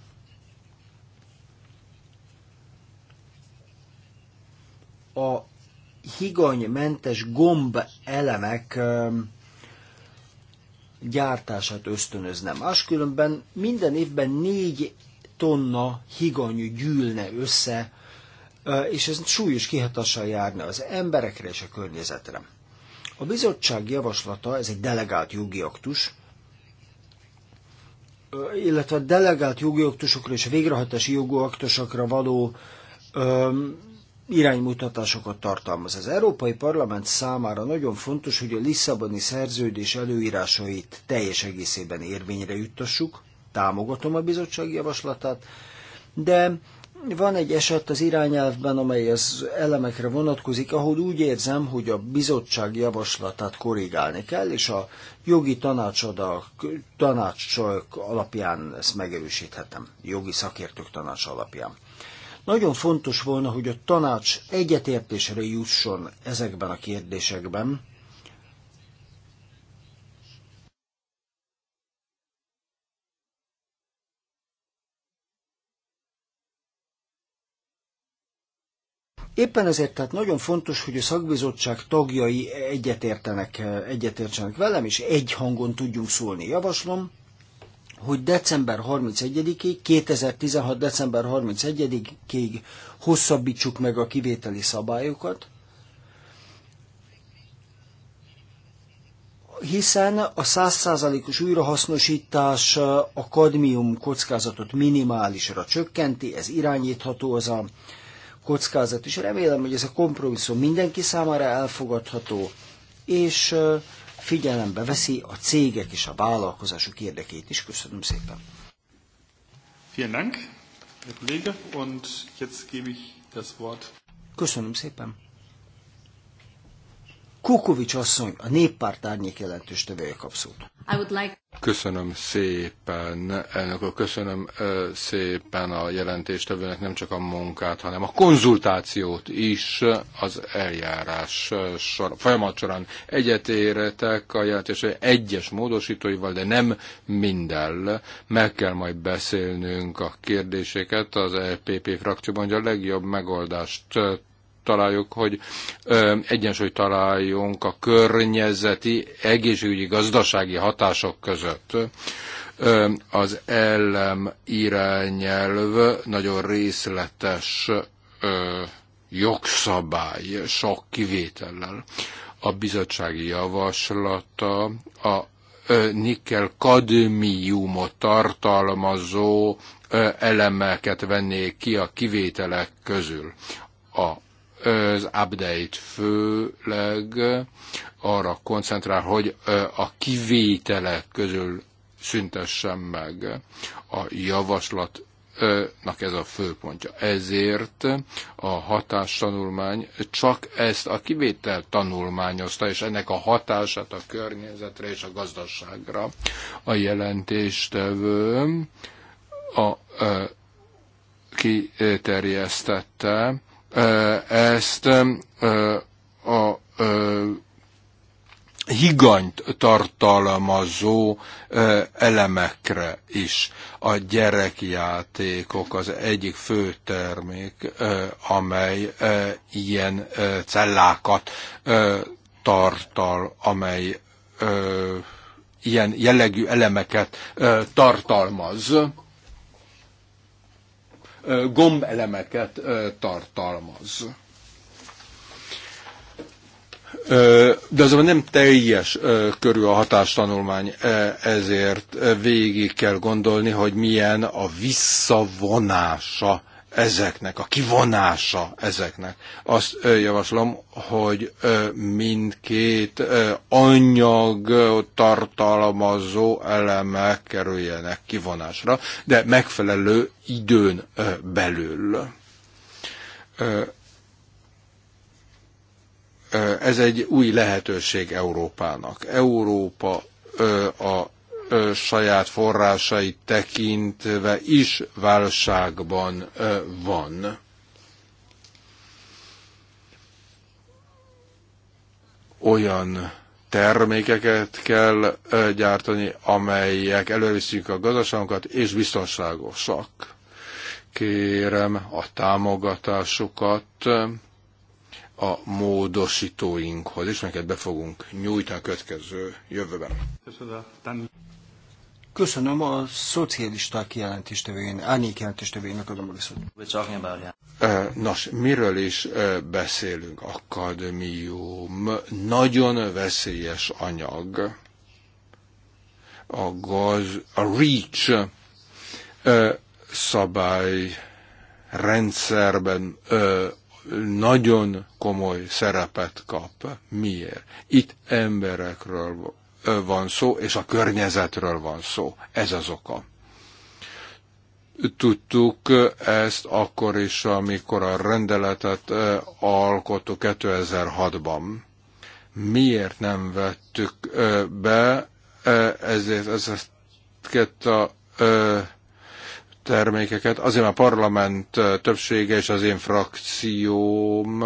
a higanymentes gomb elemek eh, gyártását ösztönözne. Máskülönben minden évben négy tonna higany gyűlne össze, és ez súlyos kihatással járna az emberekre és a környezetre. A bizottság javaslata, ez egy delegált jogi aktus, illetve a delegált jogi aktusokra és a végrehajtási jogi aktusokra való iránymutatásokat tartalmaz. Az Európai Parlament számára nagyon fontos, hogy a Lisszaboni szerződés előírásait teljes egészében érvényre juttassuk. Támogatom a bizottság javaslatát, de van egy eset az irányelvben, amely az elemekre vonatkozik, ahol úgy érzem, hogy a bizottság javaslatát korrigálni kell, és a jogi tanácsok alapján ezt megerősíthetem, jogi szakértők tanács alapján. Nagyon fontos volna, hogy a tanács egyetértésre jusson ezekben a kérdésekben, Éppen ezért tehát nagyon fontos, hogy a szakbizottság tagjai egyetértenek, egyetértsenek velem, és egy hangon tudjunk szólni. Javaslom, hogy december 31-ig, 2016. december 31-ig hosszabbítsuk meg a kivételi szabályokat, hiszen a 100%-os újrahasznosítás a kadmium kockázatot minimálisra csökkenti, ez irányítható az a kockázat, és remélem, hogy ez a kompromisszum mindenki számára elfogadható, és figyelembe veszi a cégek és a vállalkozások érdekét is. Köszönöm szépen. Vielen Dank, Herr Kollege, und jetzt gebe ich das Wort. Köszönöm szépen. Kukovics asszony, a néppárt árnyék jelentős tevője kap like... Köszönöm szépen, elnök úr, köszönöm szépen a jelentéstevőnek nem csak a munkát, hanem a konzultációt is az eljárás sor, folyamat során egyetértek a jelentés egyes módosítóival, de nem minden. Meg kell majd beszélnünk a kérdéseket az EPP frakcióban, hogy a legjobb megoldást találjuk, hogy egyensúlyt találjunk a környezeti, egészségügyi, gazdasági hatások között. Az ellem irányelv nagyon részletes jogszabály, sok kivétellel. A bizottsági javaslata a nikkel kadmiumot tartalmazó elemeket vennék ki a kivételek közül. A az update főleg arra koncentrál, hogy a kivételek közül szüntessen meg a javaslat nak ez a főpontja. Ezért a hatástanulmány csak ezt a kivétel tanulmányozta, és ennek a hatását a környezetre és a gazdaságra. A jelentéstevő a, a, kiterjesztette ezt a higanyt tartalmazó elemekre is. A gyerekjátékok az egyik fő termék, amely ilyen cellákat tartal, amely ilyen jellegű elemeket tartalmaz gombelemeket tartalmaz. De azonban nem teljes körül a hatástanulmány, ezért végig kell gondolni, hogy milyen a visszavonása ezeknek, a kivonása ezeknek. Azt javaslom, hogy mindkét anyag tartalmazó elemek kerüljenek kivonásra, de megfelelő időn belül. Ez egy új lehetőség Európának. Európa a saját forrásait tekintve is válságban van. Olyan termékeket kell gyártani, amelyek előviszik a gazdaságunkat, és biztonságosak. Kérem a támogatásukat a módosítóinkhoz, és neked be fogunk nyújtani a következő jövőben. Köszönöm a szocialisták jelentéstevőjén, árnyék jelentéstevőjének adom a viszont. Nos, miről is beszélünk? Akadémium. Nagyon veszélyes anyag. A gaz, a REACH szabály rendszerben nagyon komoly szerepet kap. Miért? Itt emberekről van szó, és a környezetről van szó. Ez az oka. Tudtuk ezt akkor is, amikor a rendeletet alkottuk 2006-ban. Miért nem vettük be ezért ezeket a termékeket? Azért a parlament többsége és az én frakcióm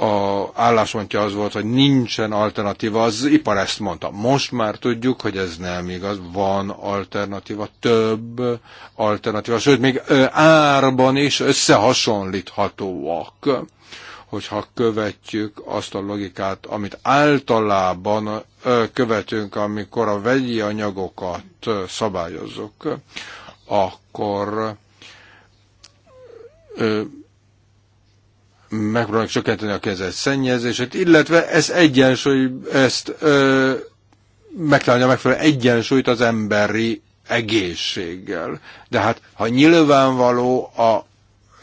a álláspontja az volt, hogy nincsen alternatíva, az ipar ezt mondta. Most már tudjuk, hogy ez nem igaz, van alternatíva, több alternatíva, sőt, még árban is összehasonlíthatóak hogyha követjük azt a logikát, amit általában követünk, amikor a vegyi anyagokat szabályozzuk, akkor megpróbálnak csökkenteni a kezet szennyezését, illetve ez egyensúly, ezt ö, megtalálja megfelelő egyensúlyt az emberi egészséggel. De hát, ha nyilvánvaló a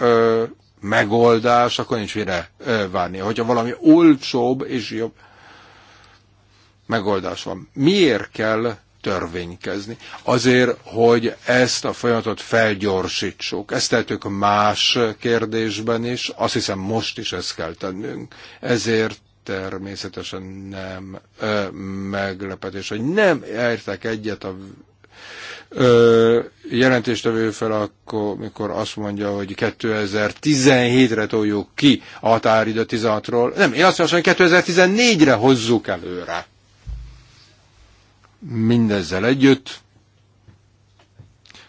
ö, megoldás, akkor nincs mire ö, várni. Hogyha valami olcsóbb és jobb megoldás van. Miért kell törvénykezni. Azért, hogy ezt a folyamatot felgyorsítsuk. Ezt tettük más kérdésben is, azt hiszem most is ezt kell tennünk. Ezért természetesen nem ö, meglepetés, hogy nem értek egyet a ö, jelentéstevő fel, akkor, mikor azt mondja, hogy 2017-re toljuk ki a határidő 16-ról. Nem, én azt mondom, hogy 2014-re hozzuk előre mindezzel együtt.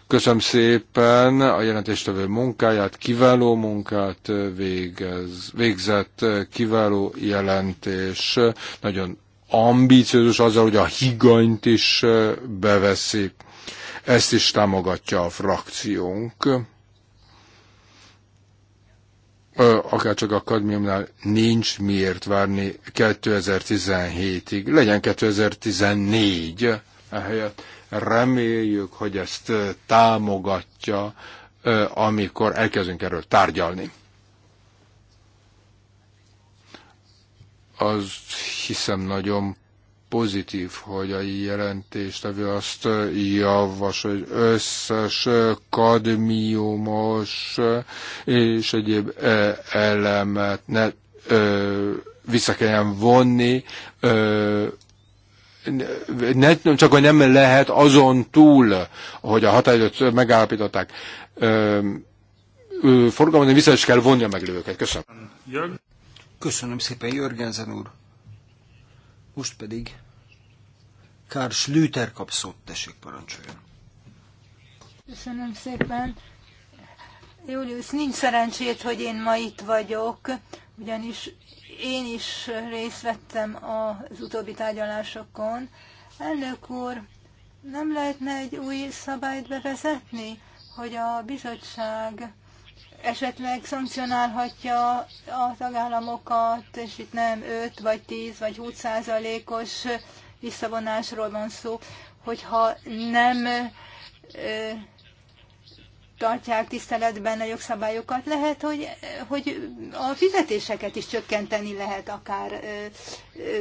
Köszönöm szépen a jelentéstevő munkáját, kiváló munkát végez, végzett, kiváló jelentés, nagyon ambíciózus azzal, hogy a higanyt is beveszi. Ezt is támogatja a frakciónk csak a kadmiumnál nincs miért várni 2017-ig. Legyen 2014 ehelyett. Reméljük, hogy ezt támogatja, amikor elkezdünk erről tárgyalni. Az hiszem nagyon pozitív, hogy a jelentéstevő azt javas, hogy összes kadmiumos és egyéb elemet ne vissza kelljen vonni, ne, csak hogy nem lehet azon túl, hogy a hatályot megállapították, forgalmazni vissza is kell vonni a meglévőket. Köszönöm. Köszönöm szépen, Jörgenzen úr. Most pedig Karl Schlüter kap szót, tessék parancsoljon. Köszönöm szépen. Július, nincs szerencsét, hogy én ma itt vagyok, ugyanis én is részt vettem az utóbbi tárgyalásokon. Elnök úr, nem lehetne egy új szabályt bevezetni, hogy a bizottság esetleg szankcionálhatja a tagállamokat, és itt nem 5 vagy 10 vagy 20 százalékos visszavonásról van szó, hogyha nem ö, tartják tiszteletben a jogszabályokat, lehet, hogy, hogy a fizetéseket is csökkenteni lehet akár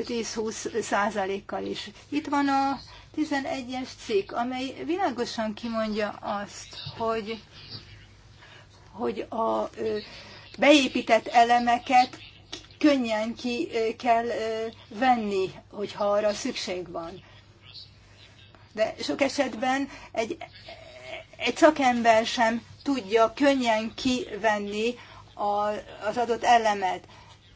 10-20 százalékkal is. Itt van a 11-es cikk, amely világosan kimondja azt, hogy hogy a beépített elemeket könnyen ki kell venni, hogyha arra szükség van. De sok esetben egy, egy szakember sem tudja könnyen kivenni a, az adott elemet.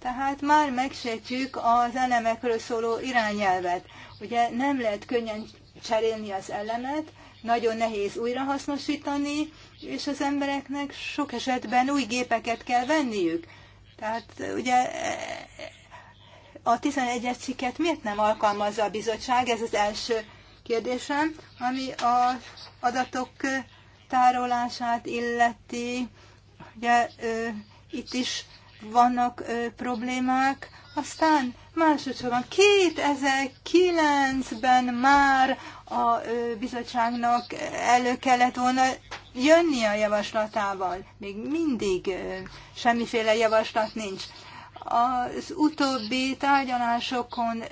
Tehát már megsértjük az elemekről szóló irányelvet. Ugye nem lehet könnyen cserélni az elemet, nagyon nehéz újrahasznosítani, és az embereknek sok esetben új gépeket kell venniük. Tehát e, ugye e, a 11-es cikket miért nem alkalmazza a bizottság? Ez az első kérdésem, ami az adatok tárolását illeti. Ugye itt is vannak problémák. Aztán Másodszorban 2009-ben már a bizottságnak elő kellett volna jönni a javaslatával. Még mindig semmiféle javaslat nincs. Az utóbbi tárgyalásokon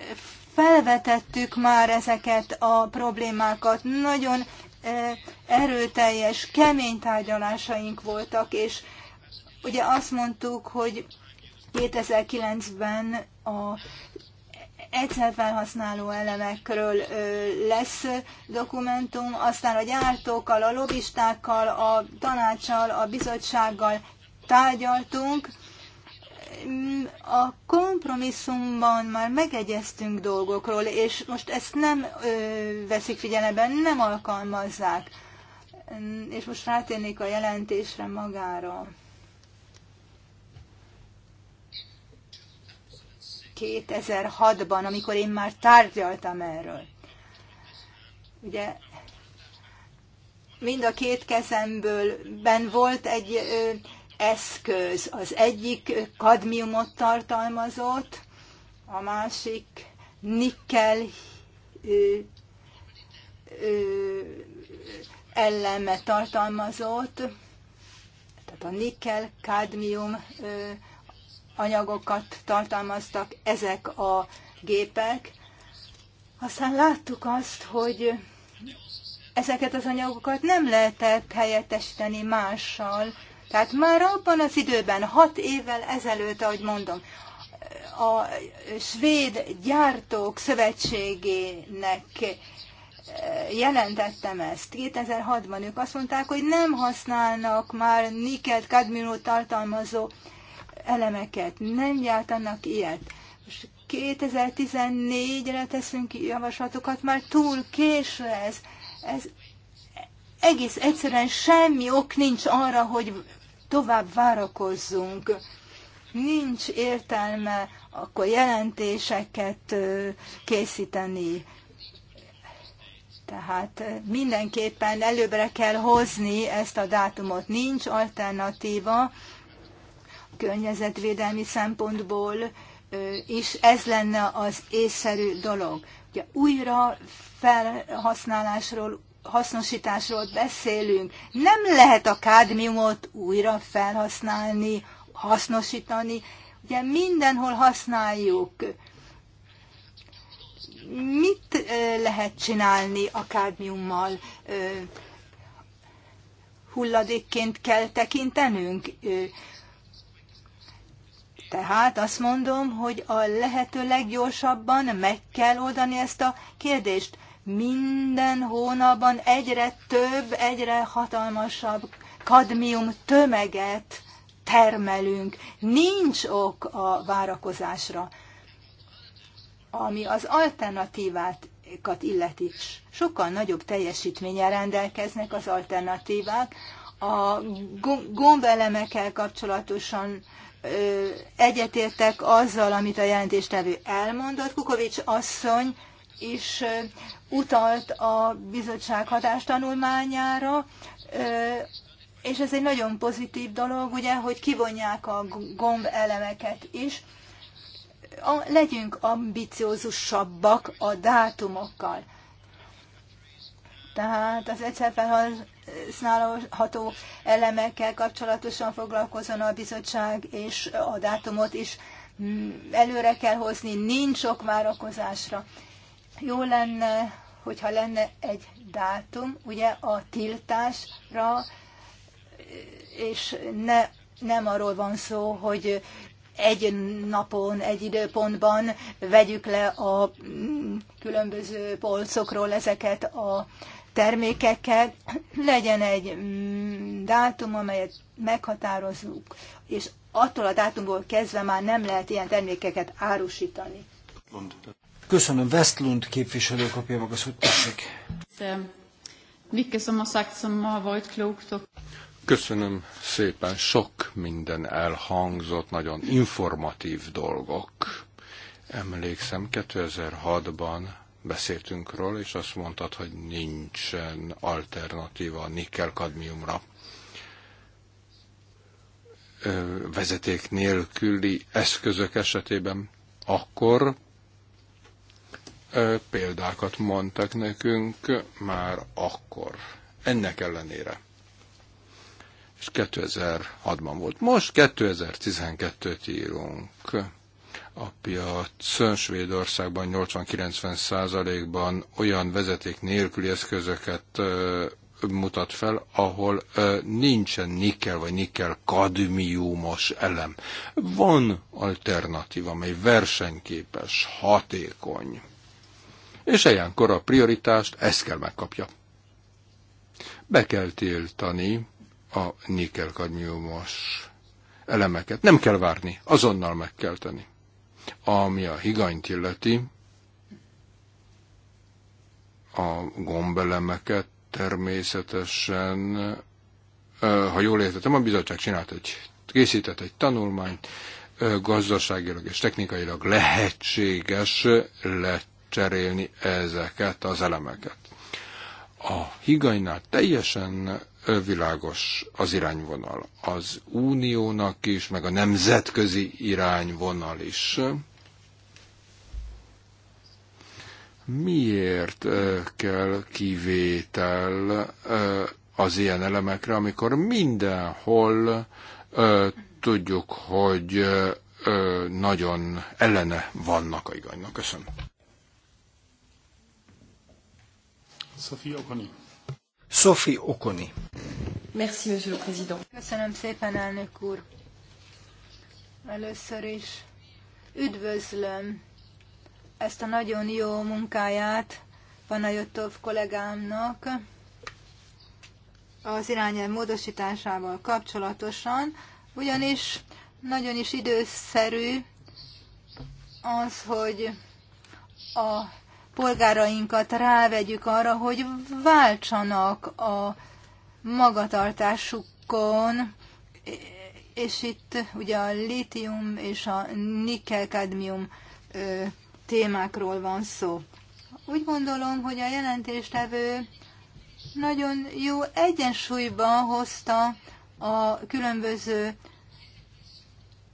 felvetettük már ezeket a problémákat. Nagyon erőteljes, kemény tárgyalásaink voltak, és ugye azt mondtuk, hogy 2009-ben a egyszer felhasználó elemekről lesz dokumentum, aztán a gyártókkal, a lobistákkal, a tanácsal, a bizottsággal tárgyaltunk. A kompromisszumban már megegyeztünk dolgokról, és most ezt nem veszik figyelembe, nem alkalmazzák. És most rátérnék a jelentésre magára. 2006-ban, amikor én már tárgyaltam erről. Ugye mind a két kezemből ben volt egy ö, eszköz. Az egyik kadmiumot tartalmazott, a másik nikkel ö, ö, eleme tartalmazott, tehát a nikkel, kadmium ö, anyagokat tartalmaztak ezek a gépek. Aztán láttuk azt, hogy ezeket az anyagokat nem lehetett helyettesíteni mással. Tehát már abban az időben, hat évvel ezelőtt, ahogy mondom, a Svéd Gyártók Szövetségének eh, jelentettem ezt. 2006-ban ők azt mondták, hogy nem használnak már nikkel, kadmiumot tartalmazó elemeket. Nem gyártanak ilyet. Most 2014-re teszünk javaslatokat, már túl késő ez. Ez egész egyszerűen semmi ok nincs arra, hogy tovább várakozzunk. Nincs értelme akkor jelentéseket készíteni. Tehát mindenképpen előbbre kell hozni ezt a dátumot. Nincs alternatíva környezetvédelmi szempontból is ez lenne az észszerű dolog. Ugye újra felhasználásról, hasznosításról beszélünk. Nem lehet a kádmiumot újra felhasználni, hasznosítani. Ugye mindenhol használjuk. Mit lehet csinálni a kádmiummal? Hulladékként kell tekintenünk? Tehát azt mondom, hogy a lehető leggyorsabban meg kell oldani ezt a kérdést. Minden hónapban egyre több, egyre hatalmasabb kadmium tömeget termelünk. Nincs ok a várakozásra, ami az alternatívát illeti. Sokkal nagyobb teljesítménnyel rendelkeznek az alternatívák. A gombelemekkel kapcsolatosan egyetértek azzal, amit a jelentéstevő elmondott. Kukovics asszony is utalt a bizottság hatástanulmányára, és ez egy nagyon pozitív dolog, ugye, hogy kivonják a gomb elemeket is. A, legyünk ambiciózusabbak a dátumokkal. Tehát az egyszer használható elemekkel kapcsolatosan foglalkozon a bizottság, és a dátumot is mm, előre kell hozni, nincs ok várakozásra. Jó lenne, hogyha lenne egy dátum, ugye a tiltásra, és ne, nem arról van szó, hogy egy napon, egy időpontban vegyük le a mm, különböző polcokról ezeket a termékekkel legyen egy mm, dátum, amelyet meghatározunk, és attól a dátumból kezdve már nem lehet ilyen termékeket árusítani. Köszönöm, Westlund képviselő kapja maga szót, tessék. Köszönöm szépen, sok minden elhangzott, nagyon informatív dolgok. Emlékszem, 2006-ban beszéltünk róla, és azt mondtad, hogy nincsen alternatíva a nikkel-kadmiumra. Vezeték nélküli eszközök esetében akkor példákat mondtak nekünk már akkor. Ennek ellenére. És 2006-ban volt. Most 2012-t írunk a piac Svédországban 80-90 százalékban olyan vezeték nélküli eszközöket mutat fel, ahol nincsen nikkel vagy nikkel kadmiumos elem. Van alternatíva, amely versenyképes, hatékony. És ilyenkor a prioritást ezt kell megkapja. Be kell tiltani a nikkel kadmiumos elemeket. Nem kell várni, azonnal meg kell tenni. Ami a higanyt illeti, a gombelemeket természetesen, ha jól értettem, a bizottság csinált egy, készített egy tanulmányt, gazdaságilag és technikailag lehetséges lecserélni ezeket az elemeket. A higanynál teljesen világos az irányvonal. Az uniónak is, meg a nemzetközi irányvonal is. Miért kell kivétel az ilyen elemekre, amikor mindenhol tudjuk, hogy nagyon ellene vannak a igaznak. Köszönöm. Sophie Sophie Okoni. Merci, Monsieur le Président. Köszönöm szépen, elnök úr. Először is üdvözlöm ezt a nagyon jó munkáját Panajotov kollégámnak az irányelv módosításával kapcsolatosan, ugyanis nagyon is időszerű az, hogy a polgárainkat rávegyük arra, hogy váltsanak a magatartásukon, és itt ugye a lítium és a nikkel-kadmium témákról van szó. Úgy gondolom, hogy a jelentéstevő nagyon jó egyensúlyba hozta a különböző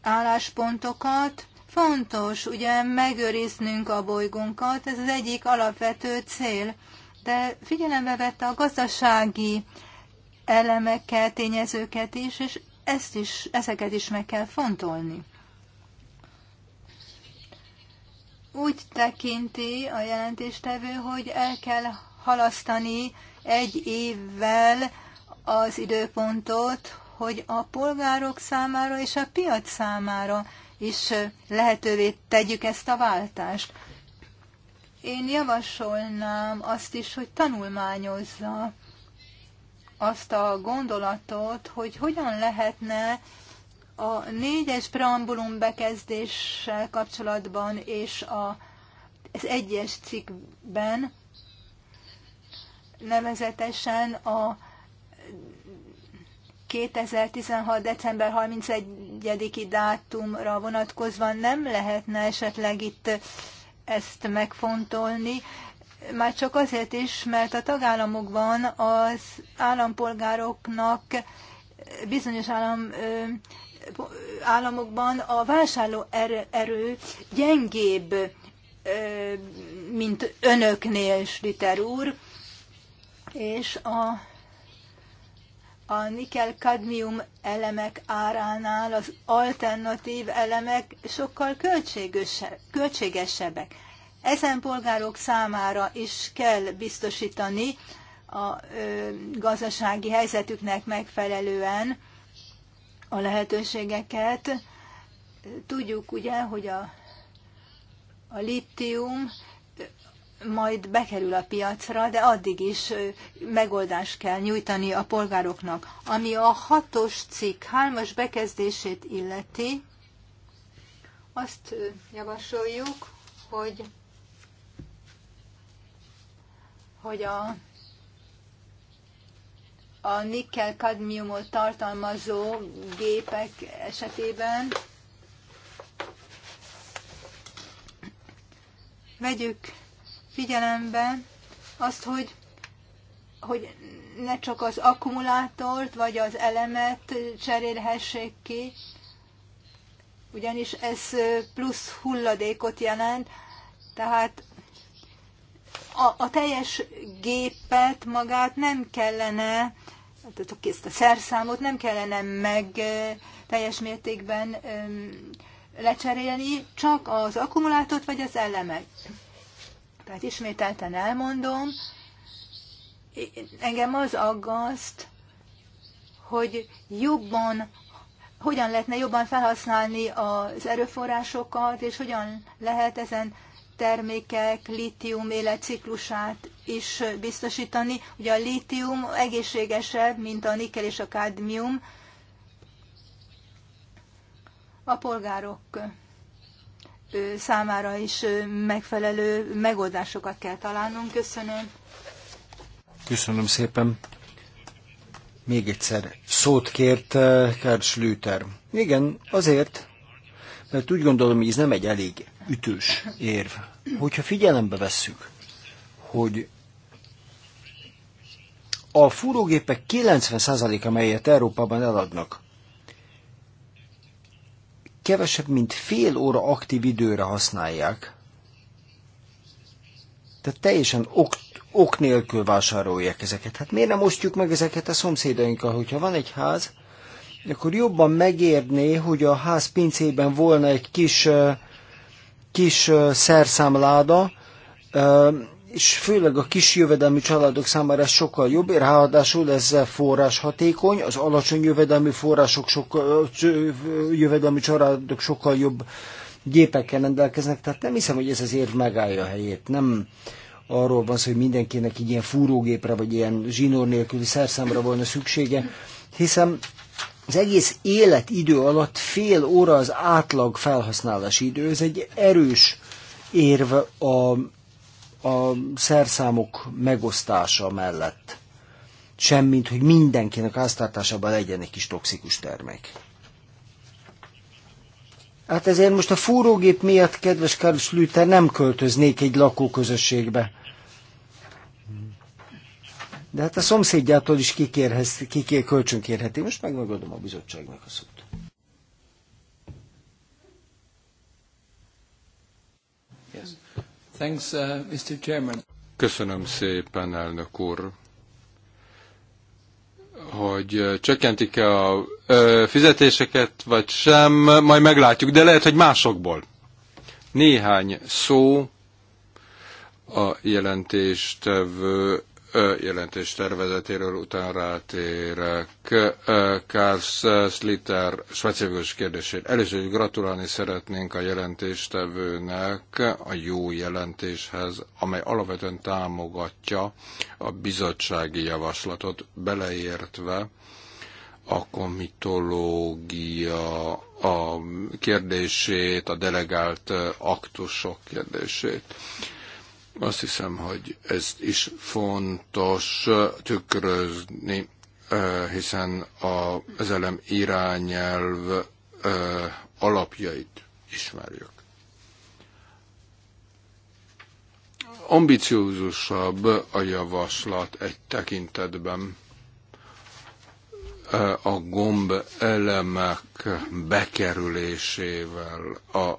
álláspontokat, fontos, ugye megőriznünk a bolygónkat, ez az egyik alapvető cél, de figyelembe vette a gazdasági elemekkel, tényezőket is, és ezt is, ezeket is meg kell fontolni. Úgy tekinti a jelentéstevő, hogy el kell halasztani egy évvel az időpontot, hogy a polgárok számára és a piac számára is lehetővé tegyük ezt a váltást. Én javasolnám azt is, hogy tanulmányozza azt a gondolatot, hogy hogyan lehetne a négyes preambulum bekezdéssel kapcsolatban és a, az egyes cikkben nevezetesen a 2016. december 31 dátumra vonatkozva nem lehetne esetleg itt ezt megfontolni, már csak azért is, mert a tagállamokban az állampolgároknak bizonyos állam, államokban a vásárló erő gyengébb, mint önöknél, Sliter úr, és a a nikel-kadmium elemek áránál az alternatív elemek sokkal költségesebbek. Ezen polgárok számára is kell biztosítani a ö, gazdasági helyzetüknek megfelelően a lehetőségeket. Tudjuk ugye, hogy a, a litium majd bekerül a piacra, de addig is megoldást kell nyújtani a polgároknak. Ami a hatos cikk hármas bekezdését illeti, azt javasoljuk, hogy, hogy a, a nikkel-kadmiumot tartalmazó gépek esetében vegyük figyelembe azt, hogy, hogy ne csak az akkumulátort vagy az elemet cserélhessék ki, ugyanis ez plusz hulladékot jelent, tehát a, a teljes gépet magát nem kellene, tehát ezt a szerszámot nem kellene meg teljes mértékben lecserélni, csak az akkumulátort vagy az elemet. Tehát ismételten elmondom, engem az aggaszt, hogy jobban, hogyan lehetne jobban felhasználni az erőforrásokat, és hogyan lehet ezen termékek litium életciklusát is biztosítani. Ugye a litium egészségesebb, mint a nikkel és a kádmium. A polgárok számára is megfelelő megoldásokat kell találnunk. Köszönöm. Köszönöm szépen. Még egyszer szót kért Kárs Lüter. Igen, azért, mert úgy gondolom, hogy ez nem egy elég ütős érv. Hogyha figyelembe vesszük, hogy a fúrógépek 90%-a, melyet Európában eladnak, kevesebb, mint fél óra aktív időre használják. Tehát teljesen ok, ok nélkül vásárolják ezeket. Hát miért nem osztjuk meg ezeket a szomszédainkkal, hogyha van egy ház, akkor jobban megérné, hogy a ház pincében volna egy kis, kis szerszámláda, és főleg a kis jövedelmi családok számára ez sokkal jobb, ráadásul ez forrás hatékony, az alacsony jövedelmi források sokkal, jövedelmi családok sokkal jobb gépekkel rendelkeznek, tehát nem hiszem, hogy ez az érv megállja a helyét. Nem arról van szó, hogy mindenkinek így ilyen fúrógépre, vagy ilyen zsinór nélküli szerszámra volna szüksége, hiszen az egész életidő alatt fél óra az átlag felhasználási idő, ez egy erős érv a a szerszámok megosztása mellett, semmint, hogy mindenkinek háztartásában legyen egy kis toxikus termék. Hát ezért most a fúrógép miatt, kedves Karl Lüter, nem költöznék egy lakóközösségbe. De hát a szomszédjától is kikér, kölcsönkérheti. Most megmegadom a bizottságnak a szót. Thanks, uh, Mr. Chairman. Köszönöm szépen, elnök úr hogy uh, csökkentik-e a ö, fizetéseket, vagy sem, majd meglátjuk, de lehet, hogy másokból. Néhány szó a jelentéstevő jelentés tervezetéről után rátérek. Kársz Sliter specifikus kérdését. Először is gratulálni szeretnénk a jelentéstevőnek a jó jelentéshez, amely alapvetően támogatja a bizottsági javaslatot, beleértve a komitológia a kérdését, a delegált aktusok kérdését azt hiszem, hogy ezt is fontos tükrözni, eh, hiszen az elem irányelv eh, alapjait ismerjük. Ambiciózusabb a javaslat egy tekintetben eh, a gomb elemek bekerülésével a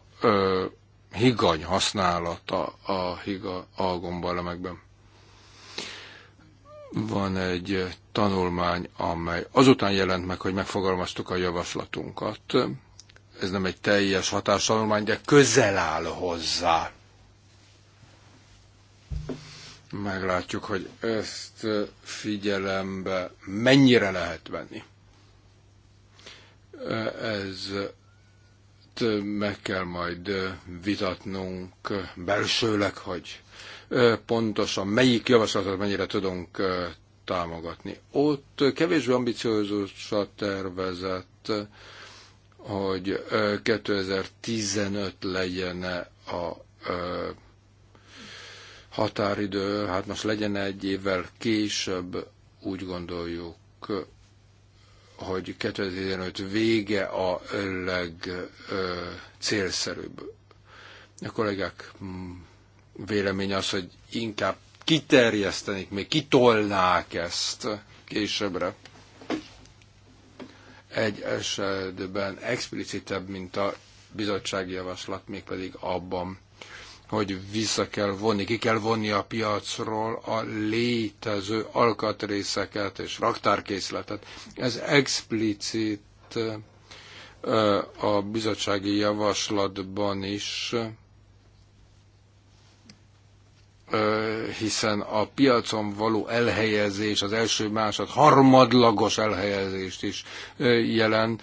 higany használata a higa algombalemekben. Van egy tanulmány, amely azután jelent meg, hogy megfogalmaztuk a javaslatunkat. Ez nem egy teljes hatástanulmány, de közel áll hozzá. Meglátjuk, hogy ezt figyelembe mennyire lehet venni. Ez meg kell majd vitatnunk belsőleg, hogy pontosan melyik javaslatot mennyire tudunk támogatni. Ott kevésbé ambiciózusat tervezett, hogy 2015 legyen a határidő, hát most legyen egy évvel később, úgy gondoljuk, hogy 2015 vége a legcélszerűbb. A kollégák mm, vélemény az, hogy inkább kiterjesztenék, még kitolnák ezt későbbre. Egy esetben explicitebb, mint a bizottsági javaslat, mégpedig abban, hogy vissza kell vonni, ki kell vonni a piacról a létező alkatrészeket és raktárkészletet. Ez explicit a bizottsági javaslatban is, hiszen a piacon való elhelyezés, az első, másod, harmadlagos elhelyezést is jelent.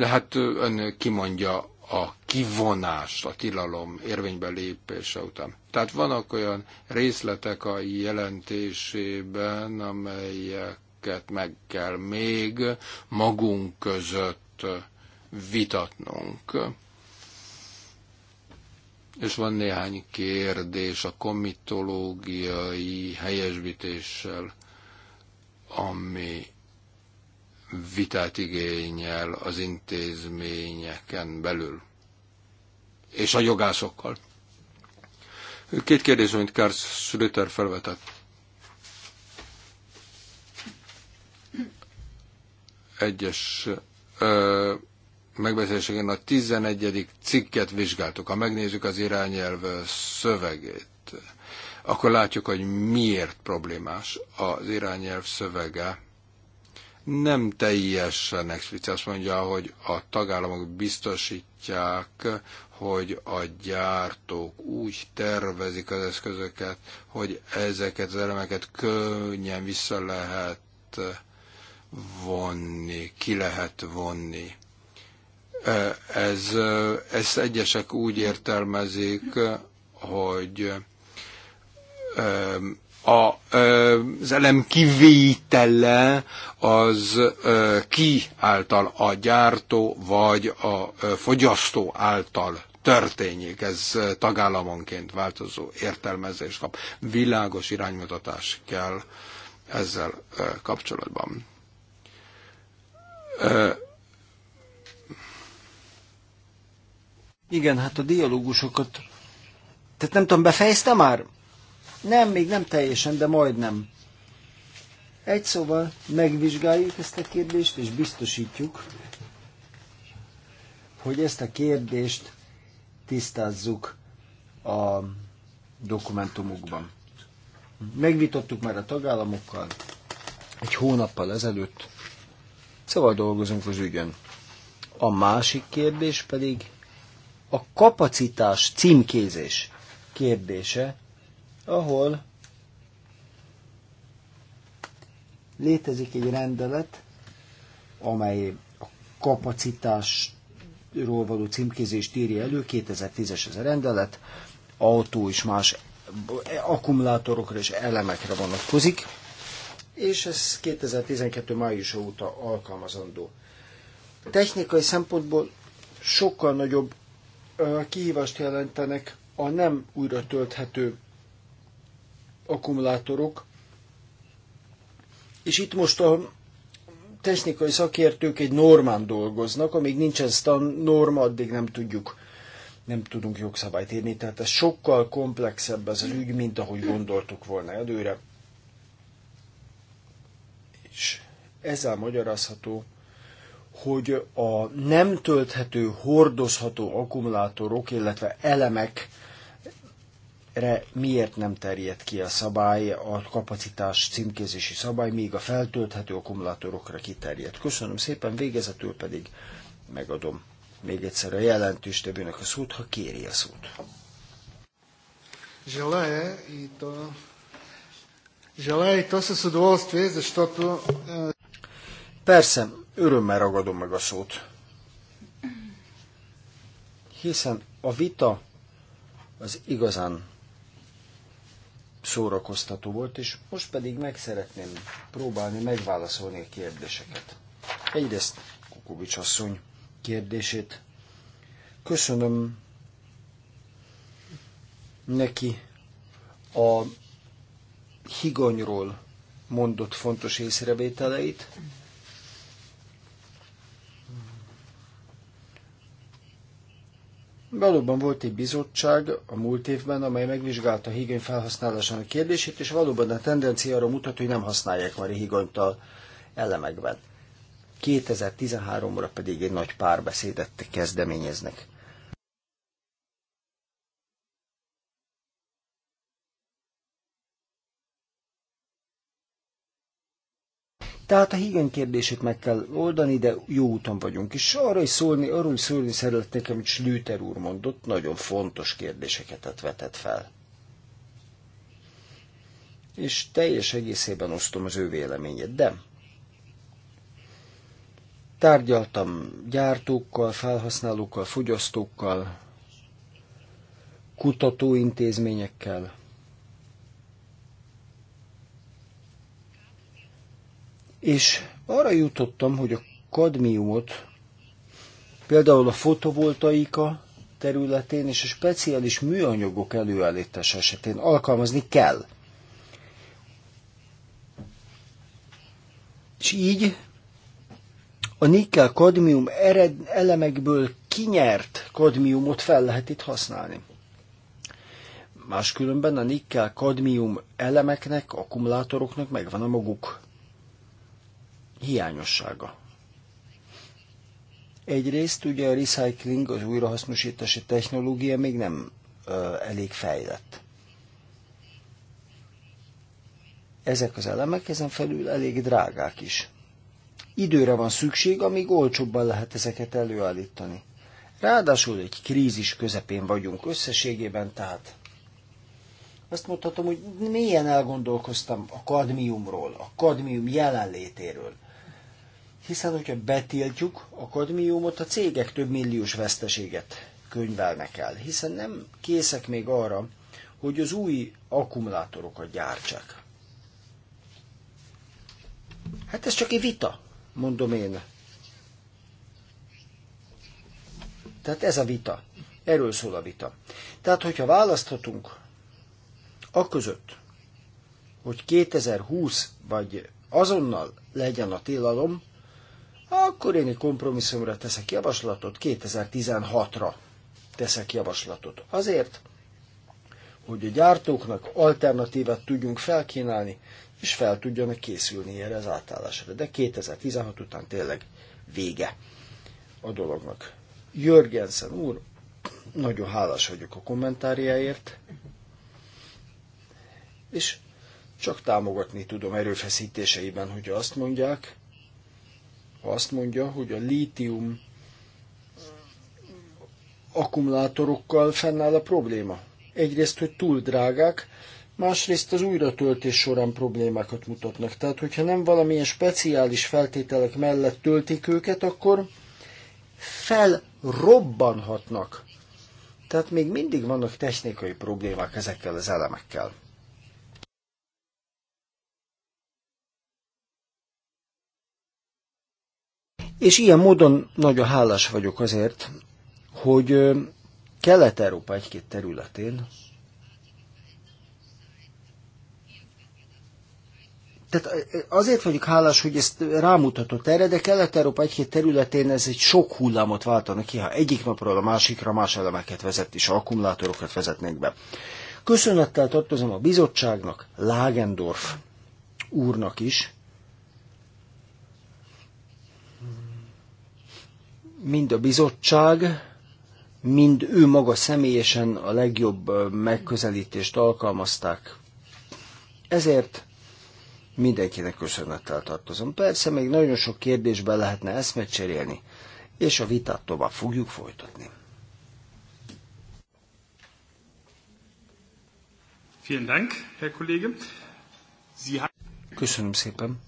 Hát ön kimondja a kivonást, a tilalom érvénybe lépése után. Tehát vannak olyan részletek a jelentésében, amelyeket meg kell még magunk között vitatnunk. És van néhány kérdés a komitológiai helyesbítéssel, ami vitát igényel az intézményeken belül, és a jogászokkal. Két kérdés, amit Kárc Schröter felvetett. Egyes ö, megbeszéléseken a 11. cikket vizsgáltuk. Ha megnézzük az irányelv szövegét, akkor látjuk, hogy miért problémás az irányelv szövege nem teljesen explicit azt mondja, hogy a tagállamok biztosítják, hogy a gyártók úgy tervezik az eszközöket, hogy ezeket az elemeket könnyen vissza lehet vonni, ki lehet vonni. Ez, ezt egyesek úgy értelmezik, hogy a, az elem kivétele az ki által a gyártó vagy a fogyasztó által történik Ez tagállamonként változó értelmezés kap. Világos iránymutatás kell ezzel kapcsolatban. Igen, hát a dialógusokat... Tehát nem tudom, befejezte már? Nem, még nem teljesen, de majdnem. Egy szóval megvizsgáljuk ezt a kérdést, és biztosítjuk, hogy ezt a kérdést tisztázzuk a dokumentumokban. Megvitottuk már a tagállamokkal egy hónappal ezelőtt, szóval dolgozunk az ügyön. A másik kérdés pedig a kapacitás címkézés kérdése, ahol létezik egy rendelet, amely a kapacitásról való címkézést írja elő, 2010-es ez a rendelet, autó és más akkumulátorokra és elemekre vonatkozik, és ez 2012. május óta alkalmazandó. Technikai szempontból sokkal nagyobb kihívást jelentenek a nem újra tölthető akkumulátorok, és itt most a technikai szakértők egy normán dolgoznak, amíg nincsen stan norma, addig nem tudjuk, nem tudunk jogszabályt írni, tehát ez sokkal komplexebb ez az ügy, mint ahogy gondoltuk volna előre. És ezzel magyarázható, hogy a nem tölthető, hordozható akkumulátorok, illetve elemek re miért nem terjed ki a szabály, a kapacitás címkézési szabály, míg a feltölthető akkumulátorokra kiterjed. Köszönöm szépen, végezetül pedig megadom még egyszer a jelentőstevőnek a szót, ha kéri a szót. Желая и то, желая и то с удоволствие, Persze, örömmel ragadom meg a szót. Hiszen a vita az igazán szórakoztató volt, és most pedig meg szeretném próbálni megválaszolni a kérdéseket. Egyrészt Kukovics asszony kérdését. Köszönöm neki a higanyról mondott fontos észrevételeit, Valóban volt egy bizottság a múlt évben, amely megvizsgálta a higany felhasználásának kérdését, és valóban a tendencia arra mutat, hogy nem használják már a higanyt a elemekben. 2013-ra pedig egy nagy párbeszédet kezdeményeznek. Tehát a higany kérdését meg kell oldani, de jó úton vagyunk. És arra is szólni, arról is szólni szeretnék, amit Slüter úr mondott, nagyon fontos kérdéseket vetett fel. És teljes egészében osztom az ő véleményét, de tárgyaltam gyártókkal, felhasználókkal, fogyasztókkal, kutatóintézményekkel, és arra jutottam, hogy a kadmiumot például a fotovoltaika területén és a speciális műanyagok előállítása esetén alkalmazni kell. És így a nikkel kadmium ered elemekből kinyert kadmiumot fel lehet itt használni. Máskülönben a nikkel kadmium elemeknek, akkumulátoroknak megvan a maguk hiányossága. Egyrészt ugye a recycling, az újrahasznosítási technológia még nem ö, elég fejlett. Ezek az elemek ezen felül elég drágák is. Időre van szükség, amíg olcsóbban lehet ezeket előállítani. Ráadásul egy krízis közepén vagyunk összességében, tehát azt mondhatom, hogy mélyen elgondolkoztam a kadmiumról, a kadmium jelenlétéről hiszen hogyha betiltjuk a kadmiumot, a cégek több milliós veszteséget könyvelnek el, hiszen nem készek még arra, hogy az új akkumulátorokat gyártsák. Hát ez csak egy vita, mondom én. Tehát ez a vita. Erről szól a vita. Tehát, hogyha választhatunk a között, hogy 2020 vagy azonnal legyen a tilalom, akkor én egy kompromisszumra teszek javaslatot, 2016-ra teszek javaslatot. Azért, hogy a gyártóknak alternatívát tudjunk felkínálni, és fel tudjanak készülni erre az átállásra. De 2016 után tényleg vége a dolognak. Jörgensen úr, nagyon hálás vagyok a kommentárjáért, és csak támogatni tudom erőfeszítéseiben, hogy azt mondják, ha azt mondja, hogy a lítium akkumulátorokkal fennáll a probléma. Egyrészt, hogy túl drágák, másrészt az újratöltés során problémákat mutatnak. Tehát, hogyha nem valamilyen speciális feltételek mellett töltik őket, akkor felrobbanhatnak. Tehát még mindig vannak technikai problémák ezekkel az elemekkel. És ilyen módon nagyon hálás vagyok azért, hogy Kelet-Európa egy-két területén tehát azért vagyok hálás, hogy ezt rámutatott erre, de Kelet-Európa egy-két területén ez egy sok hullámot váltana ki, ha egyik napról a másikra más elemeket vezet és akkumulátorokat vezetnek be. Köszönettel tartozom a bizottságnak, Lagendorf úrnak is, mind a bizottság, mind ő maga személyesen a legjobb megközelítést alkalmazták. Ezért mindenkinek köszönettel tartozom. Persze még nagyon sok kérdésben lehetne eszmet cserélni, és a vitát tovább fogjuk folytatni. Vielen Dank, Herr Kollege. Sie Köszönöm szépen.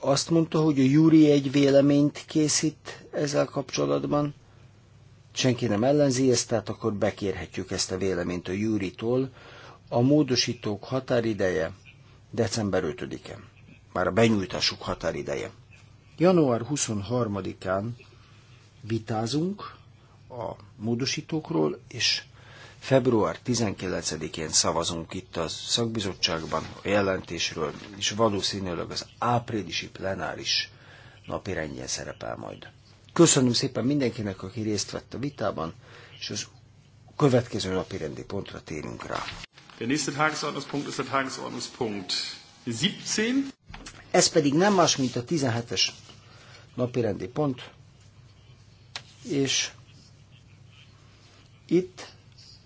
azt mondta, hogy a Júri egy véleményt készít ezzel kapcsolatban. Senki nem ellenzi ezt, tehát akkor bekérhetjük ezt a véleményt a Júritól. A módosítók határideje december 5-e, már a benyújtásuk határideje. Január 23-án vitázunk a módosítókról, és Február 19-én szavazunk itt a szakbizottságban a jelentésről, és valószínűleg az áprilisi plenáris napirendjén szerepel majd. Köszönöm szépen mindenkinek, aki részt vett a vitában, és az következő napi rendi pontra térünk rá. Der nächste Tagesordnungspunkt ist der Tagesordnungspunkt 17. Ez pedig nem más, mint a 17-es rendi pont, és itt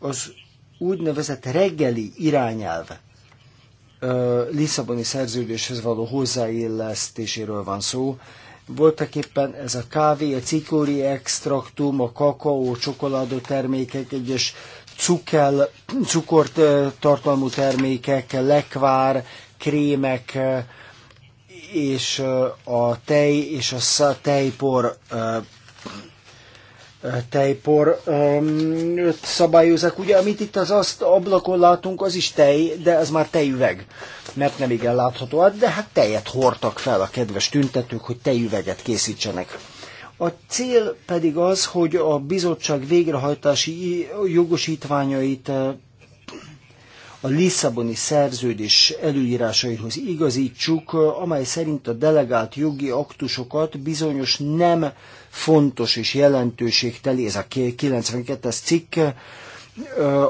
az úgynevezett reggeli irányelv Lisszaboni szerződéshez való hozzáillesztéséről van szó. Voltak éppen ez a kávé, a cikóri extraktum, a kakaó, csokoládó termékek, egyes cukel, cukort tartalmú termékek, lekvár, krémek, és a tej és a tejpor tejpor öt szabályozák. Ugye, amit itt az azt ablakon látunk, az is tej, de az már tejüveg, mert nem igen látható. Hát, de hát tejet hordtak fel a kedves tüntetők, hogy tejüveget készítsenek. A cél pedig az, hogy a bizottság végrehajtási jogosítványait a Lisszaboni szerződés előírásaihoz igazítsuk, amely szerint a delegált jogi aktusokat bizonyos nem fontos és jelentőségteli, ez a 92-es cikk,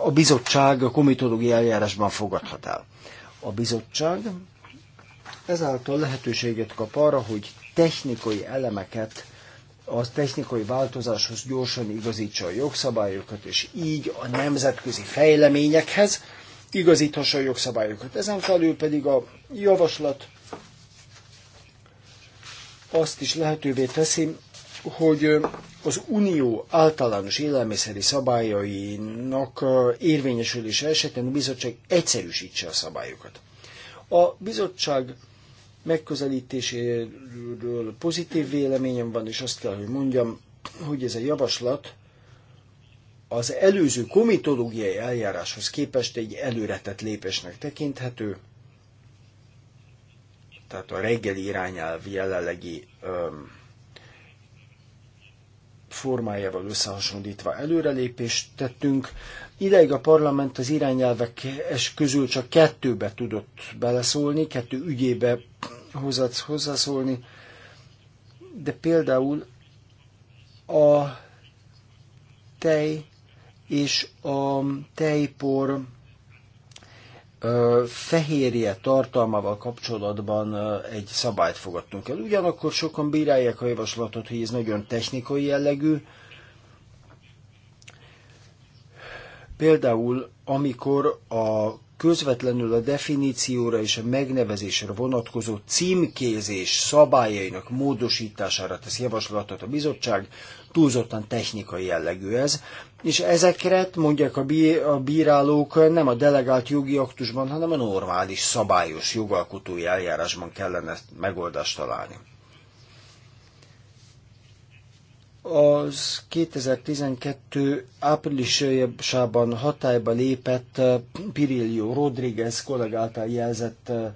a bizottság a komitológiai eljárásban fogadhat el. A bizottság ezáltal lehetőséget kap arra, hogy technikai elemeket az technikai változáshoz gyorsan igazítsa a jogszabályokat, és így a nemzetközi fejleményekhez, igazíthassa a jogszabályokat. Ezen felül pedig a javaslat azt is lehetővé teszi, hogy az Unió általános élelmiszeri szabályainak érvényesülése esetén a bizottság egyszerűsítse a szabályokat. A bizottság megközelítéséről pozitív véleményem van, és azt kell, hogy mondjam, hogy ez a javaslat az előző komitológiai eljáráshoz képest egy előretett lépésnek tekinthető, tehát a reggeli irányelv jelenlegi öm, formájával összehasonlítva előrelépést tettünk. Ideig a parlament az irányelvek közül csak kettőbe tudott beleszólni, kettő ügyébe hozzászólni, de például a tej és a tejpor fehérje tartalmával kapcsolatban egy szabályt fogadtunk el. Ugyanakkor sokan bírálják a javaslatot, hogy ez nagyon technikai jellegű. Például, amikor a közvetlenül a definícióra és a megnevezésre vonatkozó címkézés szabályainak módosítására tesz javaslatot a bizottság, túlzottan technikai jellegű ez, és ezekre, mondják a, bí- a bírálók, nem a delegált jogi aktusban, hanem a normális, szabályos jogalkotói eljárásban kellene megoldást találni. az 2012 áprilisában hatályba lépett eh, Pirillo Rodriguez kollég által jelzett eh,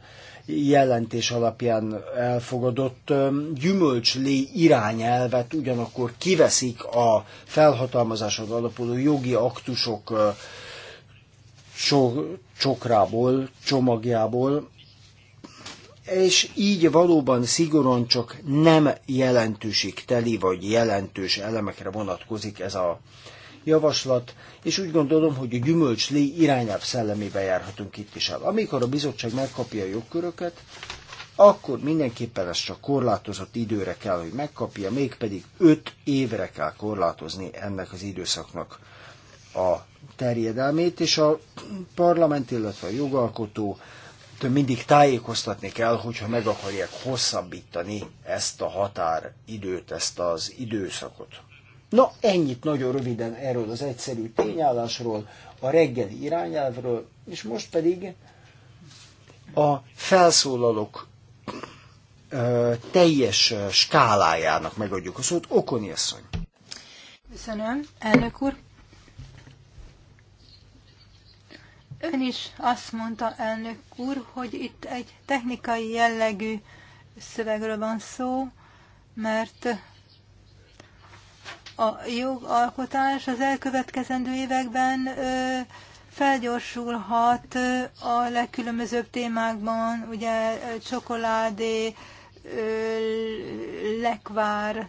jelentés alapján elfogadott eh, gyümölcslé irányelvet ugyanakkor kiveszik a felhatalmazáson alapuló jogi aktusok csokrából, csomagjából, és így valóban szigorúan csak nem jelentőség teli vagy jelentős elemekre vonatkozik ez a javaslat, és úgy gondolom, hogy a gyümölcs lé irányább szellemébe járhatunk itt is el. Amikor a bizottság megkapja a jogköröket, akkor mindenképpen ezt csak korlátozott időre kell, hogy megkapja, mégpedig 5 évre kell korlátozni ennek az időszaknak a terjedelmét, és a parlament, illetve a jogalkotó Től mindig tájékoztatni kell, hogyha meg akarják hosszabbítani ezt a határidőt, ezt az időszakot. Na, ennyit nagyon röviden erről az egyszerű tényállásról, a reggeli irányelvről, és most pedig a felszólalók ö, teljes skálájának megadjuk a szót. Okoni asszony. Köszönöm, elnök úr. Ön is azt mondta, elnök úr, hogy itt egy technikai jellegű szövegről van szó, mert a jogalkotás az elkövetkezendő években ö, felgyorsulhat a legkülönbözőbb témákban, ugye csokoládé, lekvár,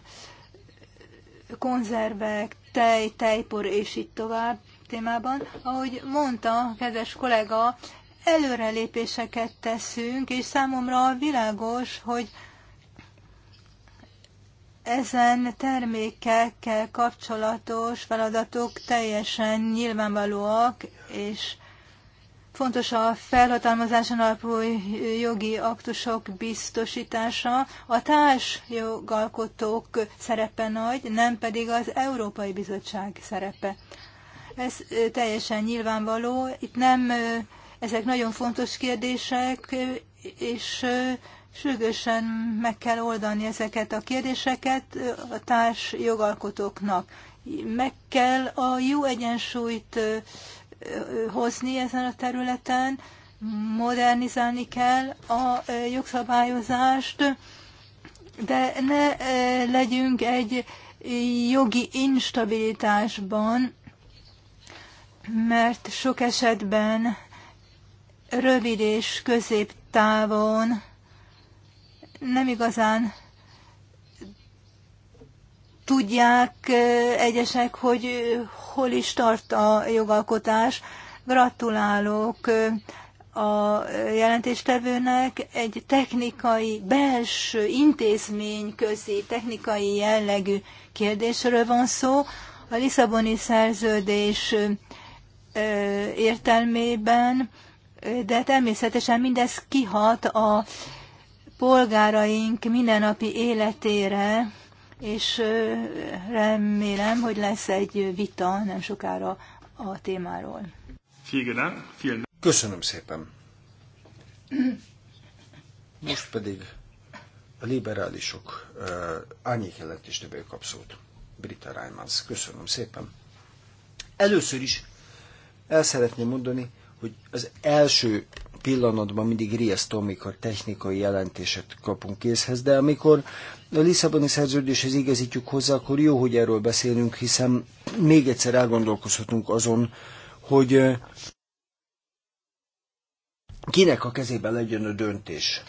konzervek, tej, tejpor és itt tovább témában. Ahogy mondta, kedves kollega, előrelépéseket teszünk, és számomra világos, hogy ezen termékekkel kapcsolatos feladatok teljesen nyilvánvalóak, és fontos a felhatalmazáson alapú jogi aktusok biztosítása, a társ jogalkotók szerepe nagy, nem pedig az Európai Bizottság szerepe. Ez teljesen nyilvánvaló. Itt nem, ezek nagyon fontos kérdések, és sürgősen meg kell oldani ezeket a kérdéseket a társ jogalkotóknak. Meg kell a jó egyensúlyt hozni ezen a területen, modernizálni kell a jogszabályozást, de ne legyünk egy jogi instabilitásban, mert sok esetben rövid és középtávon nem igazán tudják eh, egyesek, hogy eh, hol is tart a jogalkotás. Gratulálok eh, a jelentéstevőnek egy technikai, belső intézmény közé, technikai jellegű kérdésről van szó. A Lisszaboni szerződés értelmében, de természetesen mindez kihat a polgáraink mindennapi életére, és remélem, hogy lesz egy vita nem sokára a témáról. Köszönöm szépen. Most pedig a liberálisok uh, árnyék jelentéstevő kap Brita Reimans. Köszönöm szépen. Először is el szeretném mondani, hogy az első pillanatban mindig riasztó, amikor technikai jelentéset kapunk készhez, de amikor a Lisszaboni szerződéshez igazítjuk hozzá, akkor jó, hogy erről beszélünk, hiszen még egyszer elgondolkozhatunk azon, hogy kinek a kezében legyen a döntés.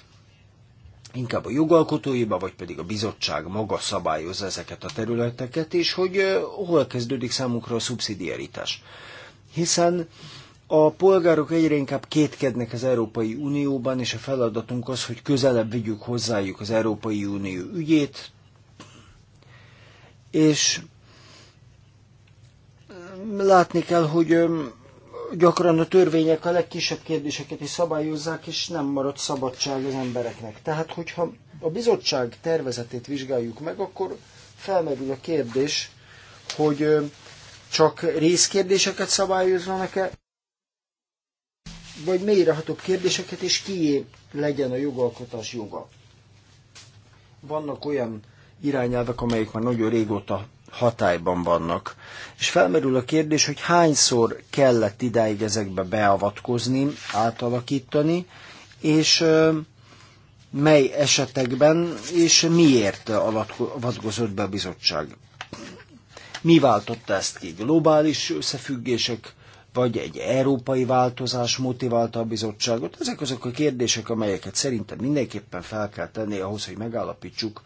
Inkább a jogalkotóiba, vagy pedig a bizottság maga szabályozza ezeket a területeket, és hogy hol kezdődik számunkra a szubszidiaritás hiszen a polgárok egyre inkább kétkednek az Európai Unióban, és a feladatunk az, hogy közelebb vigyük hozzájuk az Európai Unió ügyét, és um, látni kell, hogy um, gyakran a törvények a legkisebb kérdéseket is szabályozzák, és nem marad szabadság az embereknek. Tehát, hogyha a bizottság tervezetét vizsgáljuk meg, akkor felmerül a kérdés, hogy um, csak részkérdéseket szabályozzanak-e, vagy mélyreható kérdéseket, és kié legyen a jogalkotás joga. Vannak olyan irányelvek, amelyek már nagyon régóta hatályban vannak. És felmerül a kérdés, hogy hányszor kellett idáig ezekbe beavatkozni, átalakítani, és mely esetekben és miért avatkozott be a bizottság. Mi váltotta ezt ki? Globális összefüggések, vagy egy európai változás motiválta a bizottságot? Ezek azok a kérdések, amelyeket szerintem mindenképpen fel kell tenni ahhoz, hogy megállapítsuk,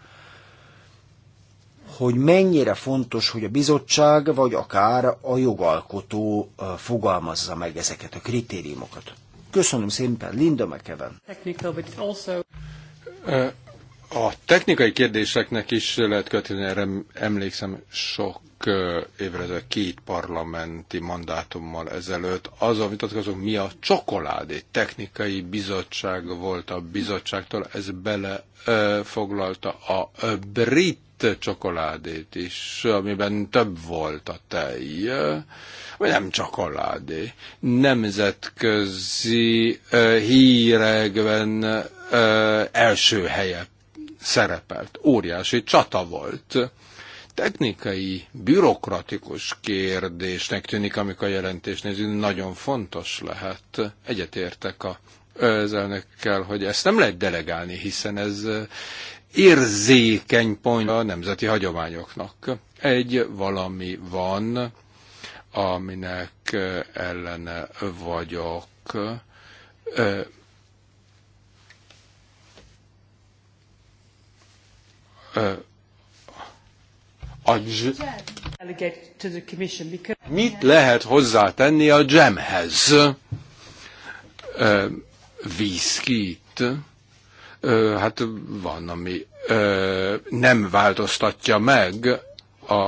hogy mennyire fontos, hogy a bizottság, vagy akár a jogalkotó fogalmazza meg ezeket a kritériumokat. Köszönöm szépen, Linda Mekeven. A technikai kérdéseknek is lehet kötni, erre emlékszem sok évre két parlamenti mandátummal ezelőtt azon vitatkozunk, mi a csokoládé technikai bizottság volt a bizottságtól, ez belefoglalta a brit csokoládét is, amiben több volt a tej, vagy nem csokoládé. Nemzetközi hírekben első helye szerepelt. Óriási csata volt technikai, bürokratikus kérdésnek tűnik, amikor a jelentés nézünk, nagyon fontos lehet. Egyetértek a az elnökkel, hogy ezt nem lehet delegálni, hiszen ez érzékeny pont a nemzeti hagyományoknak. Egy valami van, aminek ellene vagyok. A Mit lehet hozzátenni a jamhez? Viszkit. Hát van, ami nem változtatja meg a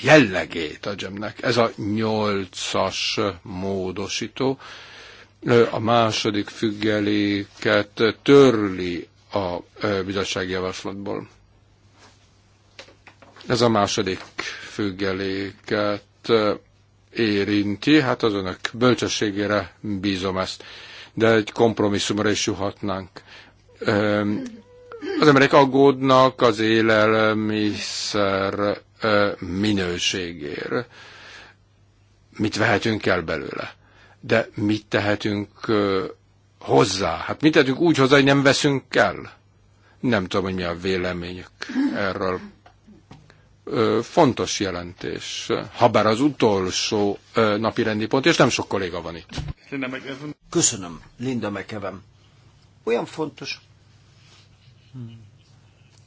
jellegét a jamnek. Ez a nyolcas módosító. A második függeléket törli a bizottsági javaslatból ez a második függeléket érinti, hát az önök bölcsességére bízom ezt, de egy kompromisszumra is juhatnánk. Az emberek aggódnak az élelmiszer minőségér. Mit vehetünk el belőle? De mit tehetünk hozzá? Hát mit tehetünk úgy hozzá, hogy nem veszünk el? Nem tudom, hogy mi a véleményük erről fontos jelentés, habár az utolsó napi rendi pont, és nem sok kolléga van itt. Köszönöm, Linda Mekevem. Olyan fontos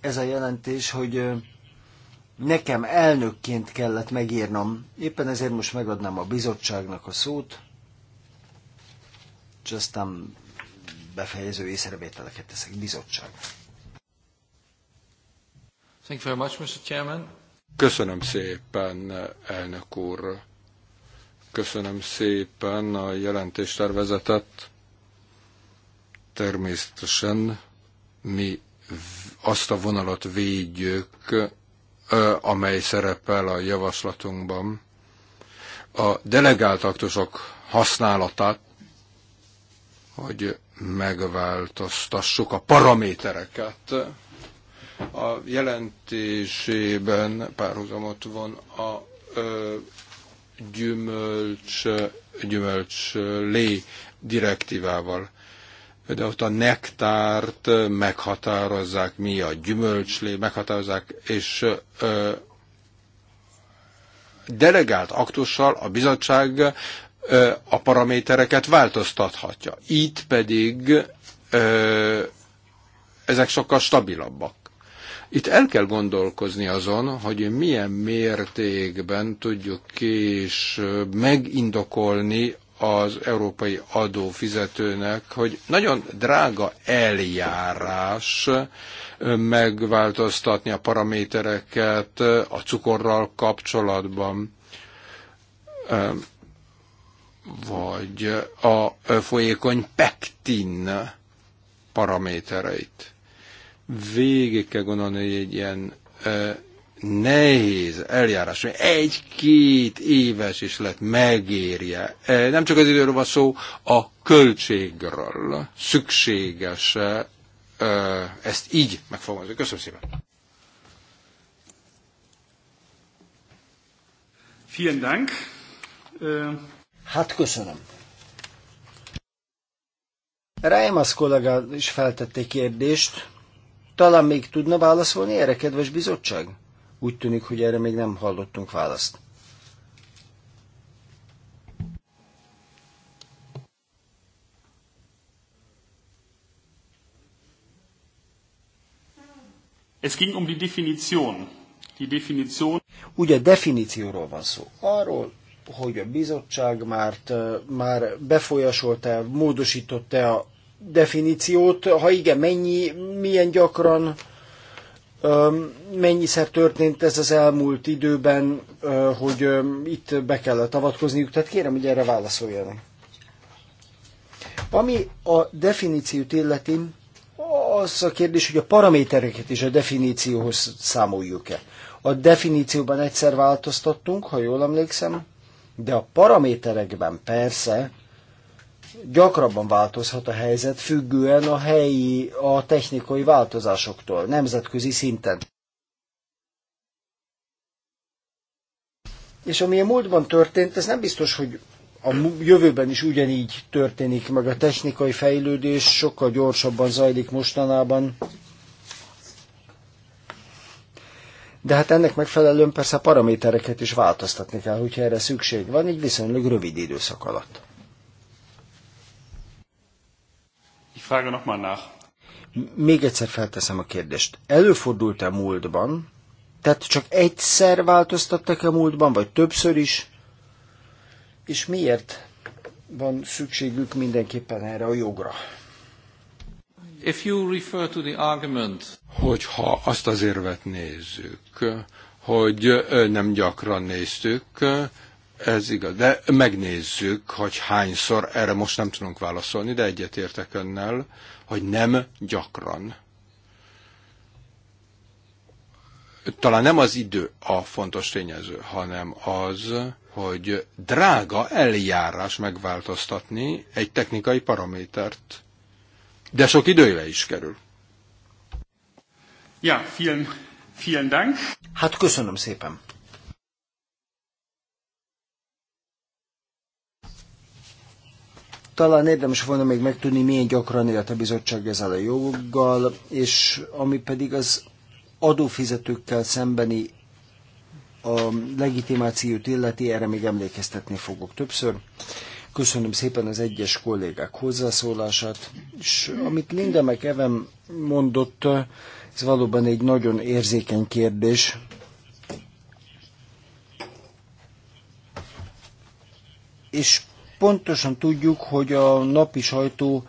ez a jelentés, hogy nekem elnökként kellett megírnom. Éppen ezért most megadnám a bizottságnak a szót, és aztán befejező észrevételeket teszek bizottság. Thank you very much, Mr. Chairman. Köszönöm szépen, elnök úr. Köszönöm szépen a jelentéstervezetet. Természetesen mi azt a vonalat védjük, amely szerepel a javaslatunkban. A delegált aktusok használatát, hogy megváltoztassuk a paramétereket, a jelentésében párhuzamot van a ö, gyümölcs, gyümölcs lé direktívával. De ott a nektárt meghatározzák, mi a gyümölcslé, meghatározzák, és ö, delegált aktussal a bizottság a paramétereket változtathatja. Itt pedig ö, ezek sokkal stabilabbak. Itt el kell gondolkozni azon, hogy milyen mértékben tudjuk és megindokolni az európai adófizetőnek, hogy nagyon drága eljárás megváltoztatni a paramétereket a cukorral kapcsolatban, vagy a folyékony pektin paramétereit végig kell gondolni egy ilyen ö, nehéz eljárás, hogy egy-két éves is lett megérje. Nem csak az időről van szó, a költségről szükséges ö, ezt így megfogalmazni. Köszönöm szépen! Vielen Dank. Hát köszönöm. Reimers kollega is feltette kérdést. Talán még tudna válaszolni erre, kedves bizottság? Úgy tűnik, hogy erre még nem hallottunk választ. Es ging um die Definition. Die Definition. Ugye definícióról van szó. Arról, hogy a bizottság már, már befolyásolta, módosította a definíciót, ha igen, mennyi, milyen gyakran, mennyiszer történt ez az elmúlt időben, hogy itt be kellett avatkozniuk, tehát kérem, hogy erre válaszoljanak. Ami a definíciót illeti, az a kérdés, hogy a paramétereket is a definícióhoz számoljuk-e. A definícióban egyszer változtattunk, ha jól emlékszem, de a paraméterekben persze gyakrabban változhat a helyzet függően a helyi, a technikai változásoktól, nemzetközi szinten. És ami a múltban történt, ez nem biztos, hogy a jövőben is ugyanígy történik meg. A technikai fejlődés sokkal gyorsabban zajlik mostanában. De hát ennek megfelelően persze a paramétereket is változtatni kell, hogyha erre szükség van, így viszonylag rövid időszak alatt. Ich frage nach. Még egyszer felteszem a kérdést. Előfordult-e múltban, tehát csak egyszer változtattak-e múltban, vagy többször is? És miért van szükségük mindenképpen erre a jogra? If you refer to the argument... Hogyha azt az érvet nézzük, hogy nem gyakran néztük, ez igaz, de megnézzük, hogy hányszor, erre most nem tudunk válaszolni, de egyetértek önnel, hogy nem gyakran. Talán nem az idő a fontos tényező, hanem az, hogy drága eljárás megváltoztatni egy technikai paramétert. De sok időre is kerül. Ja, vielen, vielen Dank. Hát köszönöm szépen. Talán érdemes volna még megtudni, milyen gyakran élt a bizottság ezzel a joggal, és ami pedig az adófizetőkkel szembeni a legitimációt illeti, erre még emlékeztetni fogok többször. Köszönöm szépen az egyes kollégák hozzászólását, és amit Linda meg Evem mondott, ez valóban egy nagyon érzékeny kérdés. És Pontosan tudjuk, hogy a napi sajtó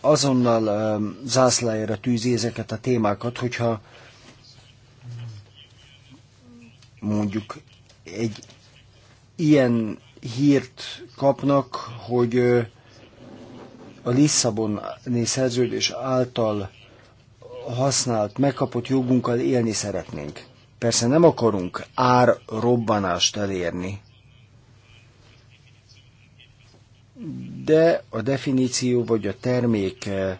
azonnal zászlájára tűzi ezeket a témákat, hogyha mondjuk egy ilyen hírt kapnak, hogy a Lisszaboni szerződés által használt, megkapott jogunkkal élni szeretnénk. Persze nem akarunk árrobbanást elérni, de a definíció vagy a termék eh,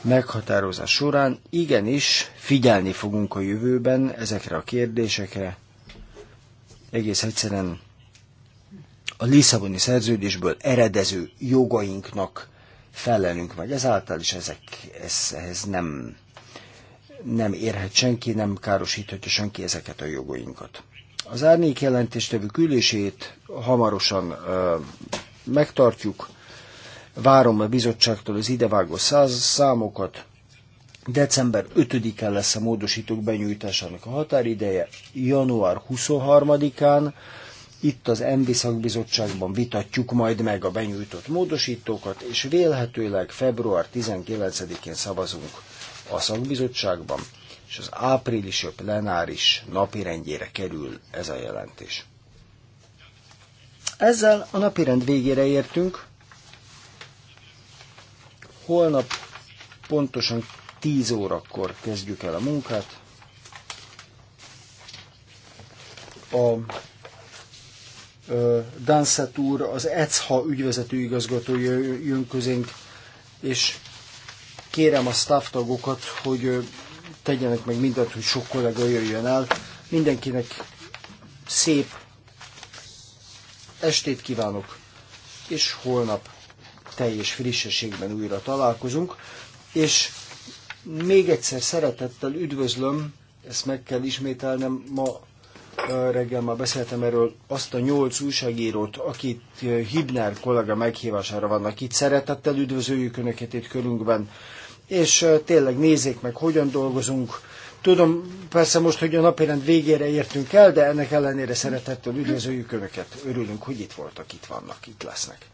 meghatározás során igenis figyelni fogunk a jövőben ezekre a kérdésekre. Egész egyszerűen a Lisszaboni szerződésből eredező jogainknak felelünk meg. Ezáltal is ezek, ez, ez nem, nem érhet senki, nem károsíthatja senki ezeket a jogainkat. Az árnyék jelentéstevő külését hamarosan uh, megtartjuk. Várom a bizottságtól az idevágó száz számokat. December 5-án lesz a módosítók benyújtásának a határideje, január 23-án itt az MV szakbizottságban vitatjuk majd meg a benyújtott módosítókat, és vélhetőleg február 19-én szavazunk a szakbizottságban, és az áprilisi plenáris napirendjére kerül ez a jelentés. Ezzel a napirend végére értünk. Holnap pontosan 10 órakor kezdjük el a munkát. A Danszet úr, az ECHA ügyvezető igazgatója jön közénk, és kérem a staff tagokat, hogy tegyenek meg mindent, hogy sok kollega jöjjön el. Mindenkinek szép estét kívánok, és holnap teljes frissességben újra találkozunk, és még egyszer szeretettel üdvözlöm, ezt meg kell ismételnem, ma reggel már beszéltem erről, azt a nyolc újságírót, akit Hibner kollega meghívására vannak itt. Szeretettel üdvözöljük Önöket itt körünkben, és tényleg nézzék meg, hogyan dolgozunk, Tudom persze most, hogy a napirend végére értünk el, de ennek ellenére szeretettel üdvözöljük Önöket. Örülünk, hogy itt voltak, itt vannak, itt lesznek.